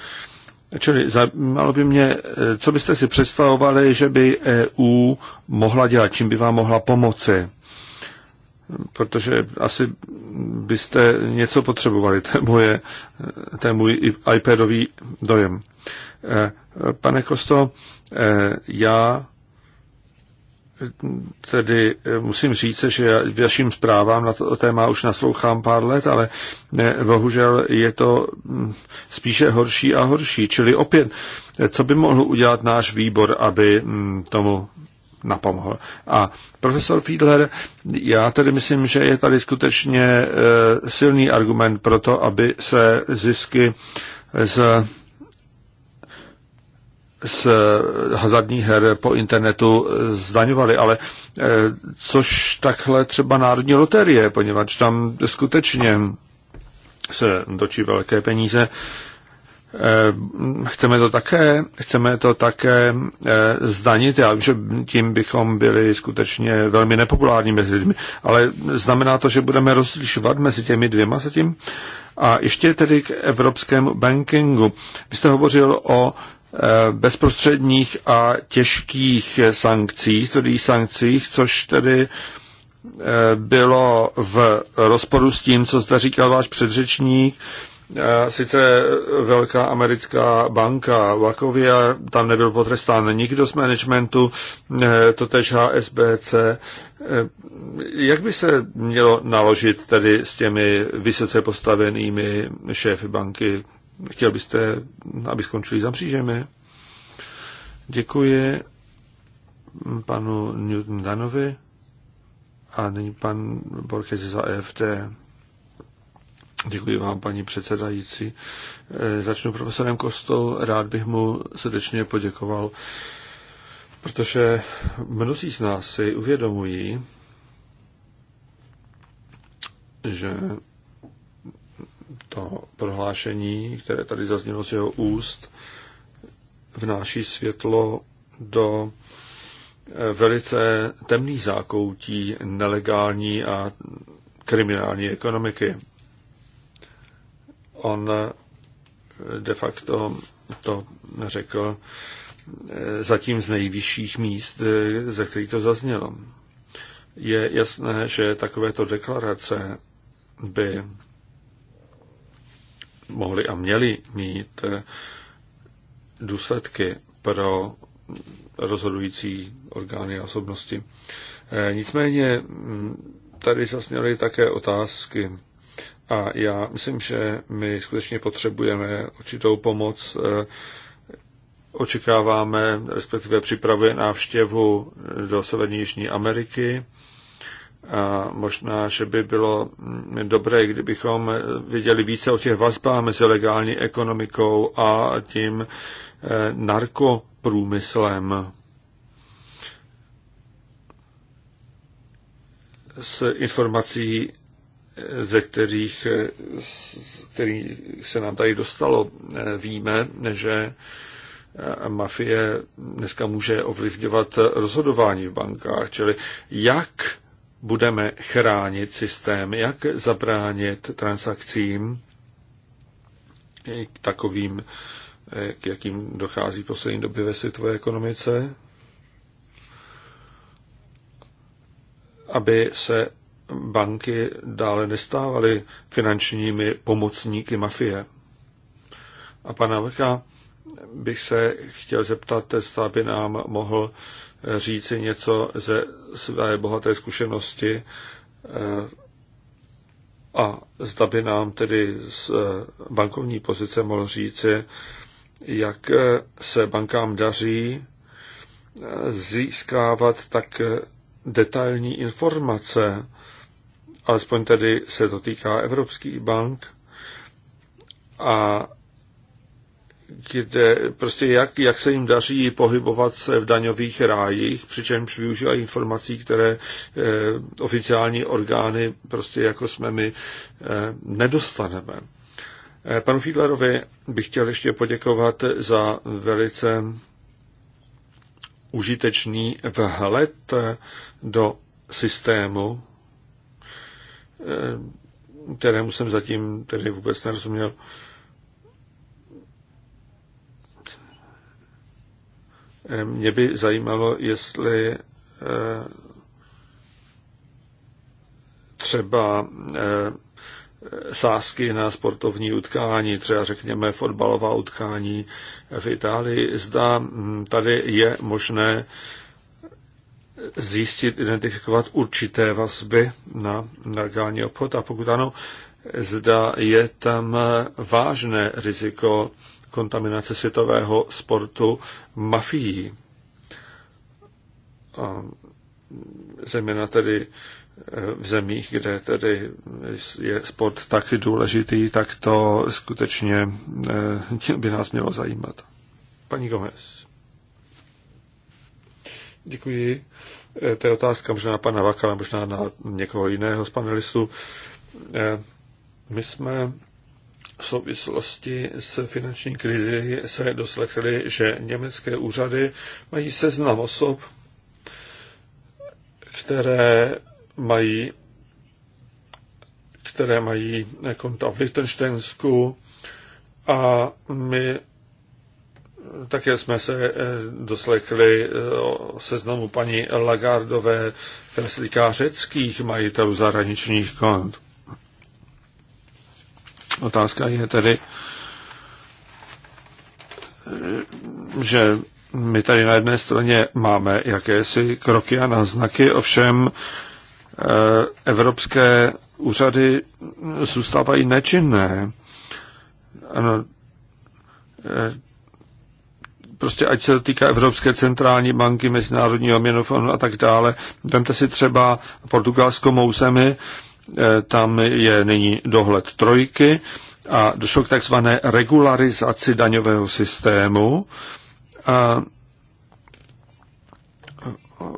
Čili zajímalo by mě, co byste si představovali, že by EU mohla dělat, čím by vám mohla pomoci protože asi byste něco potřebovali, to je, moje, to je můj iPadový dojem. Eh, pane Kosto, eh, já tedy musím říct, že vaším zprávám na to téma už naslouchám pár let, ale ne, eh, bohužel je to hm, spíše horší a horší. Čili opět, co by mohl udělat náš výbor, aby hm, tomu napomohl. A profesor Fiedler, já tedy myslím, že je tady skutečně e, silný argument pro to, aby se zisky z z hazardních her po internetu zdaňovaly, ale e, což takhle třeba Národní loterie, poněvadž tam skutečně se dočí velké peníze Eh, chceme to také, chceme to také eh, zdanit, já že tím bychom byli skutečně velmi nepopulární mezi lidmi, ale znamená to, že budeme rozlišovat mezi těmi dvěma zatím. A ještě tedy k evropskému bankingu. Vy jste hovořil o eh, bezprostředních a těžkých sankcích, tvrdých sankcích, což tedy bylo v rozporu s tím, co zde říkal váš předřečník, sice velká americká banka Lakovia tam nebyl potrestán nikdo z managementu, eh, totež HSBC. Eh, jak by se mělo naložit tedy s těmi vysoce postavenými šéfy banky? Chtěl byste, aby skončili za mřížemi? Děkuji panu Newton Danovi a nyní pan Borges za EFT. Děkuji vám, paní předsedající. Eh, začnu profesorem Kostou. Rád bych mu srdečně poděkoval, protože mnozí z nás si uvědomují, že to prohlášení, které tady zaznělo z jeho úst, vnáší světlo do eh, velice temných zákoutí nelegální a kriminální ekonomiky on eh, de facto to řekl eh, zatím z nejvyšších míst, eh, ze kterých to zaznělo. Je jasné, že takovéto deklarace by mohly a měly mít důsledky pro rozhodující orgány a osobnosti. Nicméně hm, tady zasněly také otázky a já myslím, že my skutečně potřebujeme určitou pomoc. Eh, očekáváme, respektive připravuje návštěvu do Severní Jižní Ameriky. A možná, že by bylo mm, dobré, kdybychom viděli více o těch vazbách mezi legální ekonomikou a tím eh, narkoprůmyslem. S informací ze kterých který se nám tady dostalo, víme, že mafie dneska může ovlivňovat rozhodování v bankách. Čili jak budeme chránit systém, jak zabránit transakcím k takovým, k jakým dochází v poslední době ve světové ekonomice, aby se banky dále nestávaly finančními pomocníky mafie. A pana Vlka bych se chtěl zeptat, zda by nám mohl eh, říci něco ze své bohaté zkušenosti eh, a zda by nám tedy z eh, bankovní pozice mohl říci, jak se bankám daří získávat tak detailní informace alespoň tedy se to týká evropských bank, a kde prostě jak, jak se jim daří pohybovat se v daňových rájích, přičemž využívají informací, které e, oficiální orgány, prostě jako jsme my, e, nedostaneme. E, panu Fiedlerovi bych chtěl ještě poděkovat za velice užitečný vhled do systému Eh, kterému jsem zatím tedy vůbec nerozuměl. Eh, mě by zajímalo, jestli eh, třeba sázky na sportovní utkání, třeba řekněme fotbalová utkání v Itálii. Zda hm, tady je možné zjistit, identifikovat určité vazby na nelegální obchod a pokud ano, zda je tam vážné riziko kontaminace světového sportu mafií. A zejména tedy eh, v zemích, kde tedy je sport tak důležitý, tak to skutečně eh, by nás mělo zajímat. Paní Gomez. Děkuji. Eh, to je otázka možná na pana Vakala, možná na někoho jiného z panelistů. Eh, my jsme v souvislosti s finanční krizi se doslechli, že německé úřady mají seznam osob, které mají, které mají konta v Liechtensteinsku a my také jsme se eh, doslechli eh, o seznamu paní Lagardové, které se týká řeckých majitelů zahraničních kont. Otázka je tedy, eh, že my tady na jedné straně máme jakési kroky a náznaky, ovšem evropské úřady zůstávají nečinné. Ano, prostě ať se to týká Evropské centrální banky, Mezinárodního měnofonu a tak dále. Vemte si třeba portugalskou mousemi, eh, tam je nyní dohled trojky a došlo k takzvané regularizaci daňového systému. A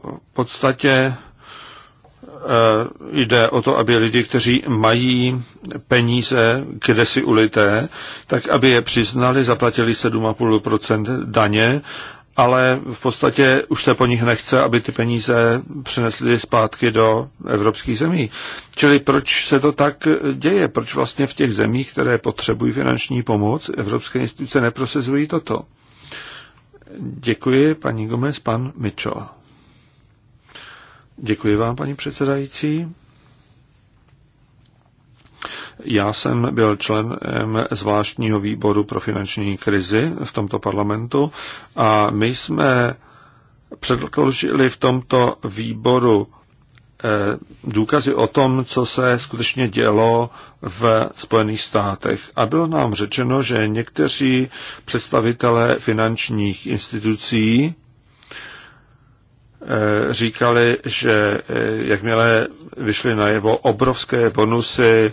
v podstatě Eh, jde o to, aby lidi, kteří mají peníze kde si ulité, tak aby je přiznali, zaplatili 7,5% daně, ale v podstatě už se po nich nechce, aby ty peníze přinesly zpátky do evropských zemí. Čili proč se to tak děje? Proč vlastně v těch zemích, které potřebují finanční pomoc, evropské instituce neprosezují toto? Děkuji, paní Gomez, pan Mitchell. Děkuji vám, paní předsedající. Já jsem byl členem zvláštního výboru pro finanční krizi v tomto parlamentu a my jsme předložili v tomto výboru eh, důkazy o tom, co se skutečně dělo v Spojených státech. A bylo nám řečeno, že někteří představitelé finančních institucí Eh, říkali, že eh, jakmile vyšly najevo obrovské bonusy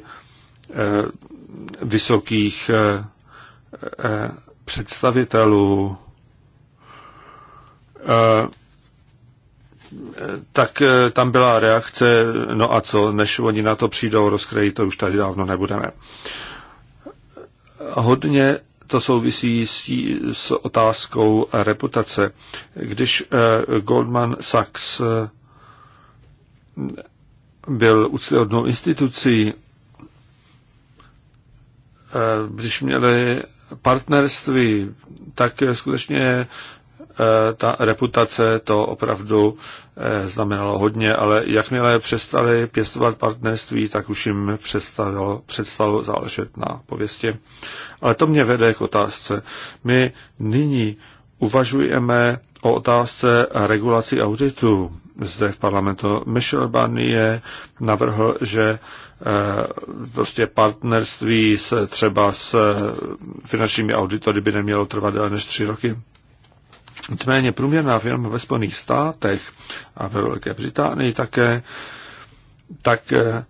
eh, vysokých představitelů, tak tam byla reakce, no a co, než oni na to přijdou, rozkrejí to, už tady dávno nebudeme. Hodně to souvisí s, s otázkou reputace. Když eh, Goldman Sachs eh, byl úctyhodnou institucí, eh, když měli partnerství, tak skutečně Eh, ta reputace to opravdu eh, znamenalo hodně, ale jakmile přestali pěstovat partnerství, tak už jim představilo, představilo záležet na pověstě. Ale to mě vede k otázce. My nyní uvažujeme o otázce regulací auditu zde v parlamentu. Michel Barnier navrhl, že eh, prostě partnerství s, třeba s finančními auditory by nemělo trvat déle než tři roky. Nicméně průměrná firma ve Spojených státech a ve Velké Británii také, tak eh,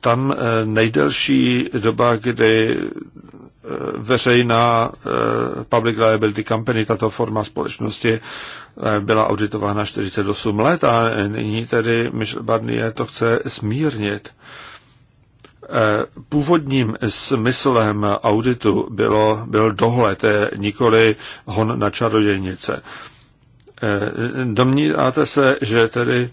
tam eh, nejdelší doba, kdy eh, veřejná public liability company, tato forma společnosti, byla auditována 48 let a nyní tedy Michel Barnier to chce smírnit. Eh, původním smyslem auditu bylo, byl dohled, eh, nikoli hon na čarodějnice. Eh, domníváte se, že tedy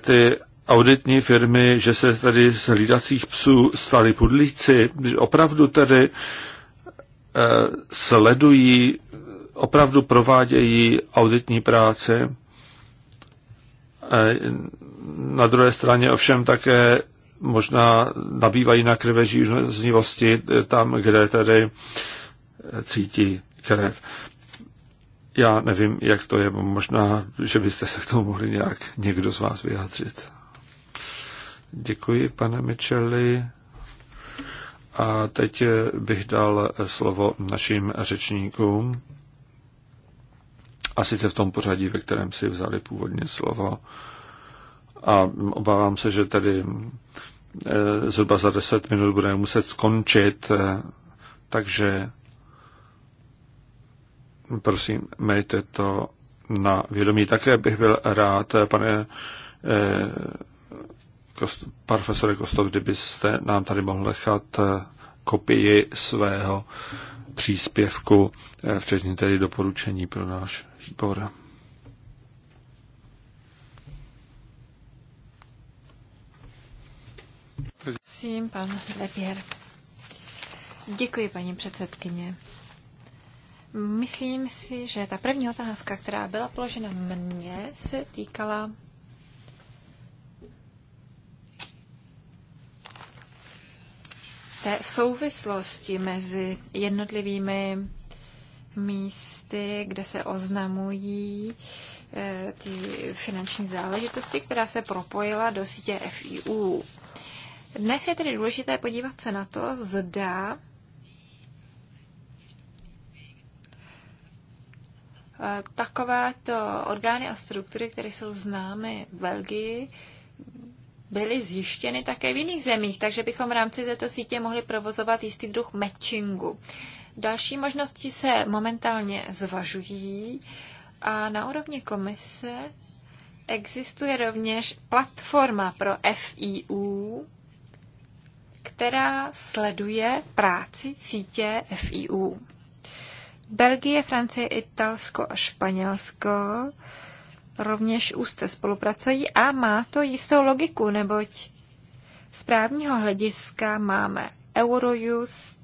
ty auditní firmy, že se tady z hlídacích psů stali pudlíci, opravdu tedy sledují, opravdu provádějí auditní práci. Na druhé straně ovšem také možná nabývají na krve žíznivosti eh, tam, kde tedy eh, cítí krev. Já nevím, jak to je, možná, že byste se k tomu mohli nějak někdo z vás vyjádřit. Děkuji, pane Micheli. A teď eh, bych dal slovo našim řečníkům. A sice v tom pořadí, ve kterém si vzali původně slovo a obávám se, že tady eh, zhruba za 10 minut budeme muset skončit, eh, takže prosím, mějte to na vědomí. Také bych byl rád, eh, pane Kost, profesore Kostov, kdybyste nám tady mohl nechat kopii svého příspěvku, včetně tedy doporučení pro náš výbor. Prosím, pan Děkuji, paní předsedkyně. Myslím si, že ta první otázka, která byla položena mně, se týkala té souvislosti mezi jednotlivými místy, kde se oznamují eh, ty finanční záležitosti, která se propojila do sítě FIU. Dnes je tedy důležité podívat se na to, zda takovéto orgány a struktury, které jsou známy v Belgii, byly zjištěny také v jiných zemích, takže bychom v rámci této sítě mohli provozovat jistý druh matchingu. Další možnosti se momentálně zvažují a na úrovni komise existuje rovněž platforma pro FIU, která sleduje práci sítě FIU. Belgie, Francie, Italsko a Španělsko rovněž úzce spolupracují a má to jistou logiku, neboť z právního hlediska máme Eurojust,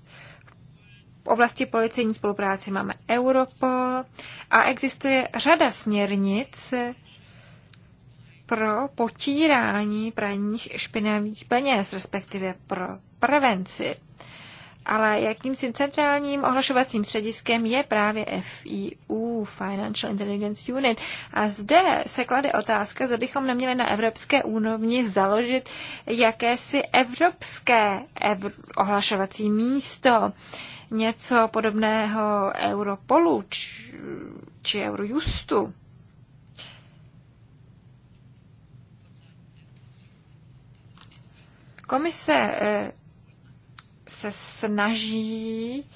v oblasti policejní spolupráce máme Europol a existuje řada směrnic, pro potírání praních špinavých peněz, respektive pro prevenci. Ale jakým si centrálním ohlašovacím střediskem je právě FIU, Financial Intelligence Unit. A zde se klade otázka, zda bychom neměli na evropské úrovni založit jakési evropské ev- ohlašovací místo, něco podobného Europolu či, či Eurojustu. Komise eh, se snaží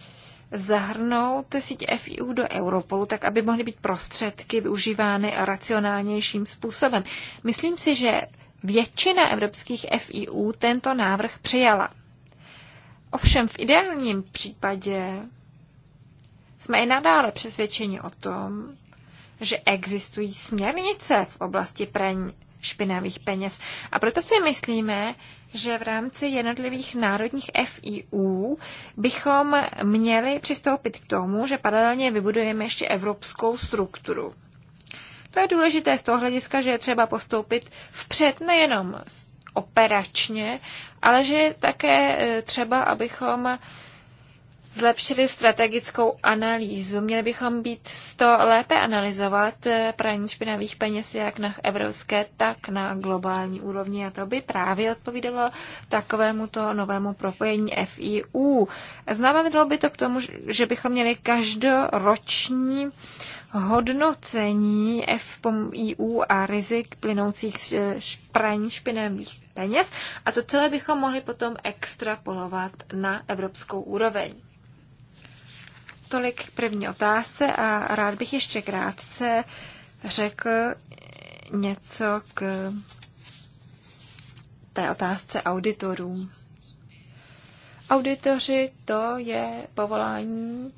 zahrnout síť FIU do Europolu, tak aby mohly být prostředky využívány racionálnějším způsobem. Myslím si, že většina evropských FIU tento návrh přijala. Ovšem v ideálním případě jsme i nadále přesvědčeni o tom, že existují směrnice v oblasti praní špinavých peněz. A proto si myslíme, že v rámci jednotlivých národních FIU bychom měli přistoupit k tomu, že paralelně vybudujeme ještě evropskou strukturu. To je důležité z toho hlediska, že je třeba postoupit vpřed nejenom operačně, ale že je také eh, třeba, abychom zlepšili strategickou analýzu. Měli bychom být toho lépe analyzovat eh, praní špinavých peněz jak na evropské, tak na globální úrovni. A to by právě odpovídalo takovému to novému propojení FIU. Znamenalo by to k tomu, že bychom měli každoroční hodnocení FIU a rizik plynoucích z eh, praní špinavých peněz a to celé bychom mohli potom extrapolovat na evropskou úroveň. Tolik k první otázce a rád bych ještě krátce řekl něco k té otázce auditorů. Auditoři to je povolání,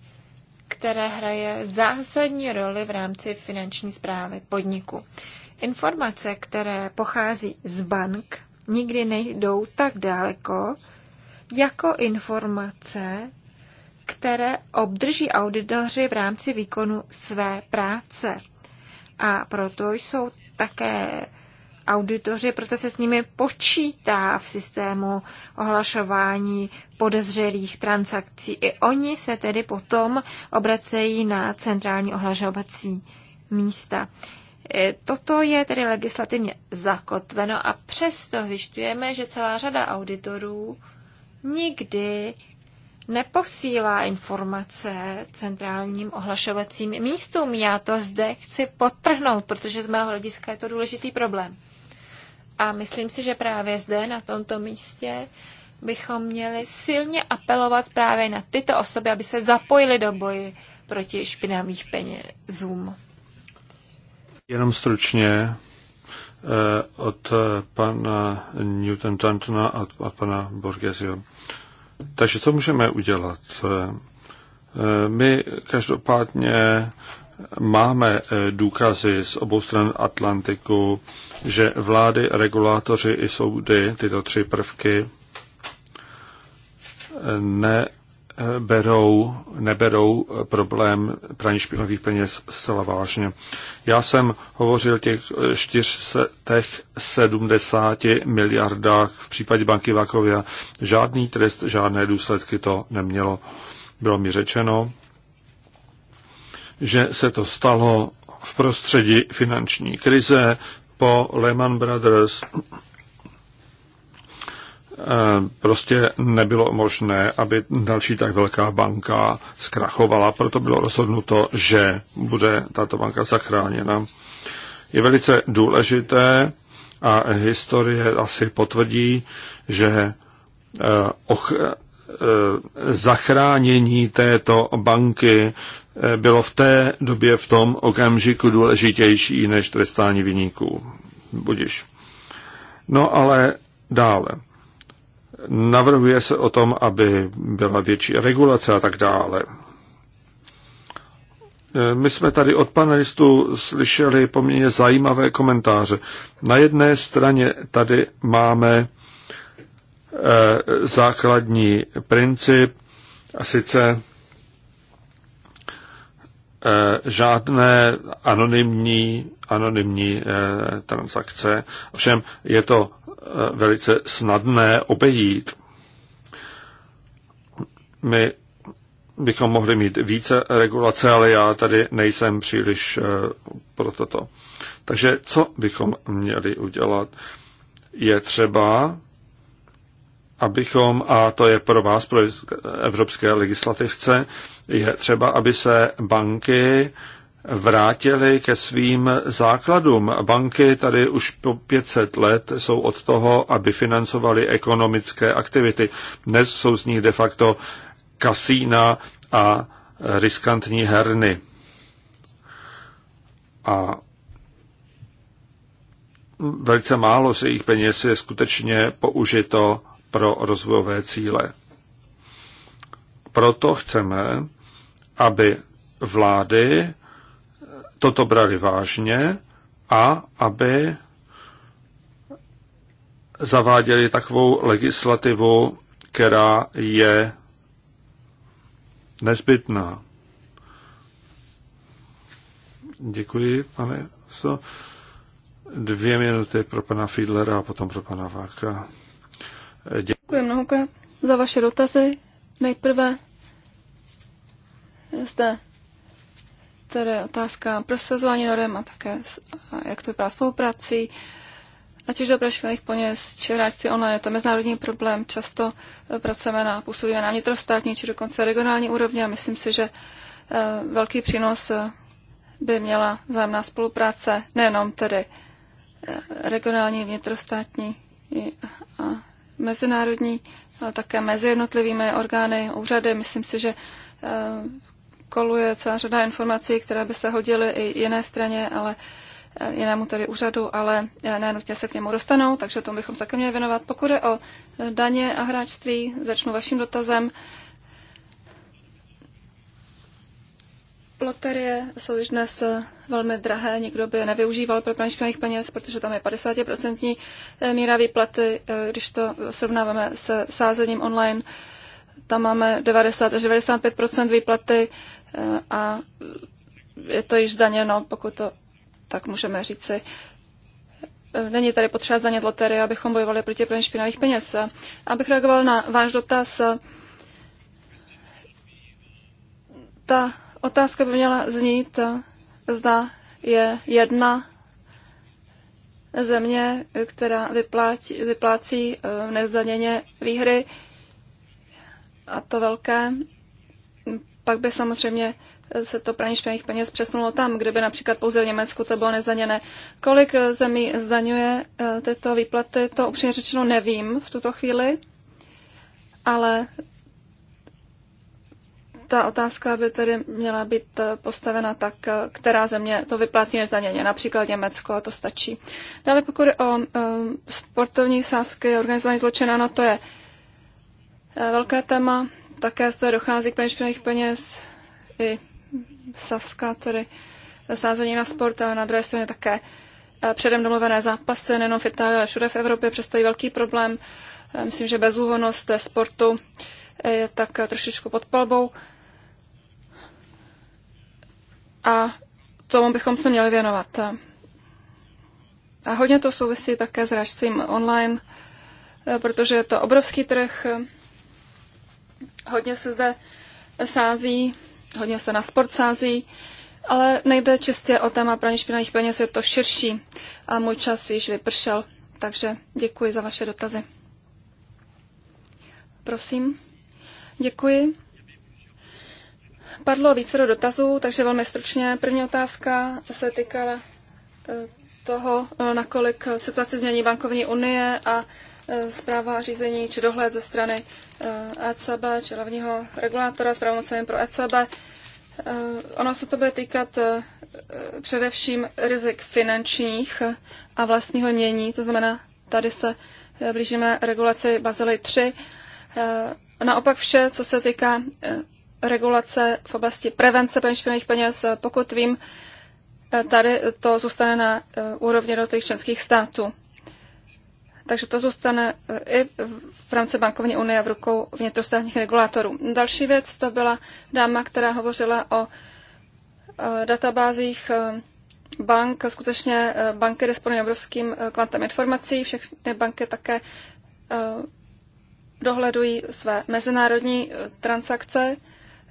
které hraje zásadní roli v rámci finanční zprávy podniku. Informace, které pochází z bank, nikdy nejdou tak daleko, jako informace, které obdrží auditoři v rámci výkonu své práce. A proto jsou také auditoři, proto se s nimi počítá v systému ohlašování podezřelých transakcí. I oni se tedy potom obracejí na centrální ohlašovací místa. E, toto je tedy legislativně zakotveno a přesto zjišťujeme, že celá řada auditorů nikdy neposílá informace centrálním ohlašovacím místům. Já to zde chci potrhnout, protože z mého hlediska je to důležitý problém. A myslím si, že právě zde, na tomto místě, bychom měli silně apelovat právě na tyto osoby, aby se zapojili do boji proti špinavých penězům. Jenom stručně eh, od eh, pana Newton Tantona a od pana Borgesio. Takže co můžeme udělat? My každopádně máme důkazy z obou stran Atlantiku, že vlády, regulátoři i soudy, tyto tři prvky, ne berou, neberou problém praní špinavých peněz zcela vážně. Já jsem hovořil těch 470 miliardách v případě banky Vakovia. Žádný trest, žádné důsledky to nemělo. Bylo mi řečeno, že se to stalo v prostředí finanční krize po Lehman Brothers Eh, prostě nebylo možné, aby další tak velká banka zkrachovala, proto bylo rozhodnuto, že bude tato banka zachráněna. Je velice důležité a historie asi potvrdí, že eh, och- eh, zachránění této banky bylo v té době v tom okamžiku důležitější než trestání vyníků. Budiš. No ale dále. Navrhuje se o tom, aby byla větší regulace a tak dále. E, my jsme tady od panelistů slyšeli poměrně zajímavé komentáře. Na jedné straně tady máme e, základní princip, a sice e, žádné anonymní, anonymní transakce. Ovšem je to velice snadné obejít. My bychom mohli mít více regulace, ale já tady nejsem příliš eh, pro toto. Takže co bychom měli udělat? Je třeba, abychom, a to je pro vás, pro evropské legislativce, je třeba, aby se banky vrátili ke svým základům. Banky tady už po 500 let jsou od toho, aby financovali ekonomické aktivity. Dnes jsou z nich de facto kasína a riskantní herny. A velice málo z jejich peněz je skutečně použito pro rozvojové cíle. Proto chceme, aby vlády toto brali vážně a aby zaváděli takovou legislativu, která je nezbytná. Děkuji, pane. dvě minuty pro pana Fiedlera a potom pro pana Váka. Děkuji. Děkuji mnohokrát za vaše dotazy. Nejprve jste tedy otázka prosazování norem a také jak to vypadá spoluprací. Ať už do prašovaných poněz či hráčství online, je to mezinárodní problém. Často eh, pracujeme na působíme na vnitrostátní či dokonce regionální úrovni a myslím si, že eh, velký přínos eh, by měla zájemná spolupráce, nejenom tedy regionální, vnitrostátní a mezinárodní, ale také mezi jednotlivými orgány, úřady. Myslím si, že koluje celá řada informací, které by se hodily i jiné straně, ale eh, jinému tedy úřadu, ale eh, nenutně se k němu dostanou, takže tomu bychom se také měli věnovat. Pokud je o eh, daně a hráčství, začnu vaším dotazem. Loterie jsou již dnes velmi drahé, nikdo by je nevyužíval pro praní peněz, protože tam je 50% míra výplaty, když to srovnáváme se sázením online, tam máme 90 až 95 výplaty, a je to již zdaněno, pokud to tak můžeme říci. Není tady potřeba zdanět loterie, abychom bojovali proti praní špinavých peněz. Abych reagoval na váš dotaz, ta otázka by měla znít, zda je jedna země, která vyplácí, vyplácí eh, nezdaněně výhry, a to velké, pak by samozřejmě se to praní špinavých peněz přesunulo tam, kde by například pouze v Německu to bylo nezdaněné. Kolik eh, zemí zdaňuje eh, tyto výplaty, to upřímně řečeno nevím v tuto chvíli, ale ta otázka by tedy měla být eh, postavena tak, která země to vyplácí nezdaněně, například Německo, a to stačí. Dále pokud o sportovní sázky, organizovaný zločin, ano, to je velké téma. Také zde dochází k praní špinavých peněz i Saska, tedy sázení na sport, a na druhé straně také eh, předem domluvené zápasy, nejenom v Itálii, ale všude v Evropě představí velký problém. Eh, myslím, že bezúhonnost sportu eh, je tak trošičku pod palbou. A tomu bychom se měli věnovat. A hodně to souvisí také s hráčstvím online, protože je to obrovský trh, Hodně se zde sází, hodně se na sport sází, ale nejde čistě o téma praní špinavých peněz, je to širší a můj čas již vypršel, takže děkuji za vaše dotazy. Prosím. Děkuji. Padlo více dotazů, takže velmi stručně. První otázka se týkala eh, toho, eh, nakolik situace změní bankovní unie a Eh, zpráva a řízení či dohled ze strany ECB, eh, e či hlavního regulátora s pravomocemi pro ECB. Eh, ono se to bude týkat především rizik finančních a vlastního mění, to znamená, tady se blížíme regulaci Bazily 3. Naopak vše, co se týká regulace v oblasti prevence peněžních peněz, pokud vím, tady to zůstane na úrovni do těch členských států takže to zůstane eh, i v rámci bankovní unie v rukou vnitrostátních regulátorů. Další věc to byla dáma, která hovořila o eh, databázích eh, bank. Skutečně banky disponují obrovským kvantem informací, všechny banky také dohledují své mezinárodní transakce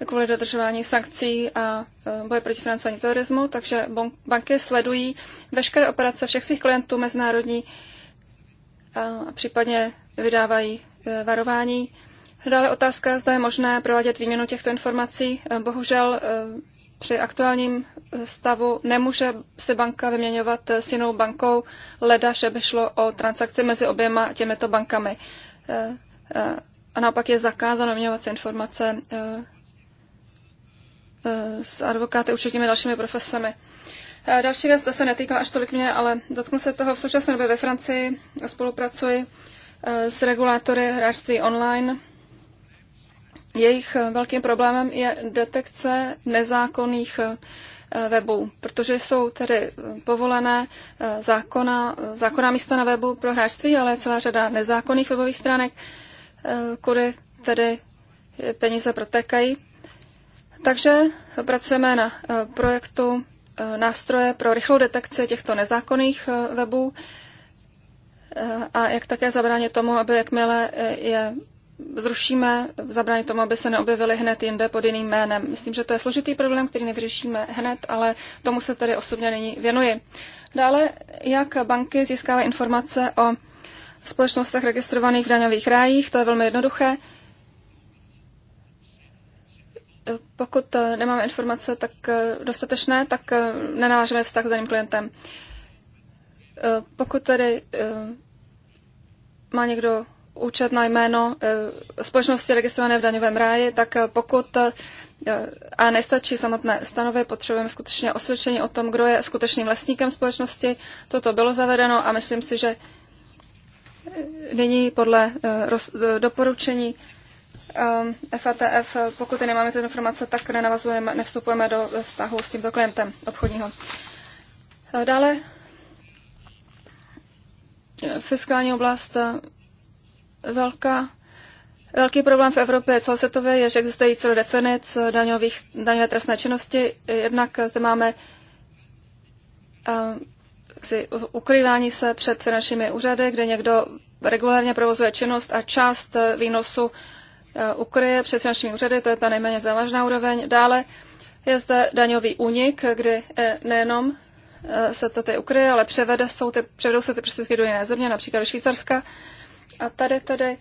kvůli dodržování sankcí a boje proti financování terorismu, takže banky sledují veškeré operace všech svých klientů mezinárodní a případně vydávají e, varování. Dále otázka, zda je možné provádět výměnu těchto informací. E, bohužel e, při aktuálním stavu nemůže se banka vyměňovat s jinou bankou, leda, že by šlo o transakce mezi oběma těmito bankami. A naopak je zakázáno vyměňovat se informace s advokáty, určitými dalšími profesemi. Další věc, ta se netýkala až tolik mě, ale dotknu se toho v současné době ve Francii. Spolupracuji eh, s regulátory hráčství online. Jejich eh, velkým problémem je detekce nezákonných eh, webů, protože jsou tedy povolené zákona, zákona místa na webu pro hráčství, ale je celá řada nezákonných webových stránek, kudy tedy peníze protékají. Takže pracujeme na projektu Eh, nástroje pro rychlou detekci těchto nezákonných eh, webů eh, a jak také zabránit tomu, aby jakmile je zrušíme, zabránit tomu, aby se neobjevily hned jinde pod jiným jménem. Myslím, že to je složitý problém, který nevyřešíme hned, ale tomu se tady osobně nyní věnuji. Dále, jak banky získávají informace o společnostech registrovaných v daňových rájích, to je velmi jednoduché pokud eh, nemáme informace tak eh, dostatečné, tak eh, nenavážeme vztah s daným klientem. Pokud tedy má někdo účet na jméno společnosti registrované v daňovém ráji, tak pokud a nestačí samotné stanovy, potřebujeme skutečně osvědčení o tom, kdo je skutečným vlastníkem společnosti. Toto bylo zavedeno a myslím si, že nyní podle doporučení FATF, ehm, pokud nemáme ty informace, tak nenavazujeme, nevstupujeme do vztahu s tímto klientem obchodního. Eh, dále eh, fiskální oblast eh, velká Velký problém v Evropě celosvětově je, že existují celou definic daňových, daňové trestné činnosti. Jednak zde máme uh, ukrývání se před finančními úřady, kde někdo regulárně provozuje činnost a část výnosu Eh, ukryje před finančními úřady, to je ta nejméně závažná úroveň. Dále je zde daňový únik, kdy eh, nejenom eh, se to tady ukryje, ale převede jsou ty, převedou se ty prostředky do jiné země, například do Švýcarska. A tady tedy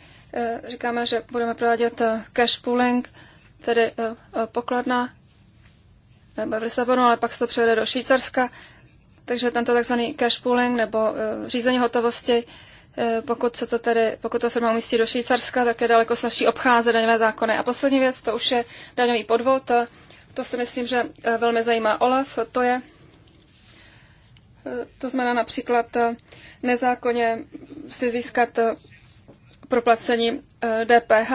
říkáme, že budeme provádět cash pooling, tedy pokladna v Lisabonu, ale pak se to převede do Švýcarska. Takže tento takzvaný cash pooling nebo řízení hotovosti Eh, pokud se to tedy, pokud to firma umístí do Švýcarska, tak je daleko snažší obcházet daňové zákony. A poslední věc, to už je daňový podvod. Eh, to si myslím, že eh, velmi zajímá Olaf. To je to znamená například nezákonně si získat proplacení DPH.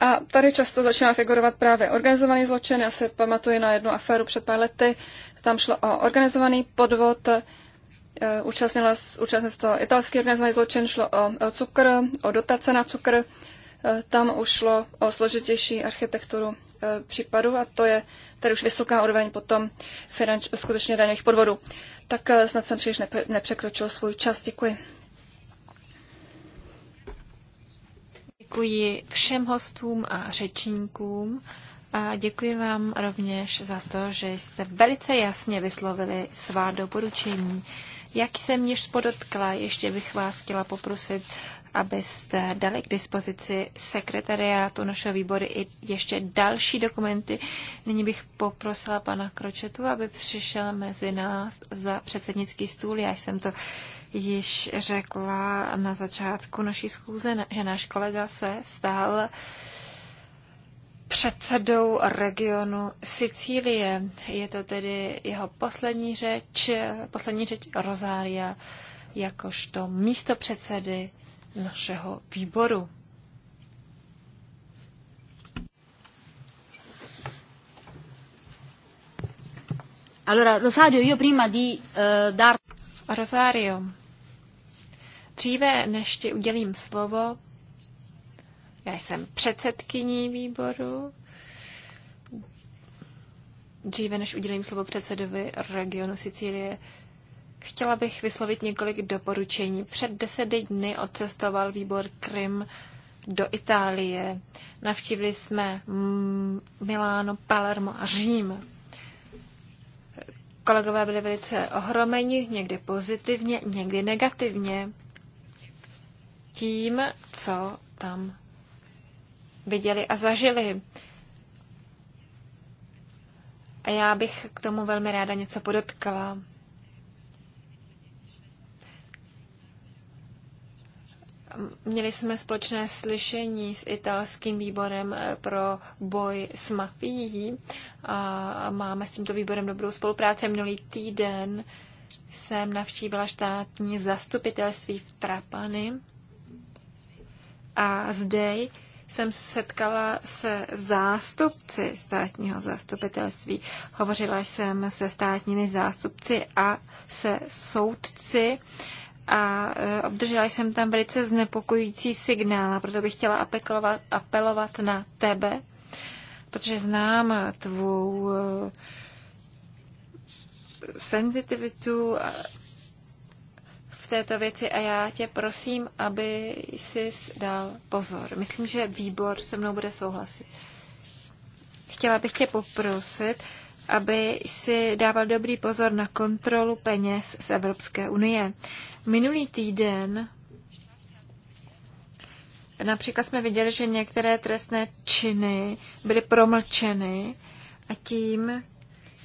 A tady často začíná figurovat právě organizovaný zločin. Já si pamatuji na jednu aféru před pár lety. Tam šlo o organizovaný podvod Eh, účastnila, účastnil se to italský organizovaný zločin, šlo o cukr, o dotace na cukr. Eh, tam už šlo o složitější architekturu eh, případu a to je tady už vysoká úroveň potom finanč, skutečně daňových podvodů. Tak snad jsem příliš nepřekročil svůj čas. Děkuji. Děkuji všem hostům a řečníkům a děkuji vám rovněž za to, že jste velice jasně vyslovili svá doporučení. Jak jsem již podotkla, ještě bych vás chtěla poprosit, abyste dali k dispozici sekretariátu našeho výboru i ještě další dokumenty. Nyní bych poprosila pana Kročetu, aby přišel mezi nás za předsednický stůl. Já jsem to již řekla na začátku naší schůze, že náš kolega se stal předsedou regionu Sicílie. Je to tedy jeho poslední řeč, poslední řeč Rosária jakožto místo předsedy našeho výboru. Allora, Rosario, io prima di uh, dar... Rosario, dříve než ti udělím slovo, já jsem předsedkyní výboru. Dříve než udělím slovo předsedovi regionu Sicílie, chtěla bych vyslovit několik doporučení. Před deseti dny odcestoval výbor Krym do Itálie. Navštívili jsme Miláno, Palermo a Řím. Kolegové byli velice ohromeni, někdy pozitivně, někdy negativně tím, co tam viděli a zažili. A já bych k tomu velmi ráda něco podotkala. Měli jsme společné slyšení s italským výborem pro boj s mafií a máme s tímto výborem dobrou spolupráci. Minulý týden jsem navštívila státní zastupitelství v Trapany a zde jsem setkala se zástupci státního zastupitelství. Hovořila jsem se státními zástupci a se soudci a eh, obdržela jsem tam velice znepokojící signál, a proto bych chtěla apelovat, apelovat na tebe, protože znám tvou eh, senzitivitu v této věci a já tě prosím, aby jsi dal pozor. Myslím, že výbor se mnou bude souhlasit. Chtěla bych tě poprosit, aby si dával dobrý pozor na kontrolu peněz z Evropské unie. Minulý týden například jsme viděli, že některé trestné činy byly promlčeny a tím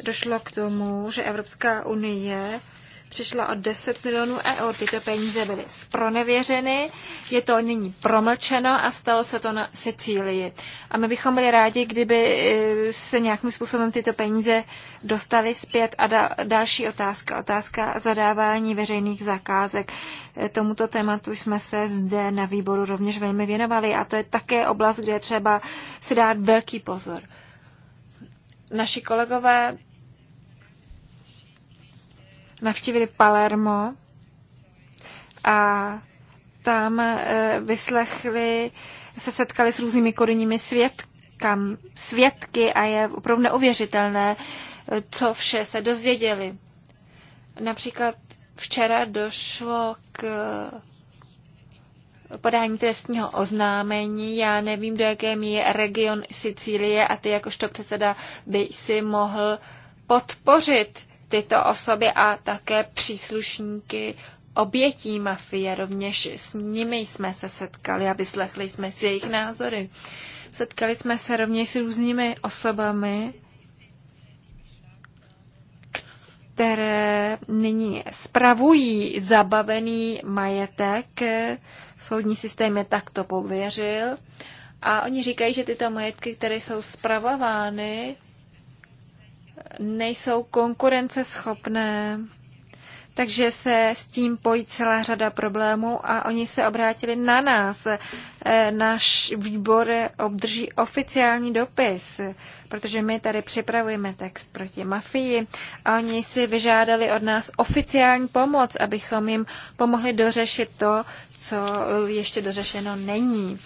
došlo k tomu, že Evropská unie přišla o 10 milionů eur. Tyto peníze byly spronevěřeny, je to nyní promlčeno a stalo se to na Sicílii. A my bychom byli rádi, kdyby e, se nějakým způsobem tyto peníze dostaly zpět. A da- další otázka, otázka zadávání veřejných zakázek. E, tomuto tématu jsme se zde na výboru rovněž velmi věnovali a to je také oblast, kde je třeba si dát velký pozor. Naši kolegové navštívili Palermo a tam e, vyslechli, se setkali s různými korunními svědkam, svědky a je opravdu neuvěřitelné, e, co vše se dozvěděli. Například včera došlo k e, podání trestního oznámení. Já nevím, do jaké míry region Sicílie a ty jakožto předseda by si mohl podpořit tyto osoby a také příslušníky obětí mafie. Rovněž s nimi jsme se setkali a vyslechli jsme si jejich názory. Setkali jsme se rovněž s různými osobami, které nyní spravují zabavený majetek. Soudní systém je takto pověřil. A oni říkají, že tyto majetky, které jsou spravovány, nejsou konkurenceschopné, takže se s tím pojí celá řada problémů a oni se obrátili na nás. Eh, náš výbor obdrží oficiální dopis, protože my tady připravujeme text proti mafii a oni si vyžádali od nás oficiální pomoc, abychom jim pomohli dořešit to, co ještě dořešeno není.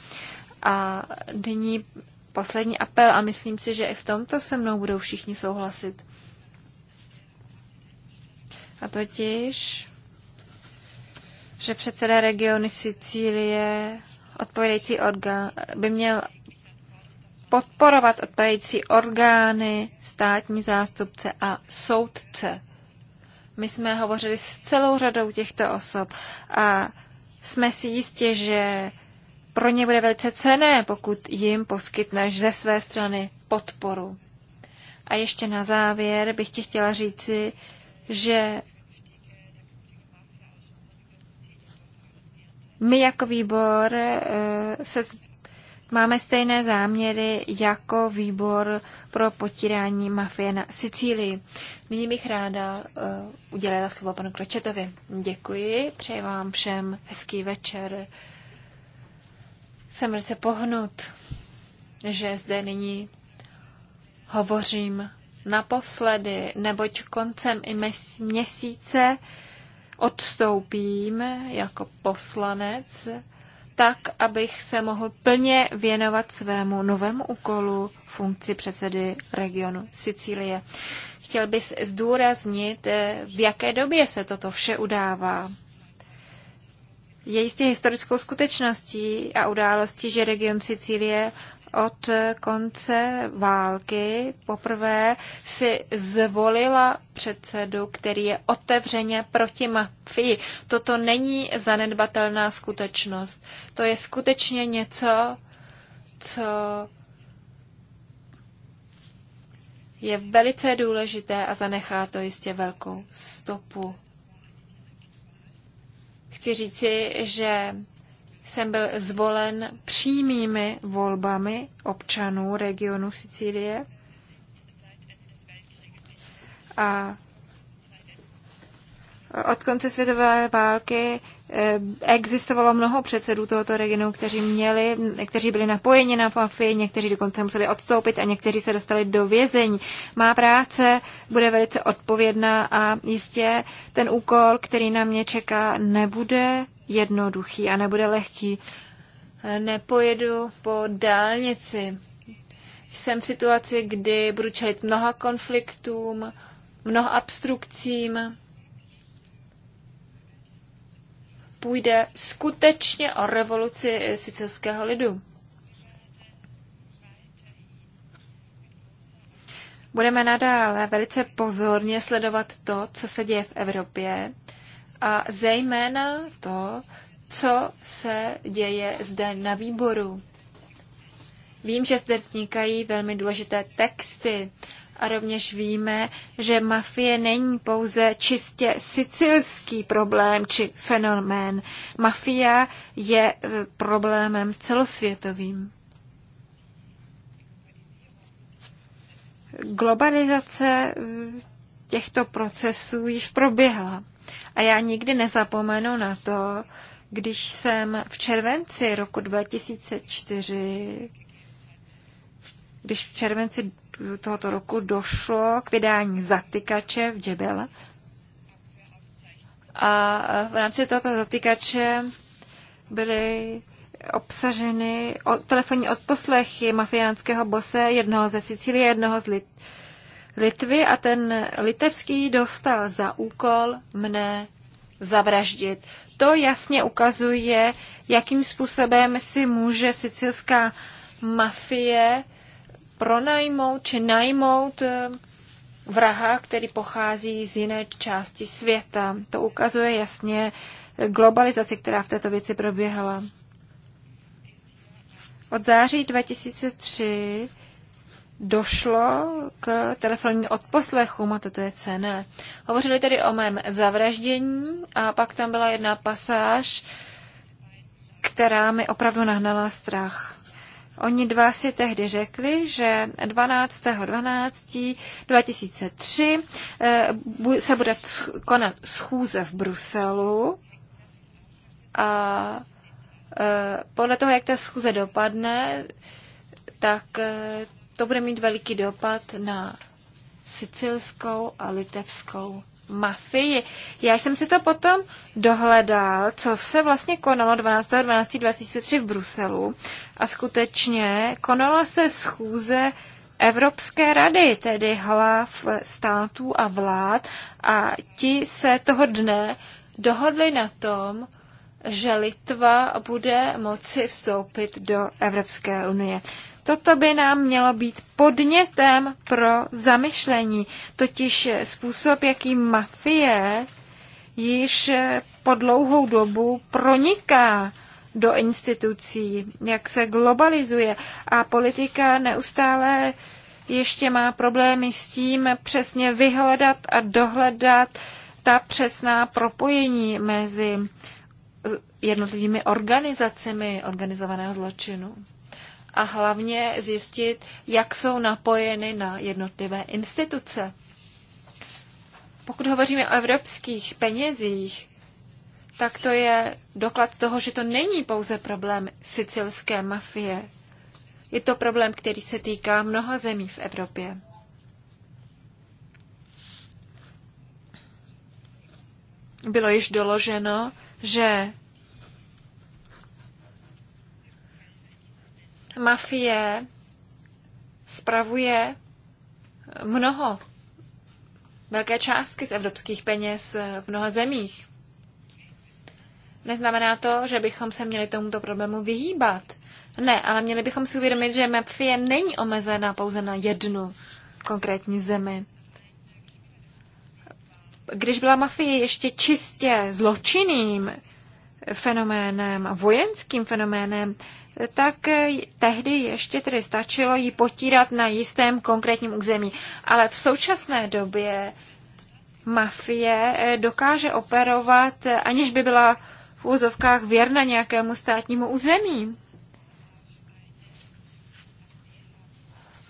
A nyní poslední apel a myslím si, že i v tomto se mnou budou všichni souhlasit. A totiž, že předseda regiony Sicílie, odpovědající orgán, by měl podporovat odpovědající orgány, státní zástupce a soudce. My jsme hovořili s celou řadou těchto osob a jsme si jistě, že pro ně bude velice cené, pokud jim poskytneš ze své strany podporu. A ještě na závěr bych ti chtěla říci, že my jako výbor eh, se máme stejné záměry jako výbor pro potírání mafie na Sicílii. Nyní bych ráda eh, udělala slovo panu Kročetovi. Děkuji, přeji vám všem hezký večer. Jsem velice pohnut, že zde nyní hovořím naposledy, neboť koncem i měsíce odstoupím jako poslanec, tak, abych se mohl plně věnovat svému novému úkolu funkci předsedy regionu Sicílie. Chtěl bych zdůraznit, v jaké době se toto vše udává. Je jistě historickou skutečností a událostí, že region Sicílie od konce války poprvé si zvolila předsedu, který je otevřeně proti mafii. Toto není zanedbatelná skutečnost. To je skutečně něco, co je velice důležité a zanechá to jistě velkou stopu chci říci, že jsem byl zvolen přímými volbami občanů regionu Sicílie a od konce světové války Eh, existovalo mnoho předsedů tohoto regionu, kteří, měli, kteří byli napojeni na mafii, někteří dokonce museli odstoupit a někteří se dostali do vězení. Má práce bude velice odpovědná a jistě ten úkol, který na mě čeká, nebude jednoduchý a nebude lehký. Eh, nepojedu po dálnici. Jsem v situaci, kdy budu čelit mnoha konfliktům, mnoha obstrukcím, půjde skutečně o revoluci sicilského lidu. Budeme nadále velice pozorně sledovat to, co se děje v Evropě a zejména to, co se děje zde na výboru. Vím, že zde vznikají velmi důležité texty a rovněž víme, že mafie není pouze čistě sicilský problém či fenomén. Mafia je eh, problémem celosvětovým. Globalizace eh, těchto procesů již proběhla. A já nikdy nezapomenu na to, když jsem v červenci roku 2004 když v červenci tohoto roku došlo k vydání zatykače v Džebel. A v rámci tohoto zatykače byly obsaženy telefonní odposlechy mafiánského bose, jednoho ze Sicílie, jednoho z Lit- Litvy a ten litevský dostal za úkol mne zavraždit. To jasně ukazuje, jakým způsobem si může sicilská mafie pronajmout či najmout eh, vraha, který pochází z jiné části světa. To ukazuje jasně globalizaci, která v této věci proběhla. Od září 2003 došlo k telefonním odposlechům a toto je cené. Hovořili tedy o mém zavraždění a pak tam byla jedna pasáž, která mi opravdu nahnala strach. Oni dva si tehdy řekli, že 12.12.2003 eh, se bude konat schůze v Bruselu a eh, podle toho, jak ta schůze dopadne, tak eh, to bude mít veliký dopad na sicilskou a litevskou mafii. Já jsem si to potom dohledal, co se vlastně konalo 12.12.2003 v Bruselu a skutečně konala se schůze Evropské rady, tedy hlav států a vlád a ti se toho dne dohodli na tom, že Litva bude moci vstoupit do Evropské unie. Toto by nám mělo být podnětem pro zamyšlení, totiž způsob, jaký mafie již po dlouhou dobu proniká do institucí, jak se globalizuje a politika neustále ještě má problémy s tím přesně vyhledat a dohledat ta přesná propojení mezi jednotlivými organizacemi organizovaného zločinu a hlavně zjistit, jak jsou napojeny na jednotlivé instituce. Pokud hovoříme o evropských penězích, tak to je doklad toho, že to není pouze problém sicilské mafie. Je to problém, který se týká mnoha zemí v Evropě. Bylo již doloženo, že mafie spravuje mnoho velké částky z evropských peněz v mnoha zemích. Neznamená to, že bychom se měli tomuto problému vyhýbat. Ne, ale měli bychom si uvědomit, že mafie není omezená pouze na jednu konkrétní zemi. Když byla mafie ještě čistě zločinným fenoménem, vojenským fenoménem, tak eh, tehdy ještě tedy stačilo ji potírat na jistém konkrétním území. Ale v současné době mafie eh, dokáže operovat, eh, aniž by byla v úzovkách věrna nějakému státnímu území.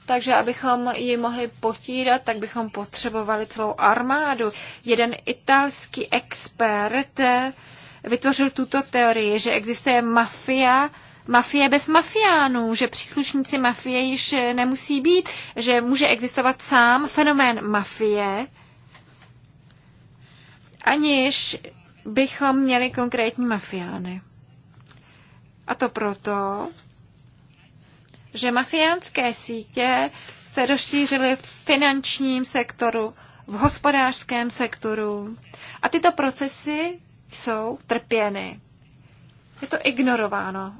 Takže abychom ji mohli potírat, tak bychom potřebovali celou armádu. Jeden italský expert vytvořil tuto teorii, že existuje mafia, mafie bez mafiánů, že příslušníci mafie již nemusí být, že může existovat sám fenomén mafie, aniž bychom měli konkrétní mafiány. A to proto, že mafiánské sítě se rozšířily v finančním sektoru, v hospodářském sektoru. A tyto procesy jsou trpěny. Je to ignorováno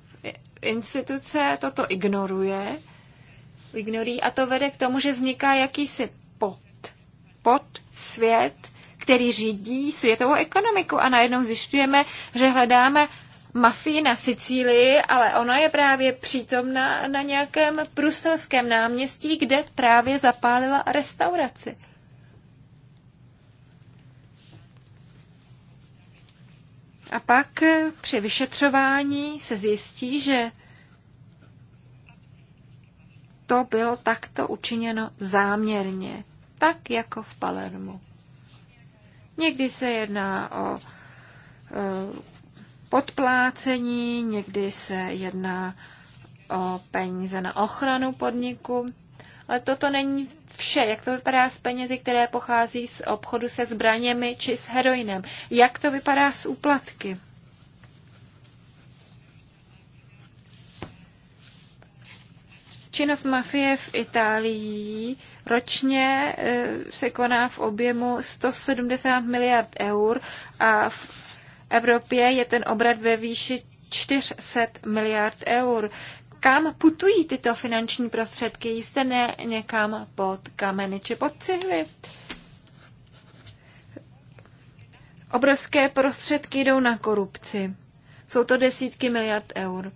instituce toto ignoruje, ignorují a to vede k tomu, že vzniká jakýsi pod, pod svět, který řídí světovou ekonomiku a najednou zjišťujeme, že hledáme mafii na Sicílii, ale ona je právě přítomna na nějakém bruselském náměstí, kde právě zapálila restauraci. A pak při vyšetřování se zjistí, že to bylo takto učiněno záměrně, tak jako v Palermu. Někdy se jedná o podplácení, někdy se jedná o peníze na ochranu podniku. Ale toto není vše. Jak to vypadá s penězi, které pochází z obchodu se zbraněmi či s heroinem? Jak to vypadá s úplatky? Činnost mafie v Itálii ročně eh, se koná v objemu 170 miliard eur a v Evropě je ten obrat ve výši 400 miliard eur kam putují tyto finanční prostředky? Jste ne někam pod kameny či pod cihly? Obrovské prostředky jdou na korupci. Jsou to desítky miliard eur.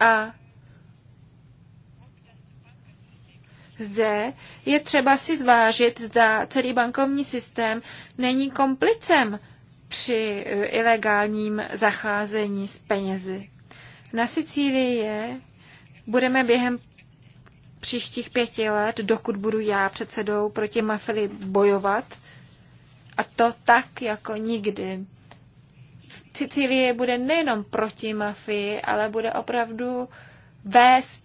A zde je třeba si zvážit, zda celý bankovní systém není komplicem při eh, ilegálním zacházení s penězi. Na Sicílii je budeme během příštích pěti let, dokud budu já předsedou proti mafii bojovat. A to tak jako nikdy. Sicílie bude nejenom proti mafii, ale bude opravdu vést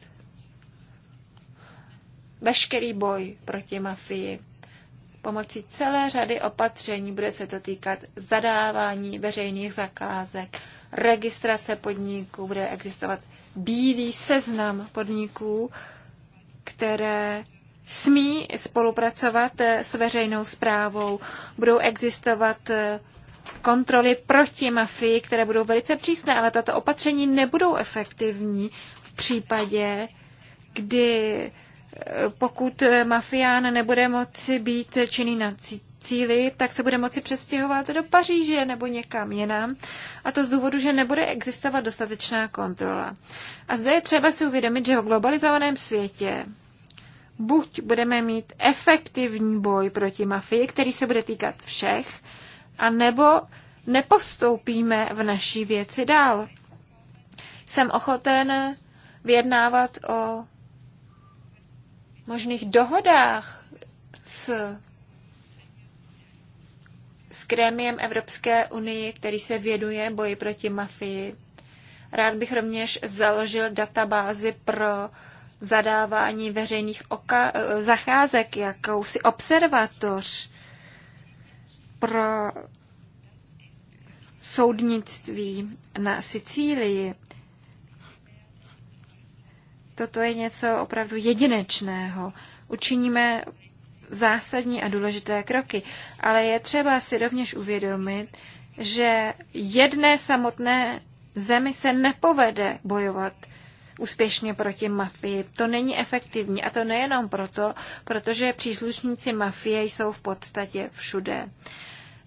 veškerý boj proti mafii. Pomocí celé řady opatření bude se to týkat zadávání veřejných zakázek, registrace podniků, bude existovat bílý seznam podniků, které smí spolupracovat eh, s veřejnou zprávou. Budou existovat eh, kontroly proti mafii, které budou velice přísné, ale tato opatření nebudou efektivní v případě, kdy eh, pokud mafián nebude moci být činný na cíli, tak se bude moci přestěhovat do Paříže nebo někam jinam. A to z důvodu, že nebude existovat dostatečná kontrola. A zde je třeba si uvědomit, že v globalizovaném světě buď budeme mít efektivní boj proti mafii, který se bude týkat všech, a nebo nepostoupíme v naší věci dál. Jsem ochoten vyjednávat o možných dohodách s grémiem Evropské unie, který se věnuje boji proti mafii. Rád bych rovněž založil databázi pro zadávání veřejných oka- eh, zacházek, jakousi observatoř pro soudnictví na Sicílii. Toto je něco opravdu jedinečného. Učiníme zásadní a důležité kroky. Ale je třeba si rovněž uvědomit, že jedné samotné zemi se nepovede bojovat úspěšně proti mafii. To není efektivní a to nejenom proto, protože příslušníci mafie jsou v podstatě všude.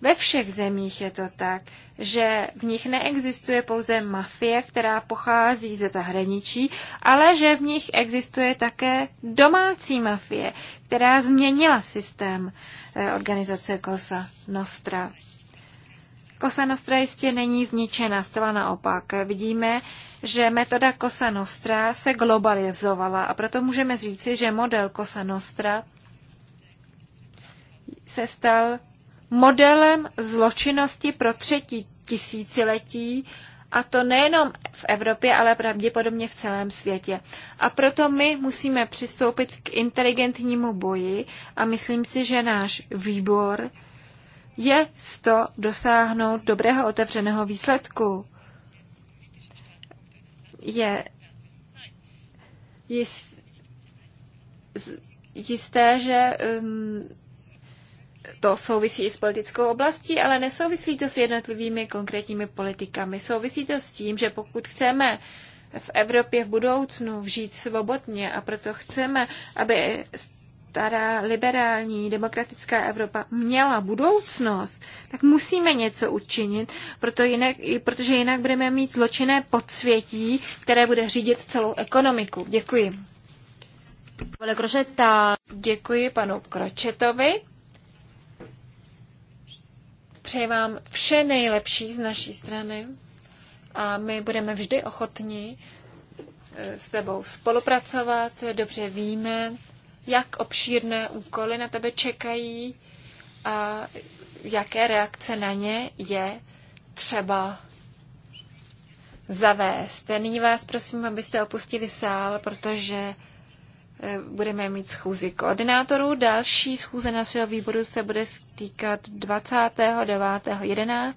Ve všech zemích je to tak že v nich neexistuje pouze mafie, která pochází ze zahraničí, ale že v nich existuje také domácí mafie, která změnila systém eh, organizace Cosa Nostra. Cosa Nostra jistě není zničena, zcela naopak. Vidíme, že metoda Cosa Nostra se globalizovala a proto můžeme říci, že model Cosa Nostra se stal modelem zločinnosti pro třetí tisíciletí, a to nejenom v Evropě, ale pravděpodobně v celém světě. A proto my musíme přistoupit k inteligentnímu boji a myslím si, že náš výbor je z to dosáhnout dobrého otevřeného výsledku. Je jist, jisté, že um, to souvisí i s politickou oblastí, ale nesouvisí to s jednotlivými konkrétními politikami. Souvisí to s tím, že pokud chceme v Evropě v budoucnu žít svobodně a proto chceme, aby stará liberální demokratická Evropa měla budoucnost, tak musíme něco učinit, proto jinak, protože jinak budeme mít zločinné podsvětí, které bude řídit celou ekonomiku. Děkuji. Děkuji panu Kročetovi. Přeji vám vše nejlepší z naší strany a my budeme vždy ochotni eh, s tebou spolupracovat. Dobře víme, jak obšírné úkoly na tebe čekají a jaké reakce na ně je třeba zavést. Nyní vás prosím, abyste opustili sál, protože Eh, budeme mít schůzi koordinátorů. Další schůze našeho výboru se bude týkat 29.11.